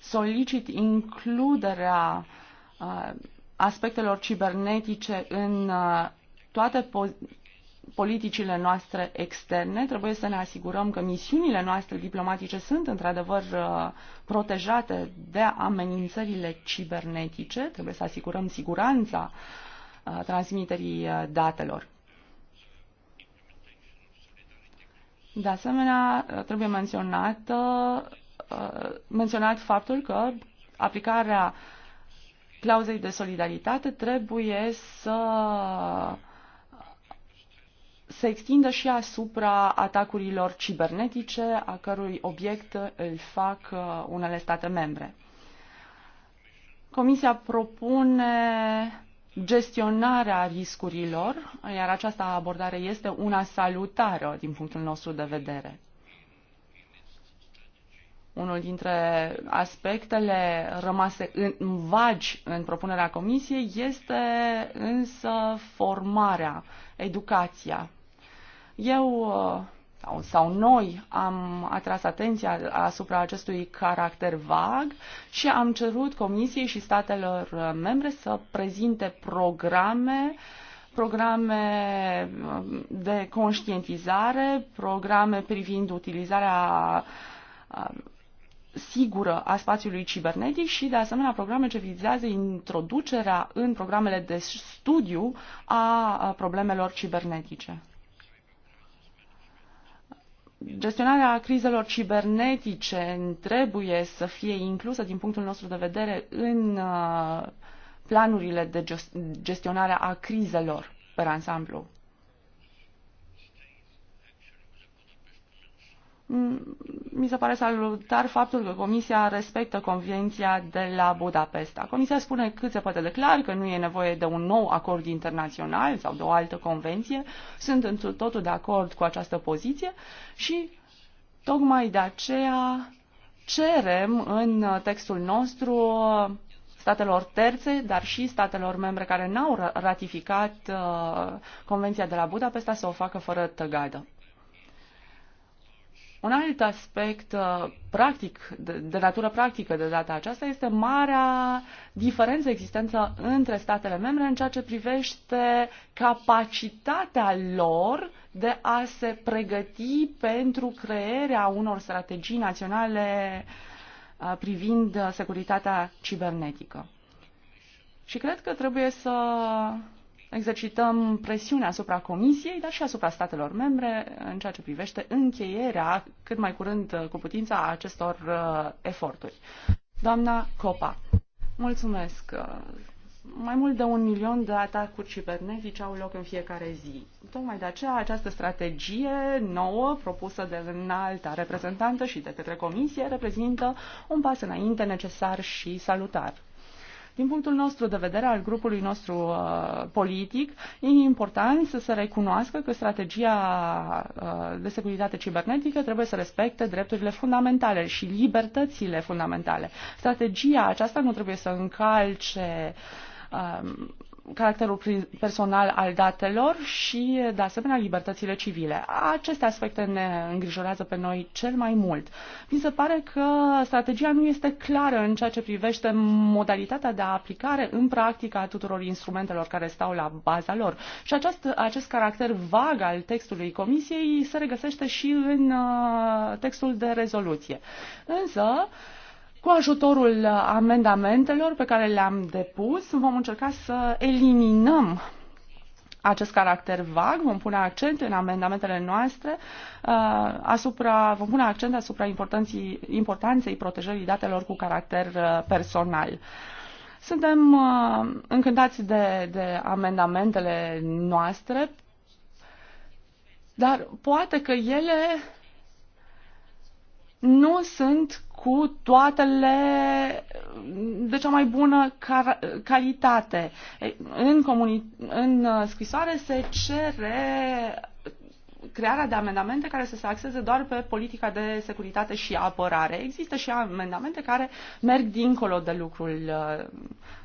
[SPEAKER 2] solicit includerea uh, aspectelor cibernetice în uh, toate politicile noastre externe. Trebuie să ne asigurăm că misiunile noastre diplomatice sunt într-adevăr protejate de amenințările cibernetice. Trebuie să asigurăm siguranța transmiterii datelor. De asemenea, trebuie menționat, uh, menționat faptul că aplicarea clauzei de solidaritate trebuie să se extindă și asupra atacurilor cibernetice, a cărui obiect îl fac uh, unele state membre. Comisia propune gestionarea riscurilor, iar această abordare este una salutară din punctul nostru de vedere. Unul dintre aspectele rămase în vagi în propunerea comisiei este însă formarea, educația. Eu uh, sau, sau noi am atras atenția asupra acestui caracter vag și am cerut Comisiei și statelor uh, membre să prezinte programe programe uh, de conștientizare, programe privind utilizarea uh, sigură a spațiului cibernetic și, de asemenea, programe ce vizează introducerea în programele de studiu a problemelor cibernetice. Gestionarea crizelor cibernetice trebuie să fie inclusă, din punctul nostru de vedere, în uh, planurile de gestionare a crizelor pe ansamblu. Mm, mi se pare salutar faptul că Comisia respectă Convenția de la Budapesta. Comisia spune cât se poate de clar că nu e nevoie de un nou acord internațional sau de o altă convenție. Sunt în totul de acord cu această poziție și tocmai de aceea cerem în textul nostru statelor terțe, dar și statelor membre care n-au ratificat uh, Convenția de la Budapesta să o facă fără tăgadă. Un alt aspect uh, practic, de, de natură practică de data aceasta, este marea diferență existență între statele membre în ceea ce privește capacitatea lor de a se pregăti pentru crearea unor strategii naționale uh, privind uh, securitatea cibernetică. Și cred că trebuie să exercităm presiunea asupra Comisiei, dar și asupra statelor membre în ceea ce privește încheierea cât mai curând uh, cu putința a acestor uh, eforturi. Doamna Copa, mulțumesc. Uh, mai mult de un milion de atacuri cibernetice au loc în fiecare zi. Tocmai de aceea această strategie nouă propusă de înalta reprezentantă și de către comisie reprezintă un pas înainte necesar și salutar. Din punctul nostru de vedere al grupului nostru uh, politic, e important să se recunoască că strategia uh, de securitate cibernetică trebuie să respecte drepturile fundamentale și libertățile fundamentale. Strategia aceasta nu trebuie să încalce uh, caracterul personal al datelor și, de asemenea, libertățile civile. Aceste aspecte ne îngrijorează pe noi cel mai mult. Mi se pare că strategia nu este clară în ceea ce privește modalitatea de aplicare în practică a tuturor instrumentelor care stau la baza lor. Și acest, acest caracter vag al textului Comisiei se regăsește și în uh, textul de rezoluție. Însă, cu ajutorul uh, amendamentelor pe care le-am depus, vom încerca să eliminăm acest caracter vag, vom pune accent în amendamentele noastre uh, asupra, vom pune accent asupra importanței, importanței protejării datelor cu caracter uh, personal. Suntem uh, încântați de, de amendamentele noastre, dar poate că ele nu sunt cu toatele de cea mai bună car- calitate. În, comuni- în uh, scrisoare se cere crearea de amendamente care să se axeze doar pe politica de securitate și apărare. Există și amendamente care merg dincolo de lucrul uh,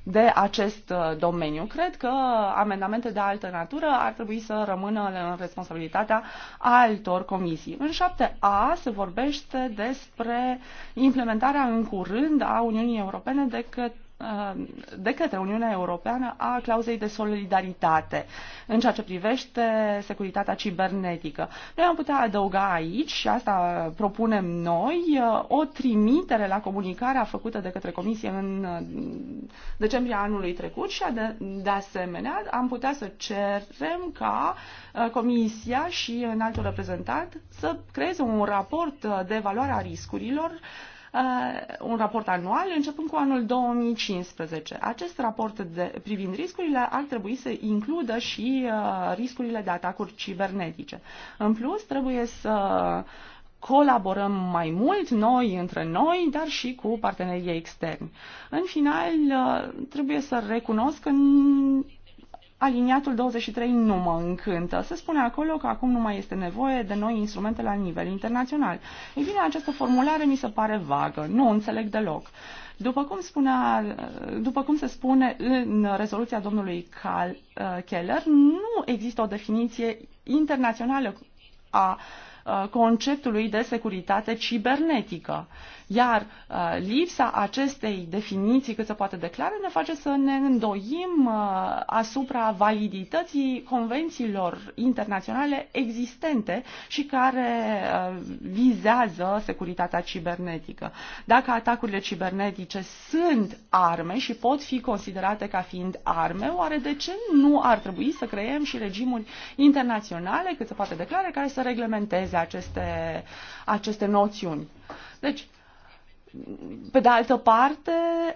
[SPEAKER 2] de acest uh, domeniu. Cred că amendamente de altă natură ar trebui să rămână în responsabilitatea altor comisii. În 7a se vorbește despre implementarea în curând a Uniunii Europene de către Um, de către Uniunea Europeană a clauzei de solidaritate în ceea ce privește securitatea cibernetică. Noi am putea adăuga aici, și asta propunem noi, uh, o trimitere la comunicarea făcută de către Comisie în uh, decembrie anului trecut și de, de asemenea am putea să cerem ca uh, Comisia și în altul reprezentant să creeze un raport de evaluare a riscurilor uh, Uh, un raport anual începând cu anul 2015. Acest raport de, privind riscurile ar trebui să includă și uh, riscurile de atacuri cibernetice. În plus, trebuie să colaborăm mai mult noi între noi, dar și cu partenerii externi. În final, uh, trebuie să recunosc că Aliniatul 23 nu mă încântă. Se spune acolo că acum nu mai este nevoie de noi instrumente la nivel internațional. Ei bine, această formulare mi se pare vagă, nu o înțeleg deloc. După cum, spunea, după cum se spune în rezoluția domnului Cal, uh, Keller, nu există o definiție internațională a uh, conceptului de securitate cibernetică. Uh, iar uh, lipsa acestei definiții cât se poate declare ne face să ne îndoim uh, asupra validității convențiilor internaționale existente și care uh, vizează securitatea cibernetică. Dacă atacurile cibernetice sunt arme și pot fi considerate ca fiind arme, oare de ce nu ar trebui să creăm și regimuri internaționale cât se poate declare care să reglementeze aceste, aceste noțiuni? Deci, pe de altă parte,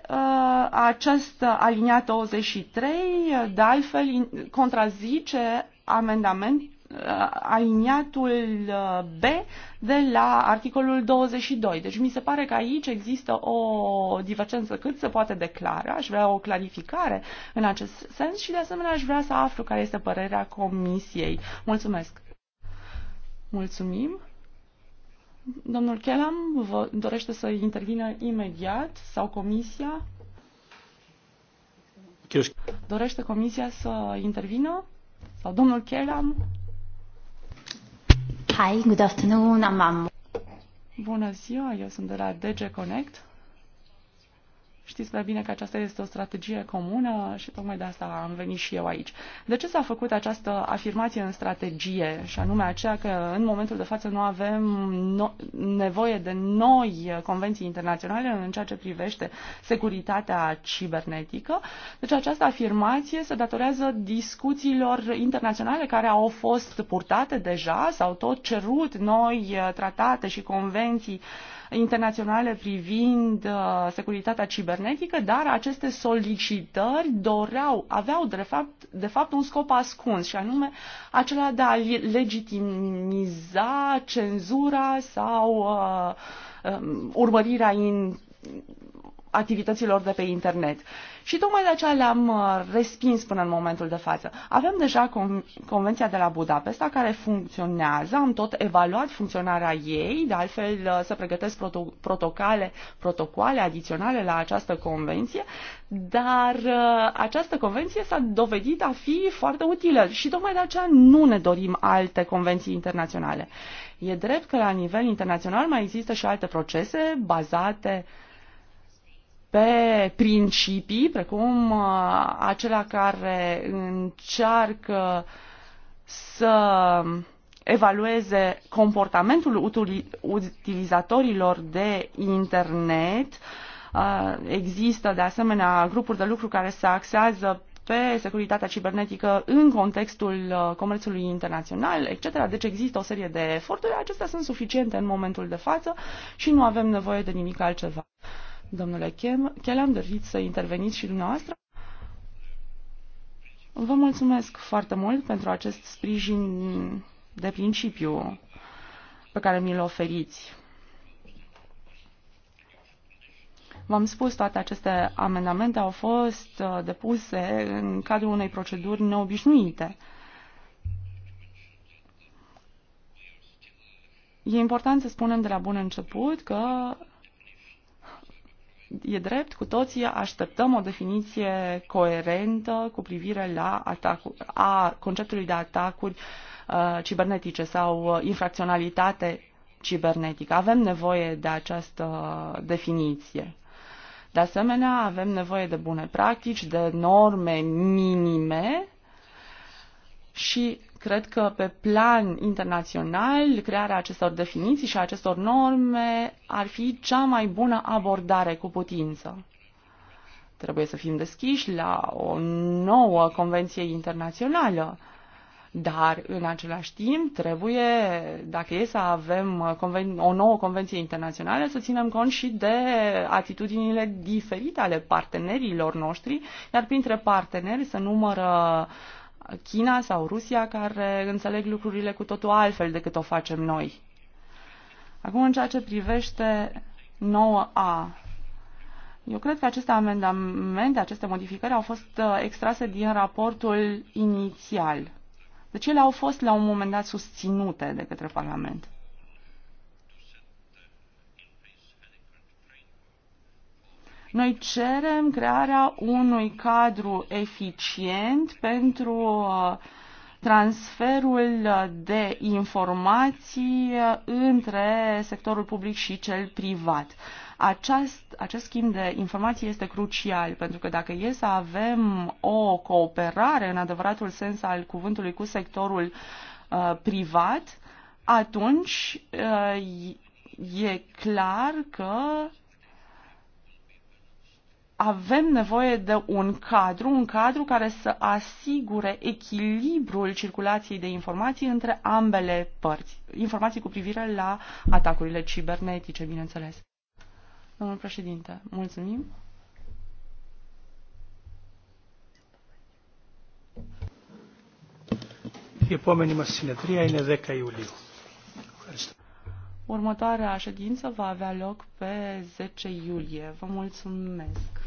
[SPEAKER 2] uh, acest aliniat 23, uh, de altfel, contrazice amendament uh, aliniatul B de la articolul 22. Deci mi se pare că aici există o divergență cât se poate declara, aș vrea o clarificare în acest sens și de asemenea aș vrea să aflu care este părerea Comisiei. Mulțumesc! Mulțumim! Domnul Kellam vă dorește să intervină imediat sau comisia? Dorește comisia să intervină? Sau domnul Kellam? Hi, good afternoon, I'm Bună ziua, eu sunt de la DG Connect. Știți prea bine că aceasta este o strategie comună și tocmai de asta am venit și eu aici. De ce s-a făcut această afirmație în strategie și anume aceea că în momentul de față nu avem no- nevoie de noi convenții internaționale în ceea ce privește securitatea cibernetică? Deci această afirmație se datorează discuțiilor internaționale care au fost purtate deja, s-au tot cerut noi tratate și convenții uh, internaționale privind uh, securitatea cibernetică, dar aceste solicitări doreau, aveau de fapt, de fapt un scop ascuns și anume acela de a legitimiza cenzura sau uh, um, urmărirea in, activităților de pe internet. Și tocmai de aceea le-am uh, respins până în momentul de față. Avem deja Convenția de la Budapesta care funcționează, am tot evaluat funcționarea ei, de altfel uh, să pregătesc proto- protocole, protocoale adiționale la această convenție, dar uh, această convenție s-a dovedit a fi foarte utilă și tocmai de aceea nu ne dorim alte convenții internaționale. E drept că la nivel internațional mai există și alte procese bazate pe principii, precum uh, acelea care încearcă să evalueze comportamentul utilizatorilor de internet. Uh, există, de asemenea, grupuri de lucru care se axează pe securitatea cibernetică în contextul uh, comerțului internațional, etc. Deci există o serie de eforturi, acestea sunt suficiente în momentul de față și nu avem nevoie de nimic altceva. Domnule am dorit să interveniți și dumneavoastră? Vă mulțumesc foarte mult pentru acest sprijin de principiu pe care mi-l oferiți. V-am spus, toate aceste amendamente au fost uh, depuse în cadrul unei proceduri neobișnuite. E important să spunem de la bun început că E drept, cu toții așteptăm o definiție coerentă cu privire la atacul, a conceptului de atacuri uh, cibernetice sau uh, infracționalitate cibernetică. Avem nevoie de această definiție. De asemenea, avem nevoie de bune practici, de norme minime și Cred că pe plan internațional, crearea acestor definiții și acestor norme ar fi cea mai bună abordare cu putință. Trebuie să fim deschiși la o nouă convenție internațională, dar în același timp trebuie, dacă e să avem o nouă convenție internațională, să ținem cont și de atitudinile diferite ale partenerilor noștri, iar printre parteneri să numără uh, China sau Rusia care înțeleg lucrurile cu totul altfel decât o facem noi. Acum, în ceea ce privește 9A, eu cred că aceste amendamente, aceste modificări au fost uh, extrase din raportul inițial. Deci ele au fost la un moment dat susținute de către Parlament. Noi cerem crearea unui cadru eficient pentru uh, transferul de informații uh, între sectorul public și cel privat. Aceast, acest schimb de informații este crucial, pentru că dacă e să avem o cooperare în adevăratul sens al cuvântului cu sectorul uh, privat, atunci uh, e clar că avem nevoie de un cadru, un cadru care să asigure echilibrul circulației de informații între ambele părți. Informații cu privire la atacurile cibernetice, bineînțeles. Domnul președinte, mulțumim. Următoarea ședință va avea loc pe 10 iulie. Vă mulțumesc!